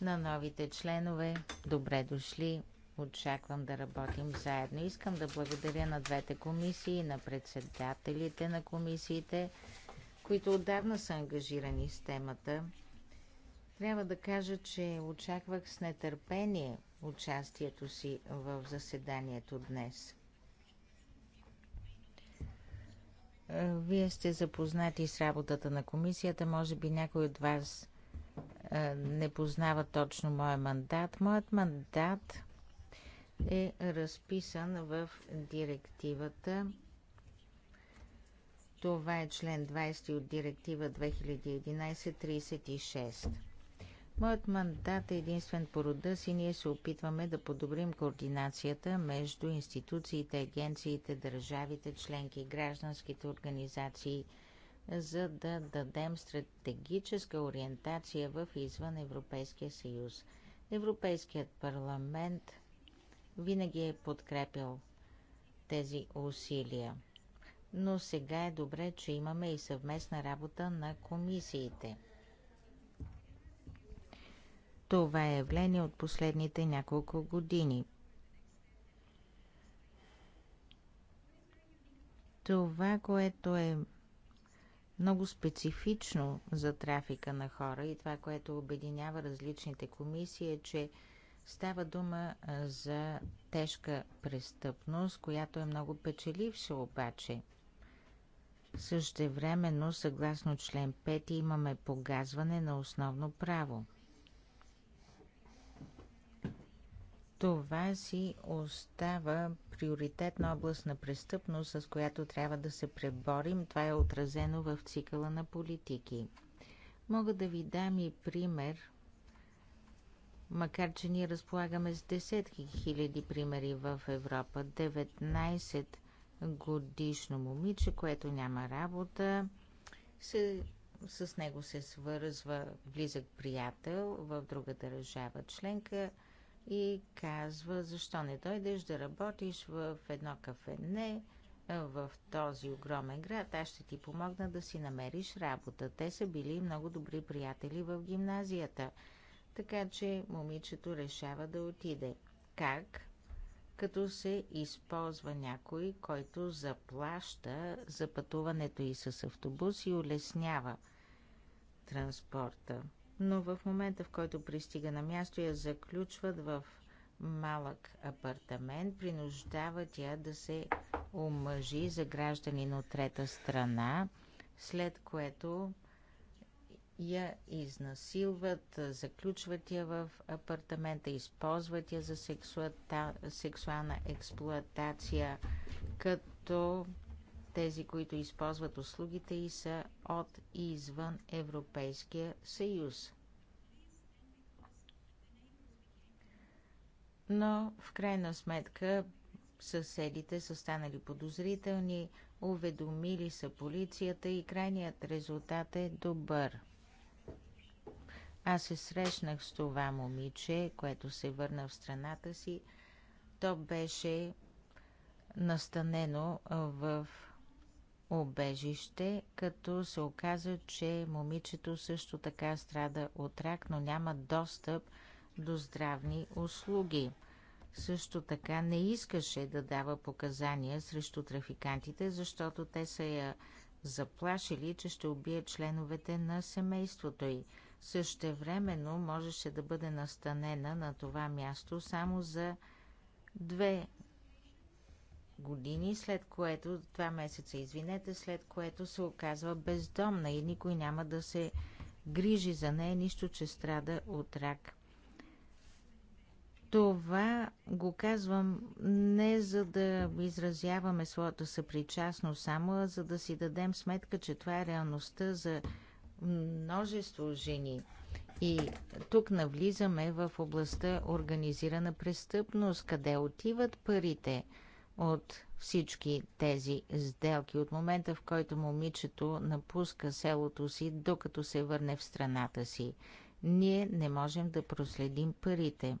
На новите членове, добре дошли. Очаквам да работим заедно. Искам да благодаря на двете комисии, на председателите на комисиите, които отдавна са ангажирани с темата трябва да кажа, че очаквах с нетърпение участието си в заседанието днес. Е, вие сте запознати с работата на комисията. Може би някой от вас е, не познава точно моя мандат. Моят мандат е разписан в директивата. Това е член 20 от директива 2011-36. Моят мандат е единствен по рода си. Ние се опитваме да подобрим координацията между институциите, агенциите, държавите, членки, гражданските организации, за да дадем стратегическа ориентация в извън Европейския съюз. Европейският парламент винаги е подкрепил тези усилия. Но сега е добре, че имаме и съвместна работа на комисиите – това е явление от последните няколко години. Това, което е много специфично за трафика на хора и това, което обединява различните комисии е, че става дума за тежка престъпност, която е много печеливша обаче. Същевременно, съгласно член 5, имаме погазване на основно право – Това си остава приоритетна област на престъпност, с която трябва да се преборим. Това е отразено в цикъла на политики. Мога да ви дам и пример, макар че ние разполагаме с десетки хиляди примери в Европа. 19 годишно момиче, което няма работа, се, с него се свързва близък приятел в друга държава членка – и казва, защо не дойдеш да работиш в едно кафене в този огромен град, аз ще ти помогна да си намериш работа. Те са били много добри приятели в гимназията, така че момичето решава да отиде. Как? Като се използва някой, който заплаща за пътуването и с автобус и улеснява транспорта но в момента, в който пристига на място, я заключват в малък апартамент, принуждават я да се омъжи за гражданин от трета страна, след което я изнасилват, заключват я в апартамента, използват я за сексуата, сексуална експлоатация, като тези, които използват услугите и са от и извън Европейския съюз. Но в крайна сметка съседите са станали подозрителни, уведомили са полицията и крайният резултат е добър. Аз се срещнах с това момиче, което се върна в страната си. То беше настанено в обежище, като се оказа, че момичето също така страда от рак, но няма достъп до здравни услуги. Също така не искаше да дава показания срещу трафикантите, защото те са я заплашили, че ще убият членовете на семейството й. времено можеше да бъде настанена на това място само за две години, след което, два месеца, извинете, след което се оказва бездомна и никой няма да се грижи за нея, нищо, че страда от рак. Това го казвам не за да изразяваме своята съпричастност, само а за да си дадем сметка, че това е реалността за множество жени. И тук навлизаме в областта организирана престъпност, къде отиват парите – от всички тези сделки. От момента, в който момичето напуска селото си, докато се върне в страната си, ние не можем да проследим парите.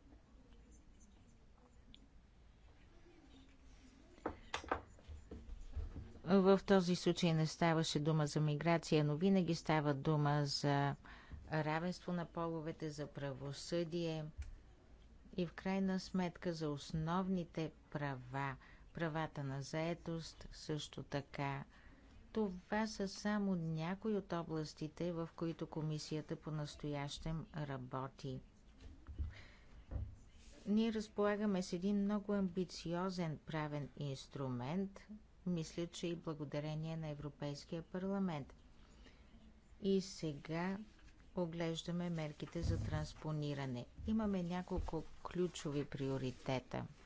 В този случай не ставаше дума за миграция, но винаги става дума за равенство на половете, за правосъдие и в крайна сметка за основните права – правата на заетост също така. Това са само някои от областите, в които комисията по-настоящем работи. Ние разполагаме с един много амбициозен правен инструмент, мисля, че и благодарение на Европейския парламент. И сега оглеждаме мерките за транспониране. Имаме няколко ключови приоритета –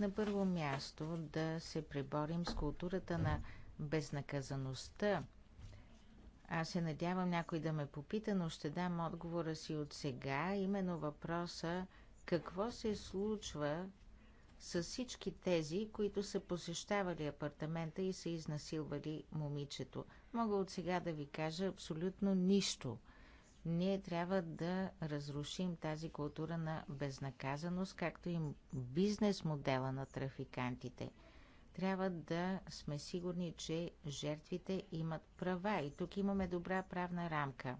на първо място да се преборим с културата на безнаказаността. Аз се надявам някой да ме попита, но ще дам отговора си от сега. Именно въпроса какво се случва с всички тези, които са посещавали апартамента и са изнасилвали момичето. Мога от сега да ви кажа абсолютно нищо – ние трябва да разрушим тази култура на безнаказаност, както и бизнес модела на трафикантите. Трябва да сме сигурни, че жертвите имат права и тук имаме добра правна рамка.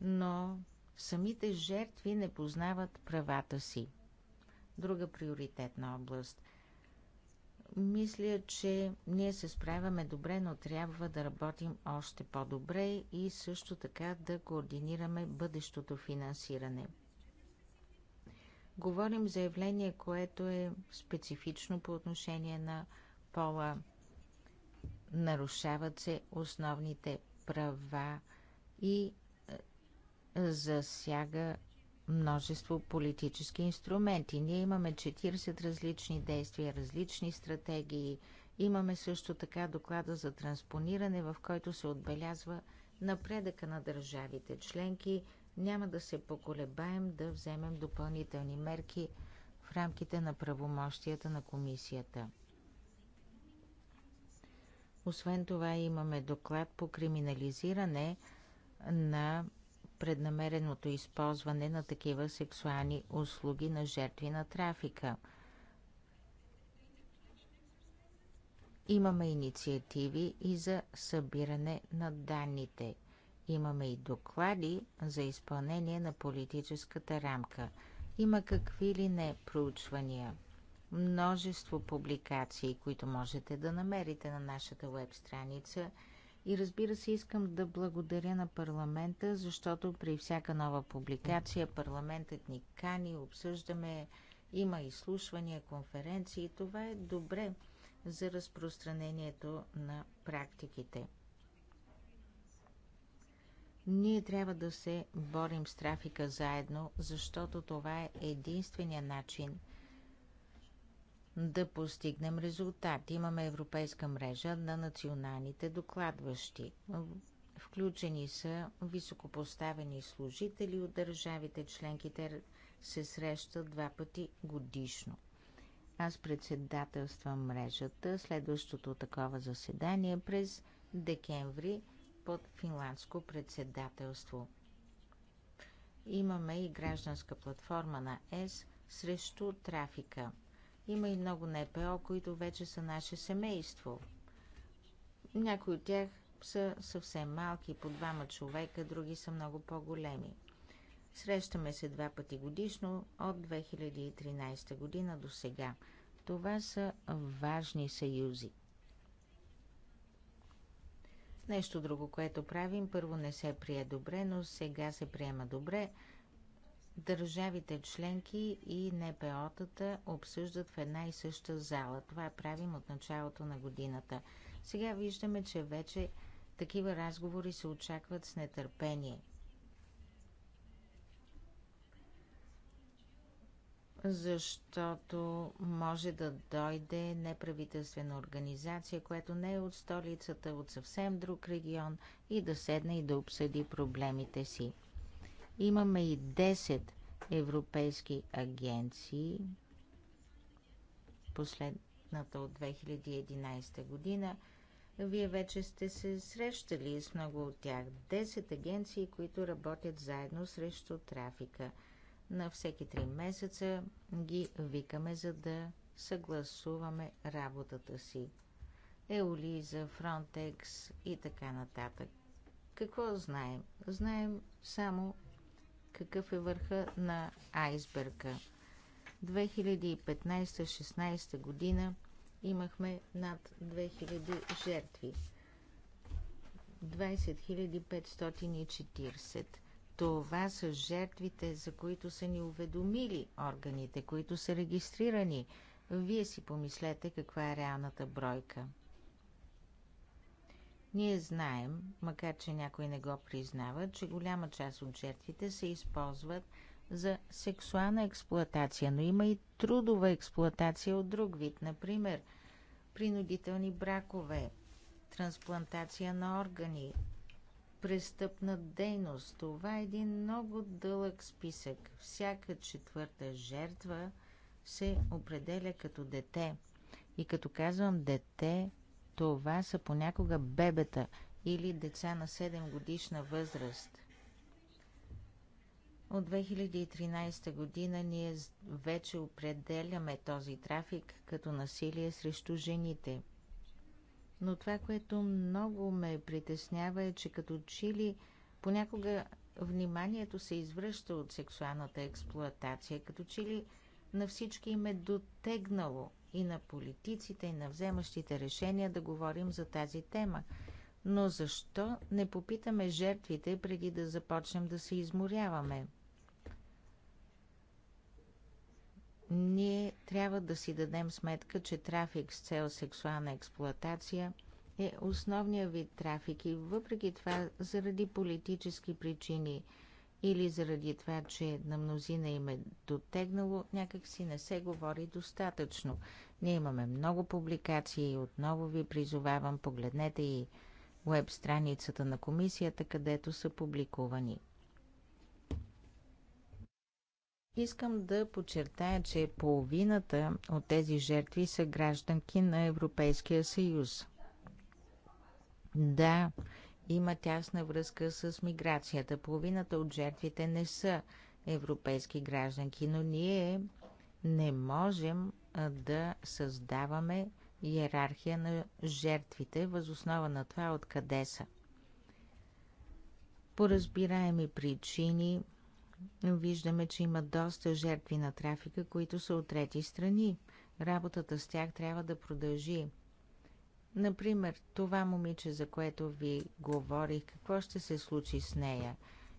Но самите жертви не познават правата си. Друга приоритетна област мисля, че ние се справяме добре, но трябва да работим още по-добре и също така да координираме бъдещото финансиране. Говорим за явление, което е специфично по отношение на пола. Нарушават се основните права и е, засяга множество политически инструменти. Ние имаме 40 различни действия, различни стратегии. Имаме също така доклада за транспониране, в който се отбелязва напредъка на държавите членки. Няма да се поколебаем да вземем допълнителни мерки в рамките на правомощията на комисията. Освен това имаме доклад по криминализиране на преднамереното използване на такива сексуални услуги на жертви на трафика. Имаме инициативи и за събиране на данните. Имаме и доклади за изпълнение на политическата рамка. Има какви ли не проучвания. Множество публикации, които можете да намерите на нашата веб страница – и разбира се, искам да благодаря на парламента, защото при всяка нова публикация парламентът ни кани, обсъждаме, има изслушвания, конференции. Това е добре за разпространението на практиките. Ние трябва да се борим с трафика заедно, защото това е единствения начин – да постигнем резултат. Имаме европейска мрежа на националните докладващи. Включени са високопоставени служители от държавите членките се срещат два пъти годишно. Аз председателствам мрежата. Следващото такова заседание е през декември под финландско председателство. Имаме и гражданска платформа на ЕС срещу трафика – има и много НПО, които вече са наше семейство. Някои от тях са съвсем малки, по двама човека, други са много по-големи. Срещаме се два пъти годишно от 2013 година до сега. Това са важни съюзи. Нещо друго, което правим, първо не се прие добре, но сега се приема добре – Държавите членки и НПО-тата обсъждат в една и съща зала. Това правим от началото на годината. Сега виждаме, че вече такива разговори се очакват с нетърпение. Защото може да дойде неправителствена организация, която не е от столицата, от съвсем друг регион и да седне и да обсъди проблемите си. Имаме и 10 европейски агенции. Последната от 2011 година. Вие вече сте се срещали с много от тях. 10 агенции, които работят заедно срещу трафика. На всеки 3 месеца ги викаме, за да съгласуваме работата си. Еолиза, Фронтекс и така нататък. Какво знаем? Знаем само какъв е върха на айсберга. 2015-16 година имахме над 2000 жертви. 20540. Това са жертвите, за които са ни уведомили органите, които са регистрирани. Вие си помислете каква е реалната бройка. Ние знаем, макар че някои не го признават, че голяма част от жертвите се използват за сексуална експлоатация, но има и трудова експлоатация от друг вид, например принудителни бракове, трансплантация на органи, престъпна дейност. Това е един много дълъг списък. Всяка четвърта жертва се определя като дете. И като казвам дете, това са понякога бебета или деца на 7 годишна възраст. От 2013 година ние вече определяме този трафик като насилие срещу жените. Но това, което много ме притеснява е, че като чили понякога вниманието се извръща от сексуалната експлоатация, като че ли на всички им е дотегнало – и на политиците, и на вземащите решения да говорим за тази тема. Но защо не попитаме жертвите преди да започнем да се изморяваме? Ние трябва да си дадем сметка, че трафик с цел сексуална експлоатация е основният вид трафик и въпреки това заради политически причини – или заради това, че на мнозина им е дотегнало, някак си не се говори достатъчно. Ние имаме много публикации и отново ви призовавам, погледнете и веб страницата на комисията, където са публикувани. Искам да подчертая, че половината от тези жертви са гражданки на Европейския съюз. Да, има тясна връзка с миграцията. Половината от жертвите не са европейски гражданки, но ние не можем да създаваме иерархия на жертвите, възоснова на това откъде са. По разбираеми причини виждаме, че има доста жертви на трафика, които са от трети страни. Работата с тях трябва да продължи. Например, това момиче, за което ви говорих, какво ще се случи с нея?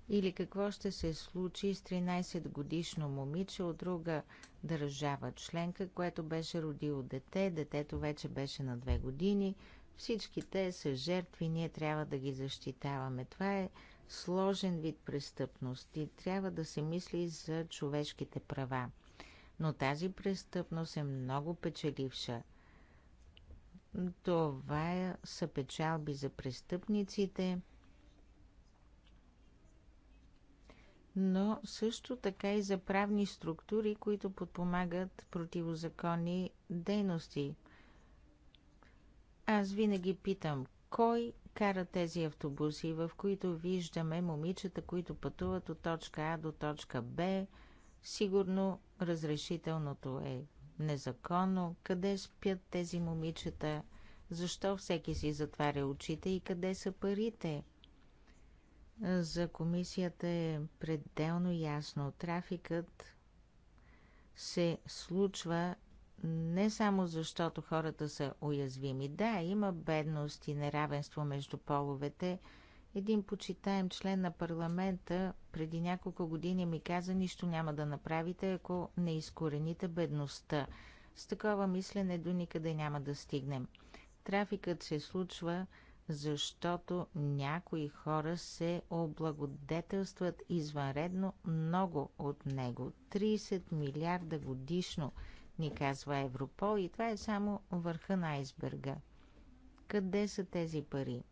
Или какво ще се случи с 13-годишно момиче от друга държава членка, което беше родило дете, детето вече беше на две години. Всички те са жертви, ние трябва да ги защитаваме. Това е сложен вид престъпност и трябва да се мисли за човешките права. Но тази престъпност е много печеливша – това са печалби за престъпниците, но също така и за правни структури, които подпомагат противозаконни дейности. Аз винаги питам, кой кара тези автобуси, в които виждаме момичета, които пътуват от точка А до точка Б, сигурно разрешителното е незаконно, къде спят тези момичета, защо всеки си затваря очите и къде са парите. За комисията е пределно ясно. Трафикът се случва не само защото хората са уязвими. Да, има бедност и неравенство между половете – един почитаем член на парламента преди няколко години ми каза, нищо няма да направите, ако не изкорените бедността. С такова мислене до никъде няма да стигнем. Трафикът се случва, защото някои хора се облагодетелстват извънредно много от него. 30 милиарда годишно, ни казва Европол, и това е само върха на айсберга. Къде са тези пари?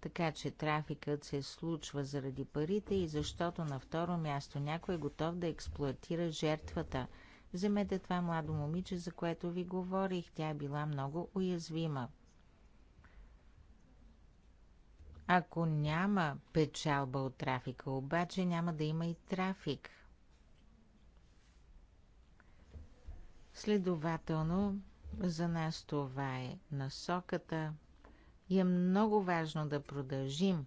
Така че трафикът се случва заради парите и защото на второ място някой е готов да експлуатира жертвата. Вземете това младо момиче, за което ви говорих. Тя е била много уязвима. Ако няма печалба от трафика, обаче няма да има и трафик. Следователно, за нас това е насоката – и е много важно да продължим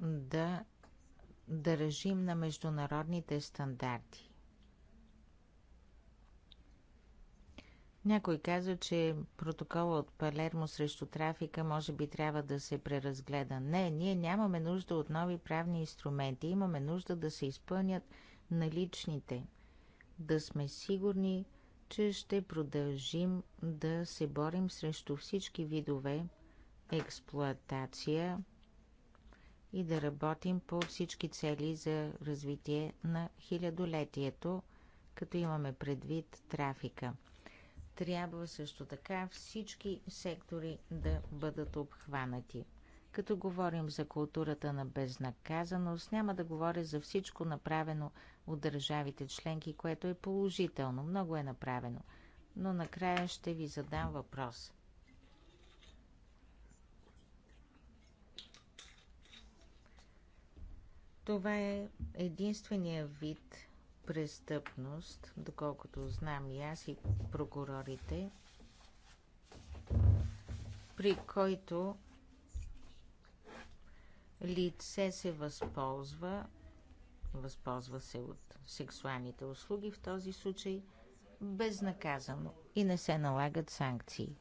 да държим на международните стандарти. Някой казва, че протокола от Палермо срещу трафика може би трябва да се преразгледа. Не, ние нямаме нужда от нови правни инструменти. Имаме нужда да се изпълнят наличните. Да сме сигурни, че ще продължим да се борим срещу всички видове експлоатация и да работим по всички цели за развитие на хилядолетието, като имаме предвид трафика. Трябва също така всички сектори да бъдат обхванати. Като говорим за културата на безнаказаност, няма да говоря за всичко направено от държавите членки, което е положително. Много е направено. Но накрая ще ви задам въпрос. Това е единствения вид престъпност, доколкото знам и аз и прокурорите, при който лице се възползва, възползва се от сексуалните услуги в този случай безнаказано и не се налагат санкции.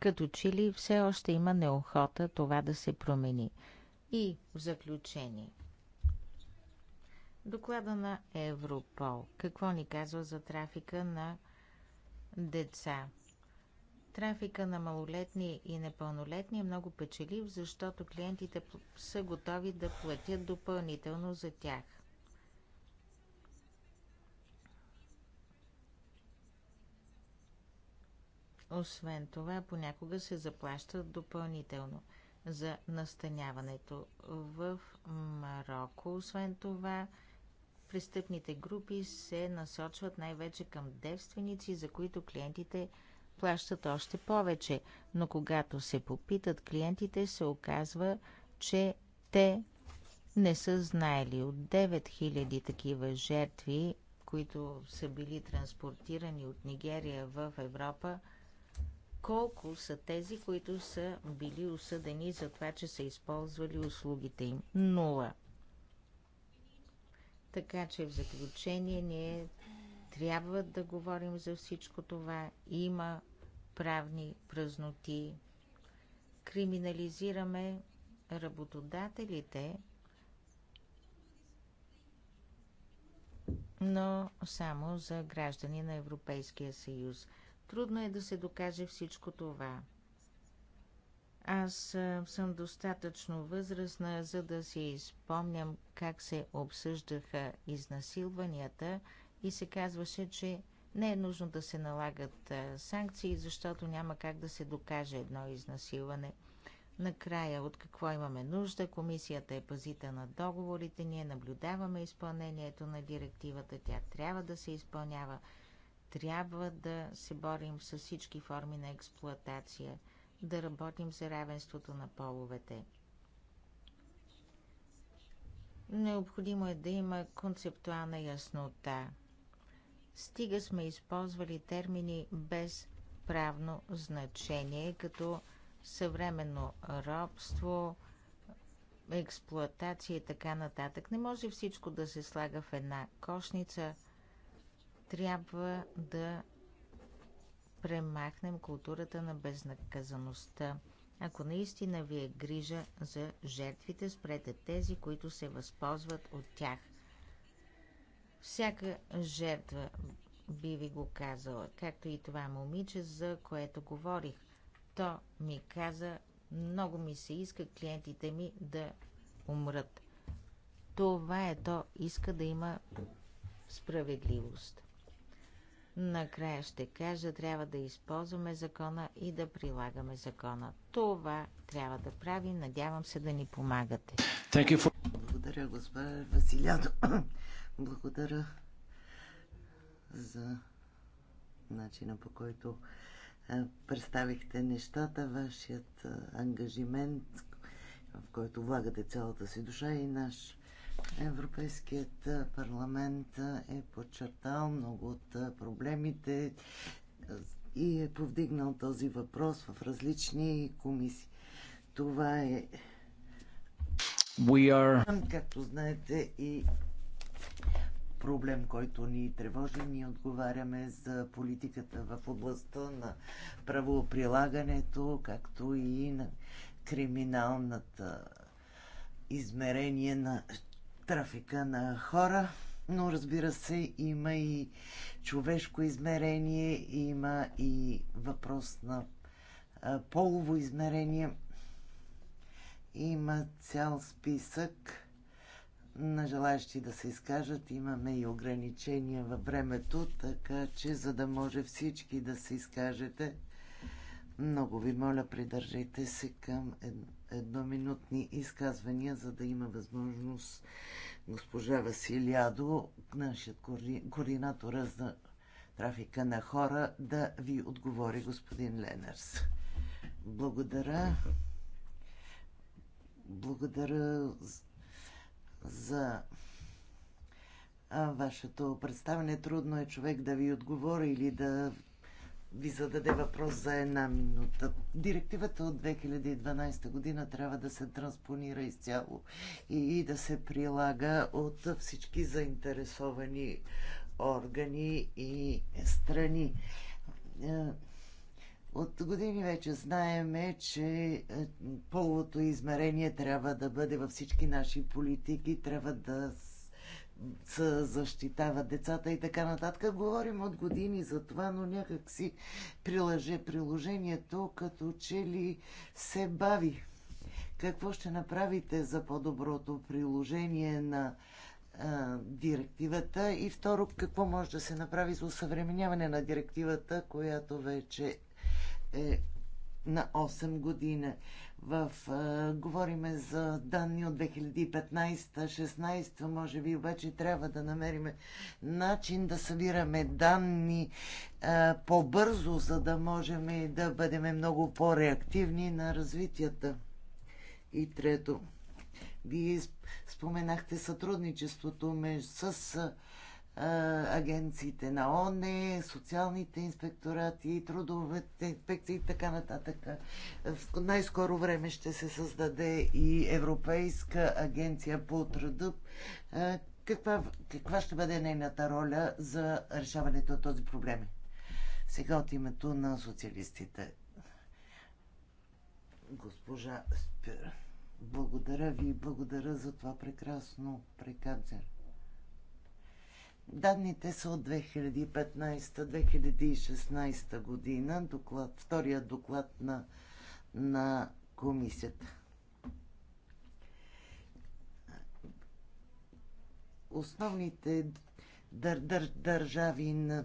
Като че ли все още има неохота това да се промени. И в заключение. Доклада на Европол. Какво ни казва за трафика на деца? Трафика на малолетни и непълнолетни е много печелив, защото клиентите са готови да платят допълнително за тях. Освен това, понякога се заплащат допълнително за настаняването в Марокко. Освен това, престъпните групи се насочват най-вече към девственици, за които клиентите – плащат още повече, но когато се попитат клиентите, се оказва, че те не са знаели. От 9000 такива жертви, които са били транспортирани от Нигерия в Европа, колко са тези, които са били осъдени за това, че са използвали услугите им? Нула. Така че в заключение ние трябва да говорим за всичко това. Има правни празноти. Криминализираме работодателите, но само за граждани на Европейския съюз. Трудно е да се докаже всичко това. Аз съм достатъчно възрастна, за да си изпомням как се обсъждаха изнасилванията и се казваше, че не е нужно да се налагат санкции, защото няма как да се докаже едно изнасилване. Накрая, от какво имаме нужда? Комисията е пазита на договорите, ние наблюдаваме изпълнението на директивата, тя трябва да се изпълнява, трябва да се борим с всички форми на експлоатация, да работим за равенството на половете. Необходимо е да има концептуална яснота – стига сме използвали термини без правно значение, като съвременно робство, експлоатация и така нататък. Не може всичко да се слага в една кошница. Трябва да премахнем културата на безнаказаността. Ако наистина ви е грижа за жертвите, спрете тези, които се възползват от тях. Всяка жертва би ви го казала, както и това момиче, за което говорих. То ми каза, много ми се иска клиентите ми да умрат. Това е то, иска да има справедливост. Накрая ще кажа, трябва да използваме закона и да прилагаме закона. Това трябва да правим. Надявам се да ни помагате. For... Благодаря, господин Василянов. Благодаря за начина по който представихте нещата, вашият ангажимент, в който влагате цялата си душа и наш Европейският парламент е подчертал много от проблемите и е повдигнал този въпрос в различни комисии. Това е We are... както знаете и проблем, който ни тревожи. Ние отговаряме за политиката в областта на правоприлагането, както и на криминалната измерение на трафика на хора. Но разбира се, има и човешко измерение, има и въпрос на полово измерение. Има цял списък на желаящи да се изкажат. Имаме и ограничения във времето, така че за да може всички да се изкажете, много ви моля, придържайте се към едноминутни изказвания, за да има възможност госпожа Василиадо, нашият координатор за трафика на хора, да ви отговори господин Ленърс. Благодаря. Благодаря за вашето представене. Трудно е човек да ви отговори или да ви зададе въпрос за една минута. Директивата от 2012 година трябва да се транспонира изцяло и да се прилага от всички заинтересовани органи и страни. Е, от години вече знаеме, че е, половото измерение трябва да бъде във всички наши политики, трябва да се защитават децата и така нататък. Говорим от години за това, но някак си прилъже приложението, като че ли се бави. Какво ще направите за по-доброто приложение на а, е, директивата? И второ, какво може да се направи за усъвременяване на директивата, която вече е на 8 година. В, а, говориме за данни от 2015-16, може би обаче трябва да намерим начин да събираме данни а, по-бързо, за да можем да бъдем много по-реактивни на развитията. И трето, вие споменахте сътрудничеството между, с агенциите на ОНЕ, социалните инспекторати, трудовете инспекции и така нататък. В най-скоро време ще се създаде и Европейска агенция по труда. Каква, каква ще бъде нейната роля за решаването на този проблем? Сега от името на социалистите. Госпожа Спир, благодаря ви, благодаря за това прекрасно прекадзер Данните са от 2015-2016 година, доклад, втория доклад на, на комисията. Основните дър, дър, държави на,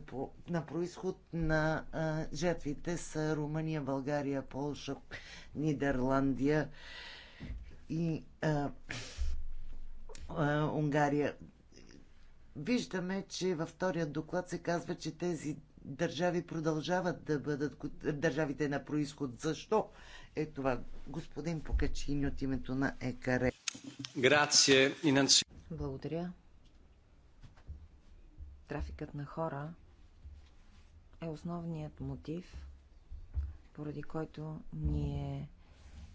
на происход на а, жертвите са Румъния, България, Полша, Нидерландия и а, а, Унгария. Виждаме, че във втория доклад се казва, че тези държави продължават да бъдат държавите на происход. Защо е това? Господин Покачини от името на ЕКАРЕ. Благодаря. Трафикът на хора е основният мотив, поради който ние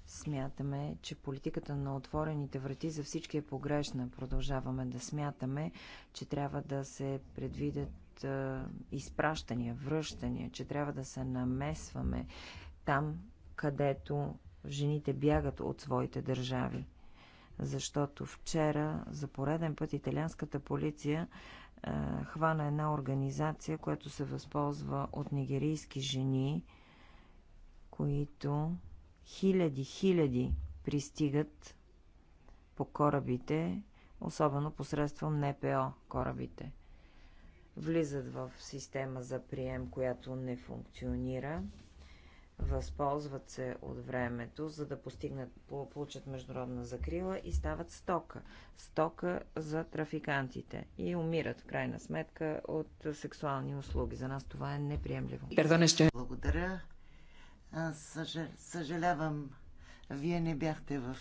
Смятаме, че политиката на отворените врати за всички е погрешна. Продължаваме да смятаме, че трябва да се предвидят е, изпращания, връщания, че трябва да се намесваме там, където жените бягат от своите държави. Защото вчера за пореден път италианската полиция е, хвана една организация, която се възползва от нигерийски жени, които Хиляди, хиляди пристигат по корабите, особено посредством НПО корабите. Влизат в система за прием, която не функционира, възползват се от времето, за да постигнат, получат международна закрила и стават стока. Стока за трафикантите. И умират, в крайна сметка, от сексуални услуги. За нас това е неприемливо. Благодаря. Аз съжалявам, вие не бяхте в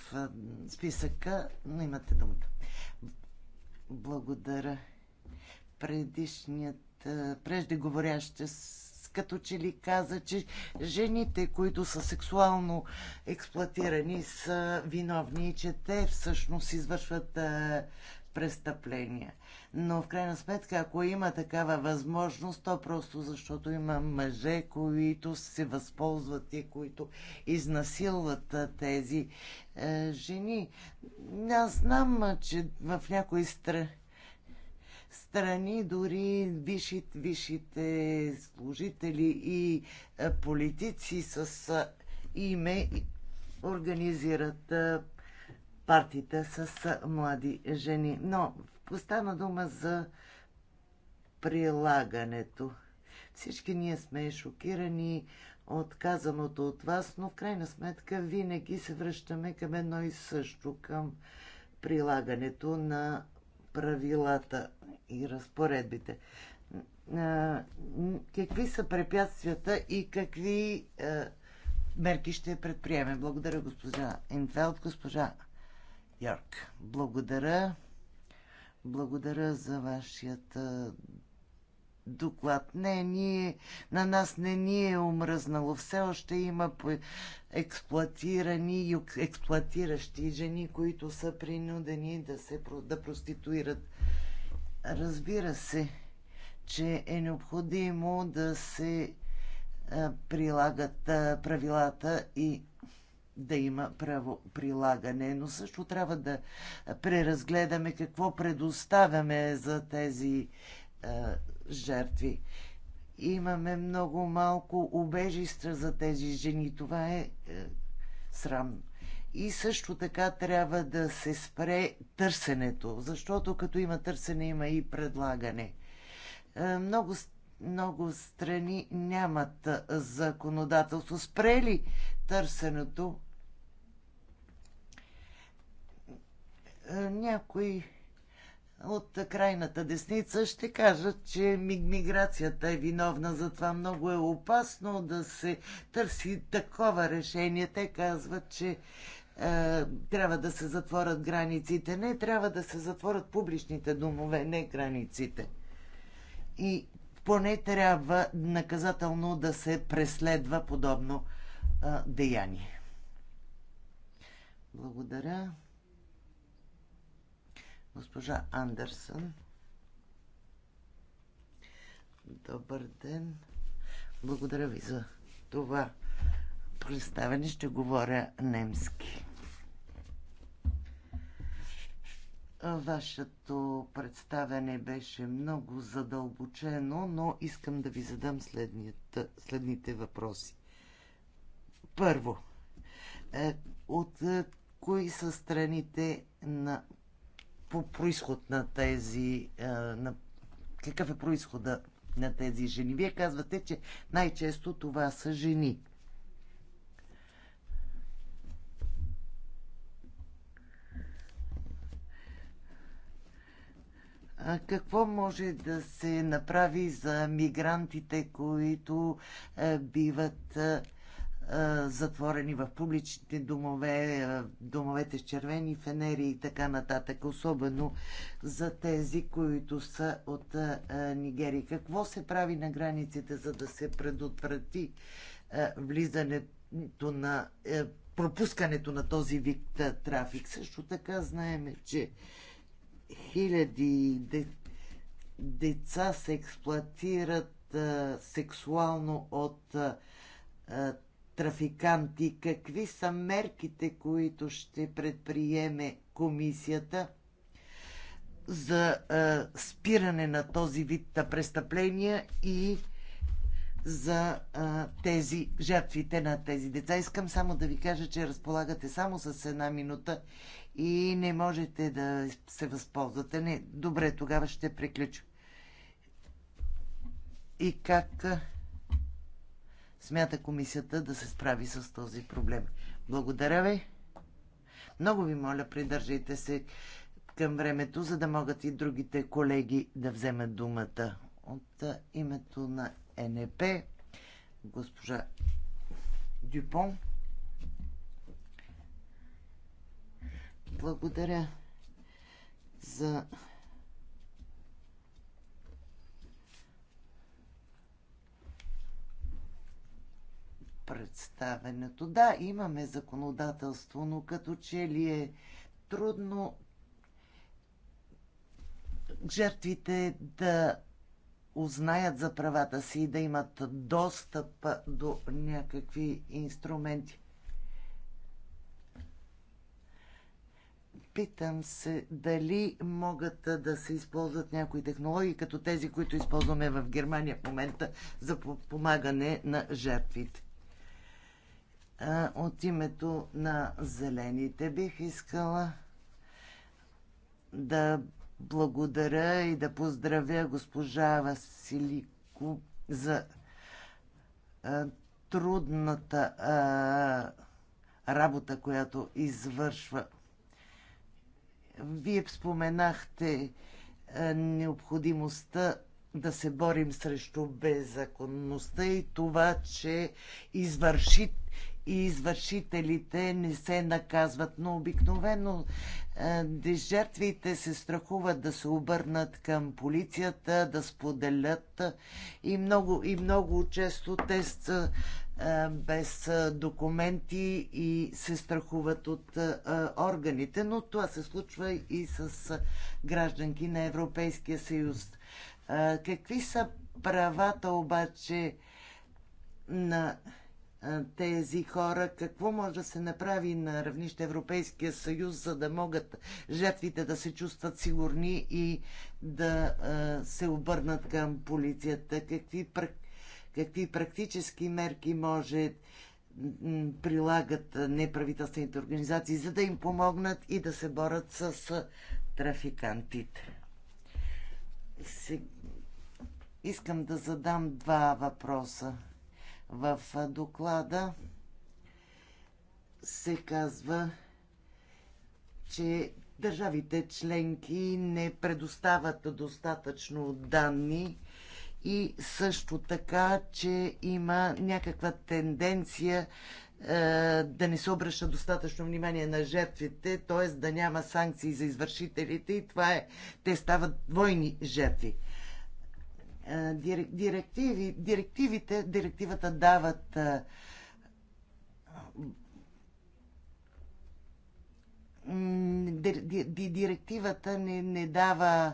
списъка, но имате думата. Благодаря. Предишният преждеговорящ като че ли каза, че жените, които са сексуално експлуатирани, са виновни и че те всъщност извършват престъпления. Но в крайна сметка, ако има такава възможност, то просто защото има мъже, които се възползват и които изнасилват тези е, жени. Аз знам, че в някои страни страни, дори висшите, висшите служители и политици с име организират партиите с млади жени. Но остана дума за прилагането. Всички ние сме шокирани от казаното от вас, но в крайна сметка винаги се връщаме към едно и също, към прилагането на правилата и разпоредбите. Какви са препятствията и какви мерки ще предприеме? Благодаря, госпожа Инфелд, госпожа Йорк. Благодаря. Благодаря за вашият доклад. Не, ние, на нас не ни е омръзнало. Все още има експлуатирани и експлуатиращи жени, които са принудени да се да проституират. Разбира се, че е необходимо да се прилагат правилата и да има право прилагане, но също трябва да преразгледаме какво предоставяме за тези е, жертви. Имаме много малко убежища за тези жени. Това е, е срамно. И също така трябва да се спре търсенето, защото като има търсене, има и предлагане. Е, много много страни нямат е, законодателство. Спрели търсенето. Е, някои от крайната десница ще кажат, че миграцията е виновна, затова много е опасно да се търси такова решение. Те казват, че е, трябва да се затворят границите. Не, трябва да се затворят публичните домове, не границите. И поне трябва наказателно да се преследва подобно а, деяние. Благодаря. Госпожа Андерсън. Добър ден. Благодаря ви за това представяне. Ще говоря немски. Вашето представяне беше много задълбочено, но искам да ви задам следните въпроси. Първо, е, от е, кои са страните на, по происход на тези, е, на, какъв е происхода на тези жени? Вие казвате, че най-често това са жени. какво може да се направи за мигрантите, които биват затворени в публичните домове, домовете с червени фенери и така нататък, особено за тези, които са от Нигерия. Какво се прави на границите, за да се предотврати влизането на е, пропускането на този вид трафик? Също така знаеме, че хиляди деца се експлуатират сексуално от трафиканти, какви са мерките, които ще предприеме комисията за а, спиране на този вид на престъпления и за а, тези жертвите на тези деца. Искам само да ви кажа, че разполагате само с една минута и не можете да се възползвате. Не, добре, тогава ще приключим. И как смята комисията да се справи с този проблем. Благодаря ви. Много ви моля, придържайте се към времето, за да могат и другите колеги да вземат думата. От името на НП, госпожа Дюпон. Благодаря за представенето. Да, имаме законодателство, но като че ли е трудно жертвите да узнаят за правата си и да имат достъп до някакви инструменти. Питам се дали могат да се използват някои технологии, като тези, които използваме в Германия в момента за помагане на жертвите от името на зелените бих искала да благодаря и да поздравя госпожа Василико за трудната работа, която извършва. Вие споменахте необходимостта да се борим срещу беззаконността и това, че извършите и, извършителите не се наказват, но обикновено е, жертвите се страхуват да се обърнат към полицията, да споделят и много, и много често те са е, без е, документи и се страхуват от органите, но това се случва и с гражданки на Европейския съюз. Какви са правата обаче на тези хора, какво може да се направи на равнище Европейския съюз, за да могат жертвите да се чувстват сигурни и да се обърнат към полицията? Какви, какви практически мерки може прилагат неправителствените организации, за да им помогнат и да се борят с трафикантите? Искам да задам два въпроса. В доклада се казва, че държавите членки не предоставят достатъчно данни и също така, че има някаква тенденция е, да не се обръща достатъчно внимание на жертвите, т.е. да няма санкции за извършителите и това е, те стават двойни жертви директиви, директивите, директивата дават директивата не, не дава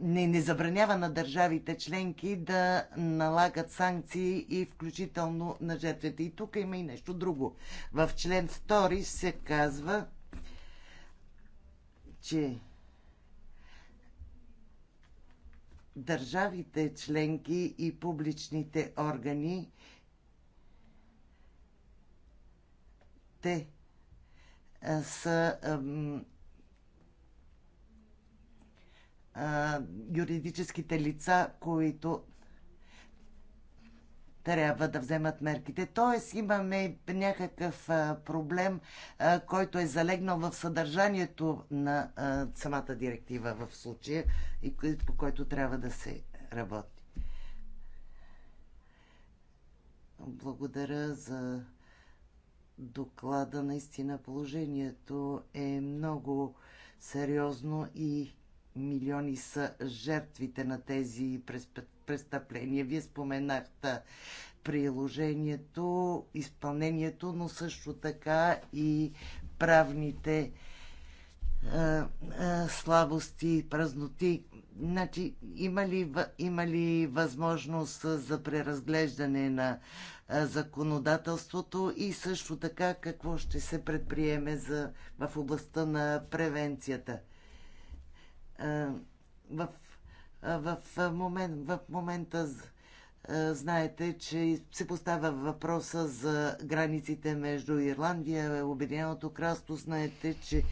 не, не забранява на държавите членки да налагат санкции и включително на жертвите. И тук има и нещо друго. В член 2 се казва, че държавите членки и публичните органи те са а, юридическите лица, които трябва да вземат мерките. Тоест имаме някакъв проблем, който е залегнал в съдържанието на самата директива в случая и по който трябва да се работи. Благодаря за доклада. Наистина положението е много сериозно и милиони са жертвите на тези престъпления. Вие споменахте приложението, изпълнението, но също така и правните а, е, а, е, слабости, празноти. Значи, има ли, има ли възможност за преразглеждане на е, законодателството и също така какво ще се предприеме за, в областта на превенцията? Е, в, е, в, е, момент, в момента знаете, че се поставя въпроса за границите между Ирландия и Обединеното кралство. Знаете, че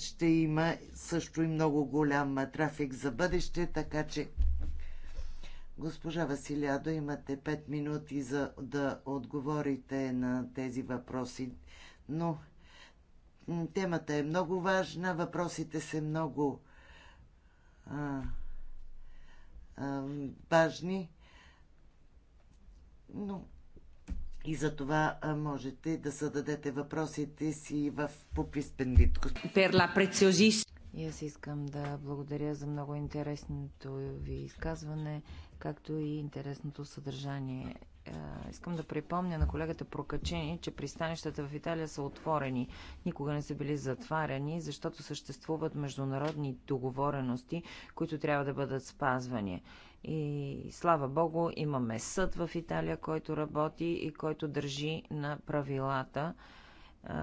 ще има също и много голям трафик за бъдеще, така че госпожа Василядо, имате 5 минути за да отговорите на тези въпроси. Но темата е много важна, въпросите са много а, а, важни, но и за това можете да зададете въпросите си в пописпен вид. Перла прециозис. И аз искам да благодаря за много интересното ви изказване, както и интересното съдържание. Е, искам да припомня на колегата Прокачени, че пристанищата в Италия са отворени. Никога не са били затваряни, защото съществуват международни договорености, които трябва да бъдат спазвани. И слава Богу, имаме съд в Италия, който работи и който държи на правилата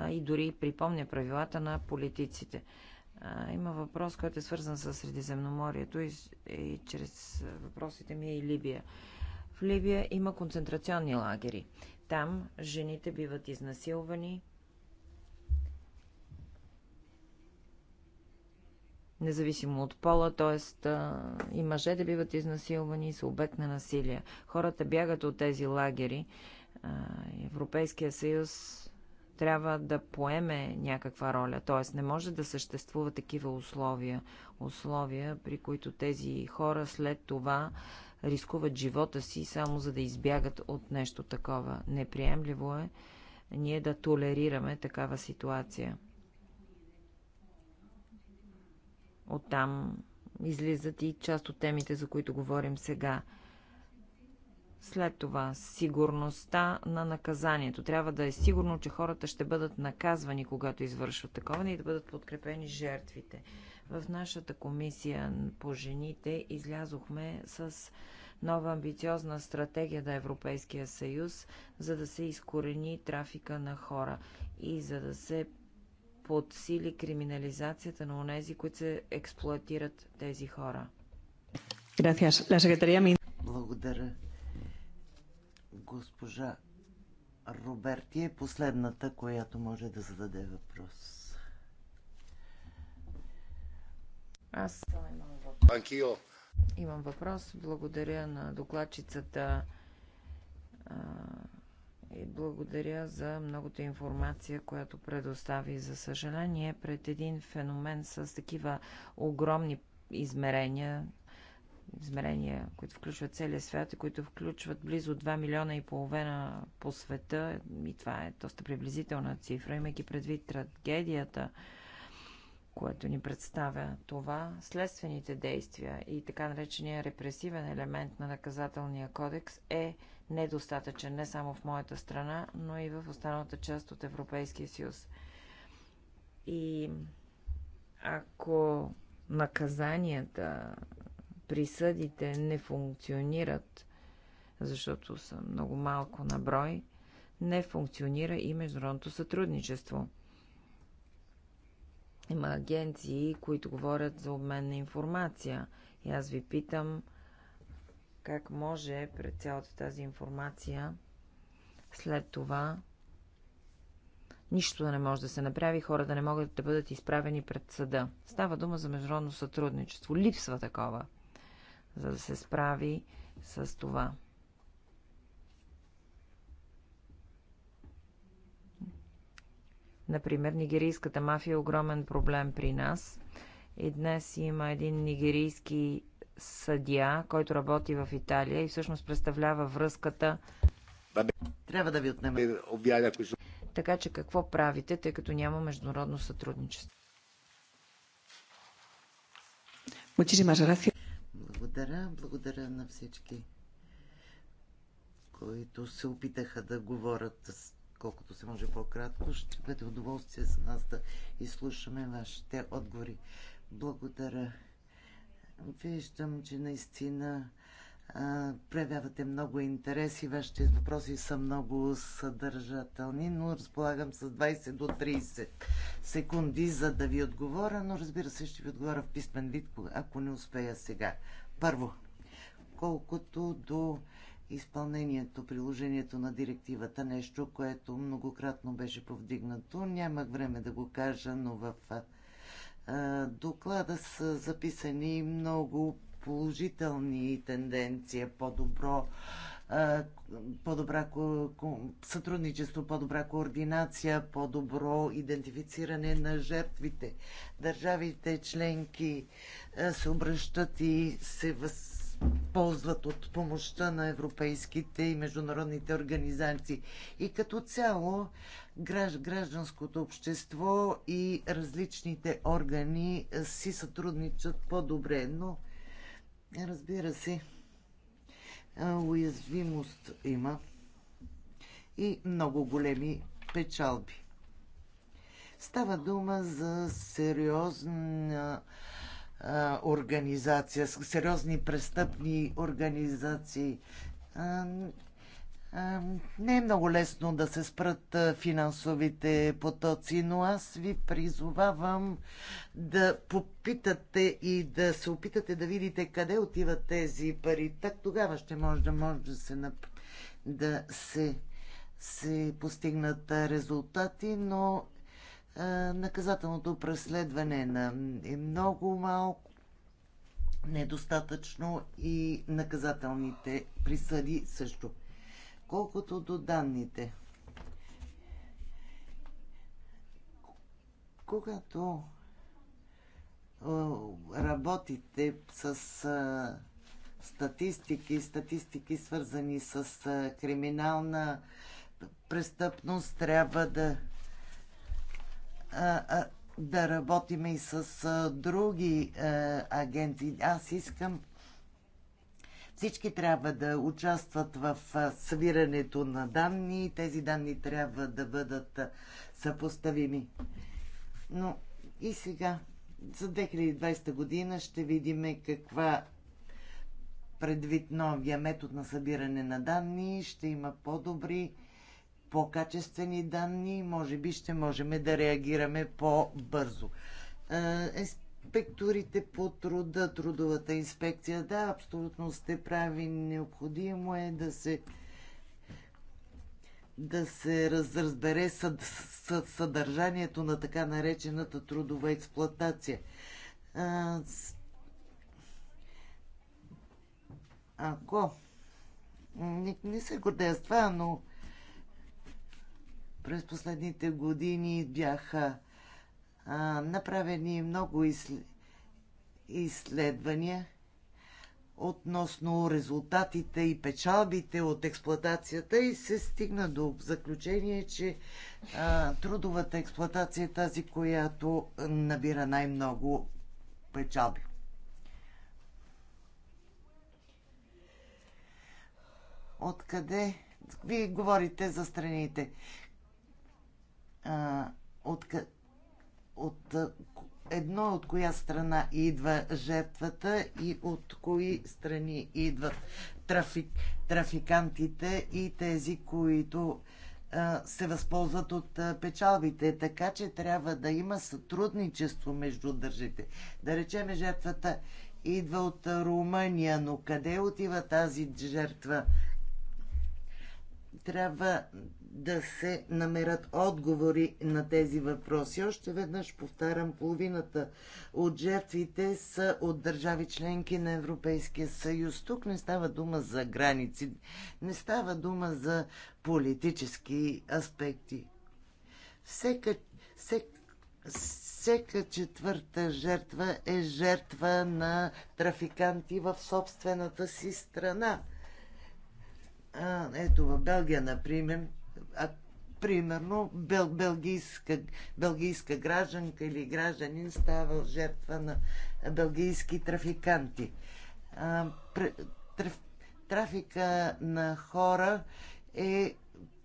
и дори припомня правилата на политиците. Има въпрос, който е свързан с Средиземноморието и, и чрез въпросите ми е и Либия. В Ливия има концентрационни лагери. Там жените биват изнасилвани, независимо от пола, т.е. и мъже да биват изнасилвани и са обект на насилие. Хората бягат от тези лагери. Европейския съюз трябва да поеме някаква роля. Т.е. не може да съществува такива условия. Условия, при които тези хора след това рискуват живота си само за да избягат от нещо такова. Неприемливо е ние да толерираме такава ситуация. Оттам излизат и част от темите, за които говорим сега. След това, сигурността на наказанието. Трябва да е сигурно, че хората ще бъдат наказвани, когато извършват такова, и да бъдат подкрепени жертвите. В нашата комисия по жените излязохме с нова амбициозна стратегия на Европейския съюз, за да се изкорени трафика на хора и за да се подсили криминализацията на онези, които се експлуатират тези хора. Благодаря. Госпожа Роберти е последната, която може да зададе въпрос. Аз имам въпрос. Имам въпрос. Благодаря на докладчицата а, и благодаря за многото информация, която предостави. За съжаление, пред един феномен с такива огромни измерения, измерения, които включват целия свят и които включват близо 2 милиона и половина по света, и това е доста приблизителна цифра, имайки предвид трагедията, което ни представя това, следствените действия и така наречения репресивен елемент на наказателния кодекс е недостатъчен не само в моята страна, но и в останалата част от Европейския съюз. И ако наказанията, присъдите не функционират, защото са много малко на брой, не функционира и международното сътрудничество – има агенции, които говорят за обмен на информация. И аз ви питам, как може пред цялата тази информация след това нищо да не може да се направи, Хората да не могат да бъдат изправени пред съда. Става дума за международно сътрудничество. Липсва такова, за да се справи с това. Например, нигерийската мафия е огромен проблем при нас. И днес има един нигерийски съдия, който работи в Италия и всъщност представлява връзката. Трябва да ви отнеме. Така че какво правите, тъй като няма международно сътрудничество? Благодаря, благодаря на всички, които се опитаха да говорят с колкото се може по-кратко. Ще бъде удоволствие за нас да изслушаме вашите отговори. Благодаря. Виждам, че наистина а, проявявате много интерес и вашите въпроси са много съдържателни, но разполагам с 20 до 30 секунди, за да ви отговоря, но разбира се, ще ви отговоря в писмен вид, ако не успея сега. Първо, колкото до изпълнението, приложението на директивата, нещо, което многократно беше повдигнато. Нямах време да го кажа, но в доклада са записани много положителни тенденции, по-добро по-добра сътрудничество, по-добра координация, по-добро идентифициране на жертвите. Държавите членки се обръщат и се въз ползват от помощта на европейските и международните организации. И като цяло гражданското общество и различните органи си сътрудничат по-добре, но разбира се, уязвимост има и много големи печалби. Става дума за сериозна организация, сериозни престъпни организации. Не е много лесно да се спрат финансовите потоци, но аз ви призовавам да попитате и да се опитате да видите къде отиват тези пари. Так тогава ще може да, може да се, да се, се постигнат резултати, но наказателното преследване на, е много малко, недостатъчно и наказателните присъди също. Колкото до данните, когато работите с статистики, статистики свързани с криминална престъпност, трябва да да работим и с други агенти. Аз искам всички трябва да участват в събирането на данни. Тези данни трябва да бъдат съпоставими. Но и сега, за 2020 година ще видим каква предвид новия метод на събиране на данни ще има по-добри по-качествени данни, може би ще можем да реагираме по-бързо. Е, инспекторите по труда, трудовата инспекция, да, абсолютно сте прави. Необходимо е да се да се разбере съд, съд, съдържанието на така наречената трудова експлоатация. Е, ако не, не се гордея с това, но през последните години бяха а, направени много изл... изследвания относно резултатите и печалбите от експлоатацията и се стигна до заключение, че а, трудовата експлоатация е тази, която набира най-много печалби. Откъде? Вие говорите за страните а, от, от едно от коя страна идва жертвата и от кои страни идват трафик, трафикантите и тези, които а, се възползват от а, печалбите. Така че трябва да има сътрудничество между държите. Да речеме, жертвата идва от Румъния, но къде отива тази жертва? Трябва да се намерят отговори на тези въпроси. Още веднъж повтарям, половината от жертвите са от държави членки на Европейския съюз. Тук не става дума за граници, не става дума за политически аспекти. Всека, всек, всека четвърта жертва е жертва на трафиканти в собствената си страна. А, ето в Белгия, например, примерно бел, белгийска, белгийска гражданка или гражданин става жертва на белгийски трафиканти. А, траф, трафика на хора е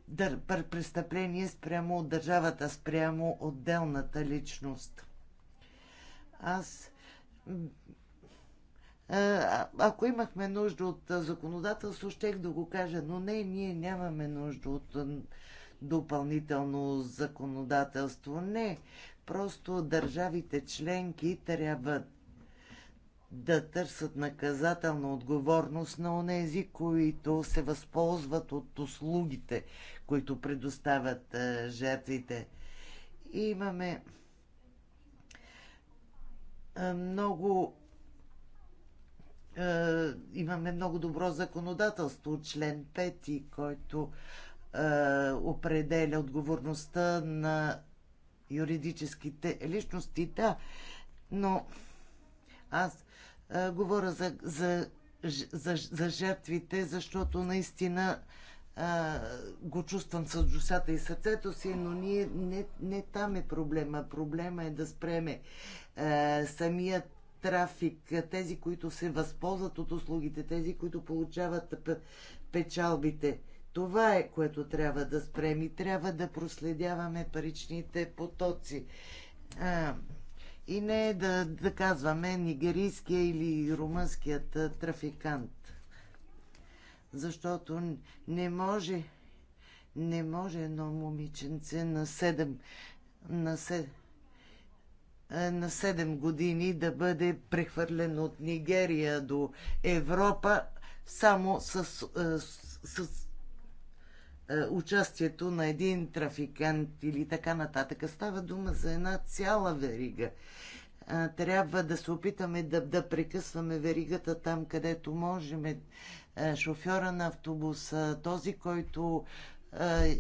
дър, престъпление спрямо от държавата, спрямо отделната личност. Аз ако имахме нужда от законодателство, щех да го кажа, но не, ние нямаме нужда от допълнително законодателство. Не, просто държавите членки трябва да търсят наказателна отговорност на онези, които се възползват от услугите, които предоставят е, жертвите. И имаме е, много е, имаме много добро законодателство, член 5, който е, определя отговорността на юридическите личности. Да, но аз а, е, говоря за, за, за, за жертвите, защото наистина а, е, го чувствам с душата и сърцето си, но ние, не, не там е проблема. Проблема е да спреме а, самият трафик, тези, които се възползват от услугите, тези, които получават печалбите. Това е което трябва да спрем и трябва да проследяваме паричните потоци. А, и не да, да казваме нигерийския или румънският трафикант. Защото не може, не може едно момиченце на 7, на 7, на 7 години да бъде прехвърлен от Нигерия до Европа само с, с, с е, участието на един трафикант или така нататък. Става дума за една цяла верига. Е, трябва да се опитаме да, да прекъсваме веригата там, където можем. Е, шофьора на автобуса, този, който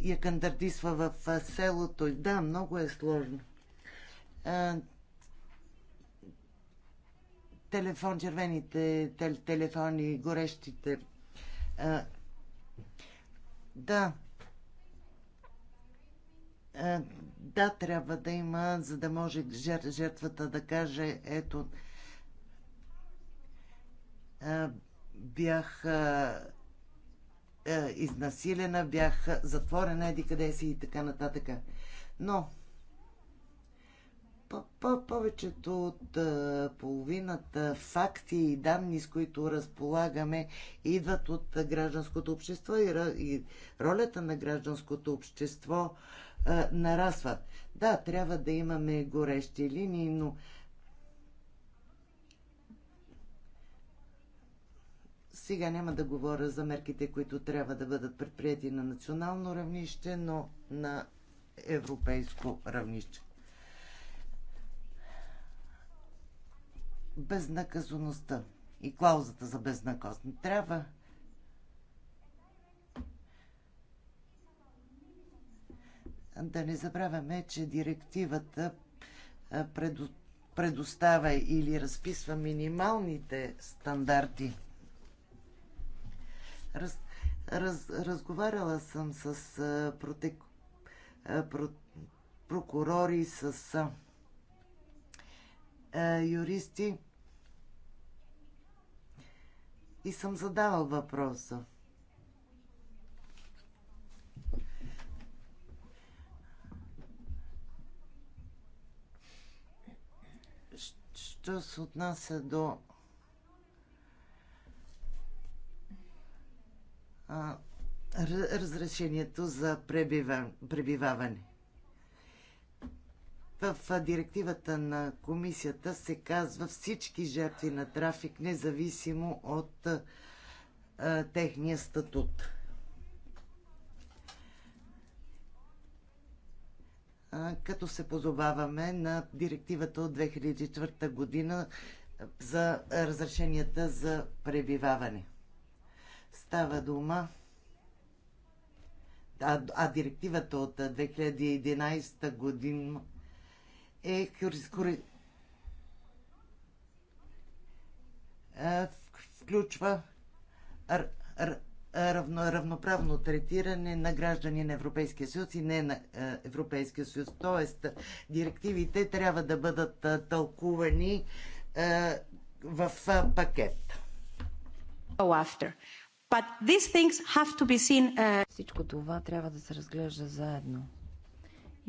я кандардисва в селото. Да, много е сложно. Телефон, червените телефони, горещите да. Е, да, трябва да има, за да може жертвата да каже, ето, е, бях е, изнасилена, бях затворена, еди къде си и така нататък. Но по повечето от половината факти и данни, с които разполагаме, идват от гражданското общество и, ролята на гражданското общество нарасват. Да, трябва да имаме горещи линии, но сега няма да говоря за мерките, които трябва да бъдат предприяти на национално равнище, но на европейско равнище. безнаказаността и клаузата за безнаказаност. Трябва да не забравяме, че директивата предоставя или разписва минималните стандарти. Раз, раз, разговаряла съм с а, протек, а, про, прокурори, с а, юристи и съм задавал въпроса. Що се отнася до разрешението за пребиваване. В директивата на комисията се казва всички жертви на трафик, независимо от техния статут. като се позоваваме на директивата от 2004 година за разрешенията за пребиваване. Става дума а директивата от 2011 година е юрискори... включва равно, равноправно третиране на граждани на Европейския съюз и не на Европейския съюз. Тоест, директивите трябва да бъдат тълкувани в пакет. Всичко това трябва да се разглежда заедно.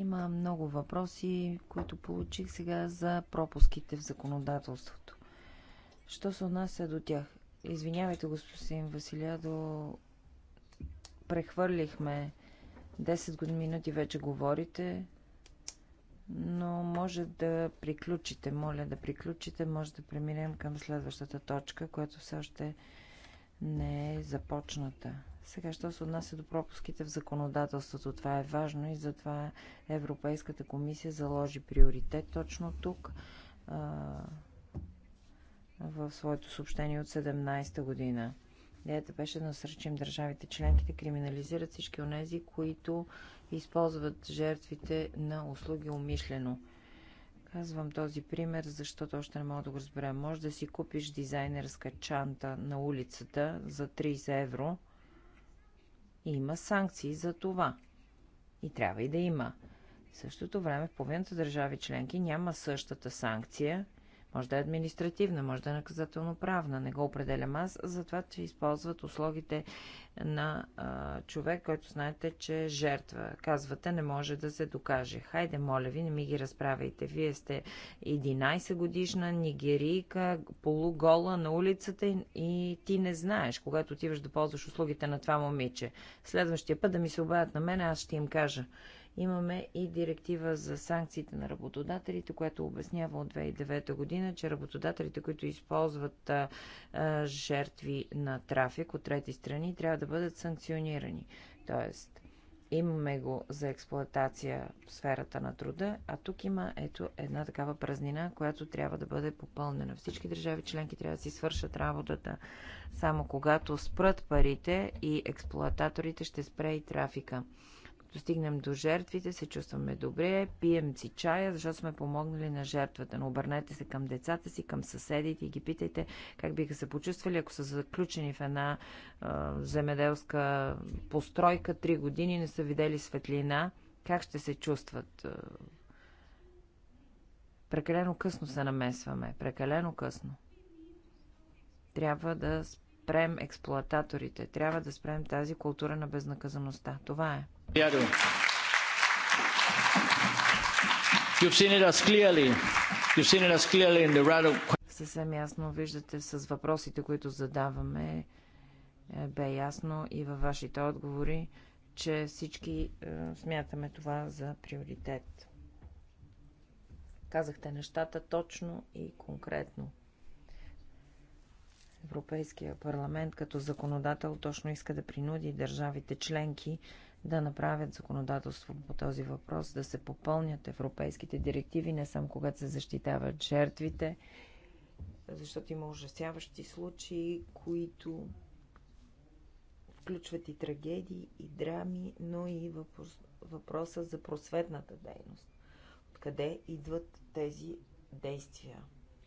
Има много въпроси, които получих сега за пропуските в законодателството. Що се отнася до тях? Извинявайте, господин Василядо, прехвърлихме 10 минути вече говорите, но може да приключите, моля да приключите, може да преминем към следващата точка, която все още не е започната. Сега, що се отнася до пропуските в законодателството, това е важно и затова Европейската комисия заложи приоритет точно тук в своето съобщение от 17-та година. Идеята беше да насръчим държавите членки да криминализират всички онези, които използват жертвите на услуги умишлено. Казвам този пример, защото още не мога да го разбера. Може да си купиш дизайнерска чанта на улицата за 30 евро – и има санкции за това. И трябва и да има. В същото време в половината държави членки няма същата санкция може да е административна, може да е наказателно-правна. Не го определям аз, затова, че използват услугите на а, човек, който знаете, че е жертва. Казвате, не може да се докаже. Хайде, моля ви, не ми ги разправяйте. Вие сте 11 годишна нигерийка, полугола на улицата и, и ти не знаеш, когато отиваш да ползваш услугите на това момиче. Следващия път да ми се обадят на мен, аз ще им кажа. Имаме и директива за санкциите на работодателите, която обяснява от 2009 година, че работодателите, които използват а, а, жертви на трафик от трети страни, трябва да бъдат санкционирани. Тоест, имаме го за експлоатация в сферата на труда, а тук има ето една такава празнина, която трябва да бъде попълнена. Всички държави членки трябва да си свършат работата. Само когато спрат парите и експлоататорите ще спре и трафика достигнем до жертвите, се чувстваме добре, пием си чая, защото сме помогнали на жертвата. Но обърнете се към децата си, към съседите и ги питайте как биха се почувствали, ако са заключени в една а, земеделска постройка, три години не са видели светлина, как ще се чувстват. Прекалено късно се намесваме, прекалено късно. Трябва да спрем експлоататорите, трябва да спрем тази култура на безнаказаността. Това е. You've seen it as clearly. You've seen it as clearly in the Съвсем ясно виждате с въпросите, които задаваме, е, бе ясно и във вашите отговори, че всички е, смятаме това за приоритет. Казахте нещата точно и конкретно. Европейския парламент като законодател точно иска да принуди държавите членки да направят законодателство по този въпрос, да се попълнят европейските директиви, не само когато се защитават жертвите, защото има ужасяващи случаи, които включват и трагедии, и драми, но и въпроса за просветната дейност. Откъде идват тези действия,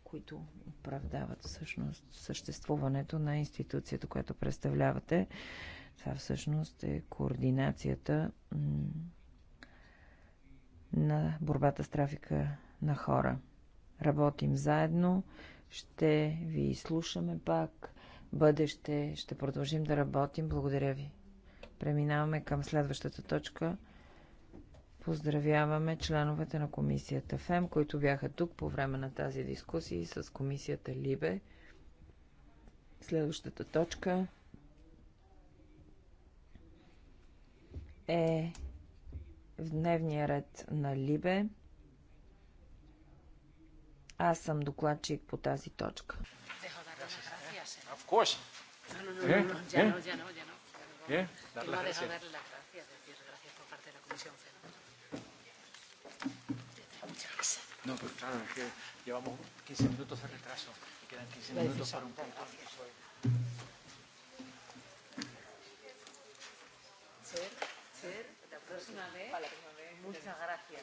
които оправдават всъщност съществуването на институцията, която представлявате? Това всъщност е координацията на борбата с трафика на хора. Работим заедно, ще ви слушаме пак, бъдеще ще продължим да работим. Благодаря ви. Преминаваме към следващата точка. Поздравяваме членовете на комисията ФЕМ, които бяха тук по време на тази дискусия с комисията ЛИБЕ. Следващата точка е в дневния ред на Либе. Аз съм докладчик по тази точка. No, pero claro, es que llevamos 15 minutos de retraso y quedan 15 minutos para un punto. Gracias ser la próxima vez. Muchas gracias.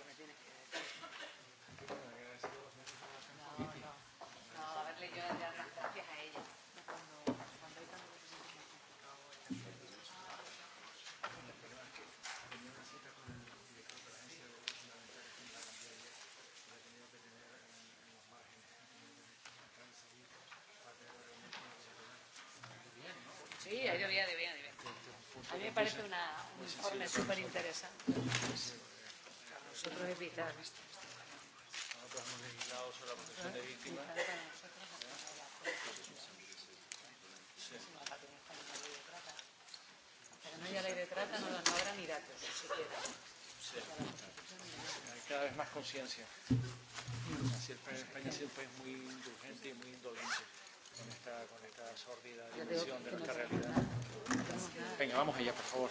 parece una, un informe súper interesante. Para nosotros es no haya ley de trata no, habrá ni datos, Hay cada vez más conciencia. España ha sido un país muy indulgente y muy indolente con esta, con esta sórdida dimensión de nuestra realidad. Venga, vamos allá, por favor.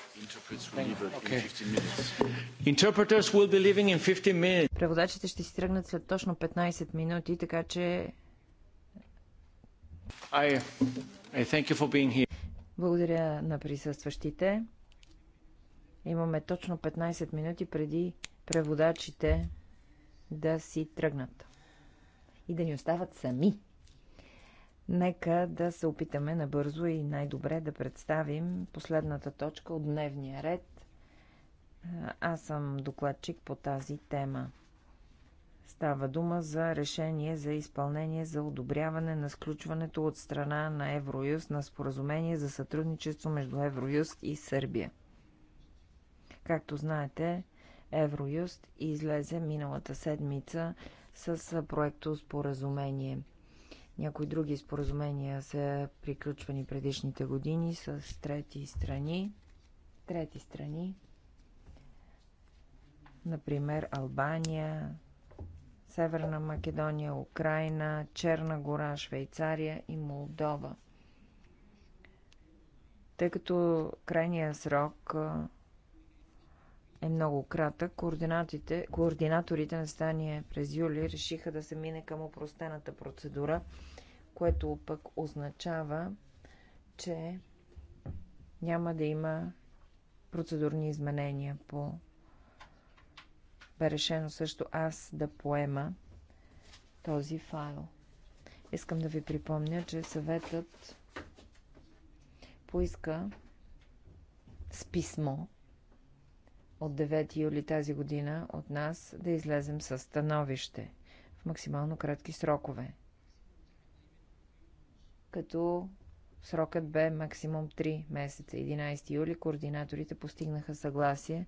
Interpreters will be leaving in 15 minutes. Преводачите ще си тръгнат след точно 15 минути, така че... I, I thank you for being here. Благодаря на присъстващите. Имаме точно 15 минути преди преводачите да си тръгнат и да ни остават сами. Нека да се опитаме набързо и най-добре да представим последната точка от дневния ред. Аз съм докладчик по тази тема. Става дума за решение за изпълнение за одобряване на сключването от страна на Евроюст на споразумение за сътрудничество между Евроюст и Сърбия. Както знаете, Евроюст излезе миналата седмица с проекто споразумение – някои други споразумения са приключвани предишните години с трети страни. Трети страни. Например, Албания, Северна Македония, Украина, Черна гора, Швейцария и Молдова. Тъй като крайния срок е много кратък. Координатите, координаторите на стание през юли решиха да се мине към упростената процедура, което пък означава, че няма да има процедурни изменения по бе решено също аз да поема този файл. Искам да ви припомня, че съветът поиска с писмо от 9 юли тази година от нас да излезем с становище в максимално кратки срокове. Като срокът бе максимум 3 месеца. 11 юли координаторите постигнаха съгласие,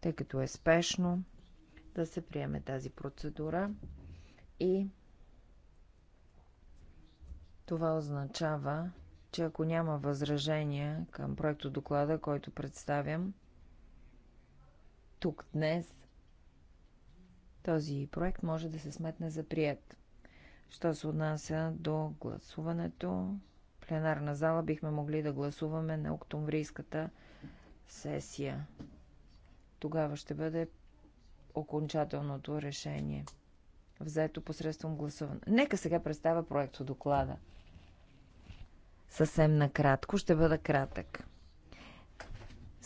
тъй като е спешно да се приеме тази процедура и това означава, че ако няма възражения към проекто доклада, който представям, тук днес, този проект може да се сметне за прият. Що се отнася до гласуването, пленарна зала бихме могли да гласуваме на октомврийската сесия. Тогава ще бъде окончателното решение, взето посредством гласуване. Нека сега представя проекто доклада. Съвсем накратко, ще бъда кратък.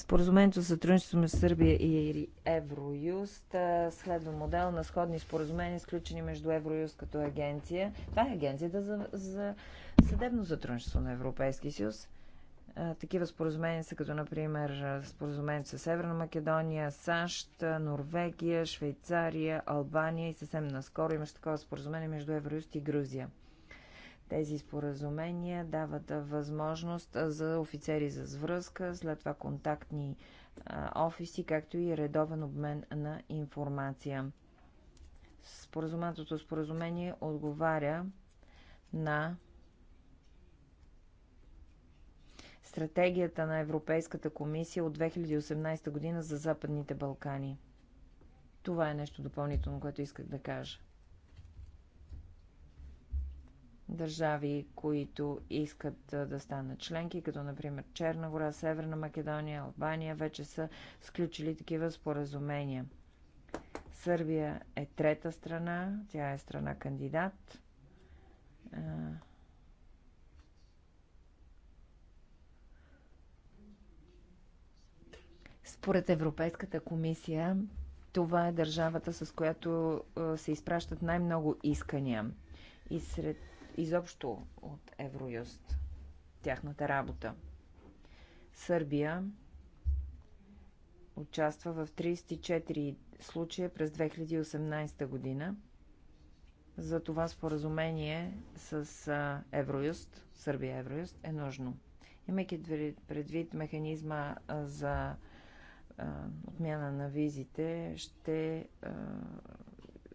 Споразумението за сътрудничество между Сърбия и Евроюст следва модел на сходни споразумения, изключени между Евроюст като агенция. Това е агенцията за, за съдебно сътрудничество на Европейския съюз. Такива споразумения са като, например, споразумението с Северна Македония, САЩ, Норвегия, Швейцария, Албания и съвсем наскоро имаше такова споразумение между Евроюст и Грузия. Тези споразумения дават възможност за офицери за свръзка, след това контактни офиси, както и редовен обмен на информация. Споразуматото споразумение отговаря на стратегията на Европейската комисия от 2018 година за Западните Балкани. Това е нещо допълнително, което исках да кажа държави, които искат да станат членки, като например Черна гора, Северна Македония, Албания, вече са сключили такива споразумения. Сърбия е трета страна, тя е страна кандидат. Според Европейската комисия, това е държавата, с която се изпращат най-много искания. И сред изобщо от Евроюст, тяхната работа. Сърбия участва в 34 случая през 2018 година за това споразумение с Евроюст, Сърбия Евроюст, е нужно. Имайки предвид механизма за отмяна на визите, ще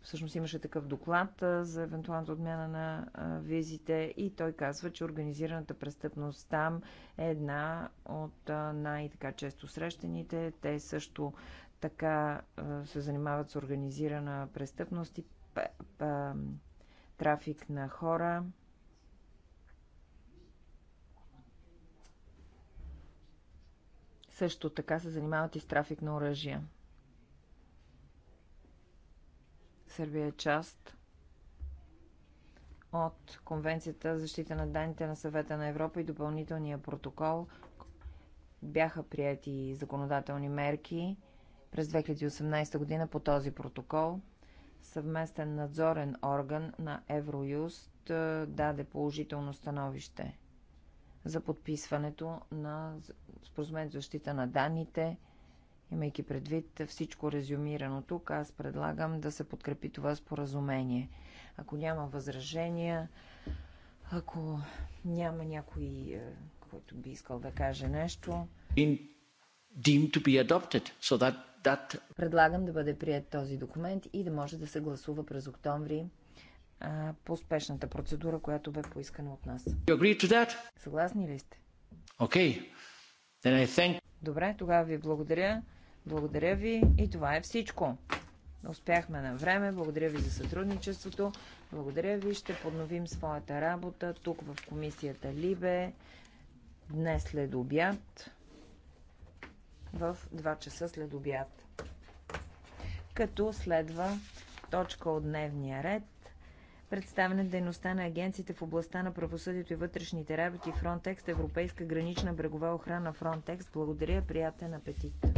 Всъщност имаше такъв доклад за евентуалната отмяна на визите и той казва, че организираната престъпност там е една от най-така често срещаните. Те също така се занимават с организирана престъпност и трафик на хора. Също така се занимават и с трафик на оръжия. Сърбия е част от Конвенцията за защита на данните на съвета на Европа и допълнителния протокол бяха прияти законодателни мерки през 2018 година по този протокол. Съвместен надзорен орган на Евроюст е, даде положително становище за подписването на споразумението за защита на данните – Имайки предвид всичко резюмирано тук, аз предлагам да се подкрепи това споразумение. Ако няма възражения, ако няма някой, е, който би искал да каже нещо. Adopted, so that, that... Предлагам да бъде прият този документ и да може да се гласува през октомври а, по спешната процедура, която бе поискана от нас. Съгласни ли сте? Okay. Then I thank... Добре, тогава ви благодаря. Благодаря ви и това е всичко. Успяхме на време. Благодаря ви за сътрудничеството. Благодаря ви. Ще подновим своята работа тук в комисията Либе днес след обяд в 2 часа след обяд. Като следва точка от дневния ред представяне дейността на агенциите в областта на правосъдието и вътрешните работи Frontex, Европейска гранична брегова охрана Frontex. Благодаря, приятен апетит!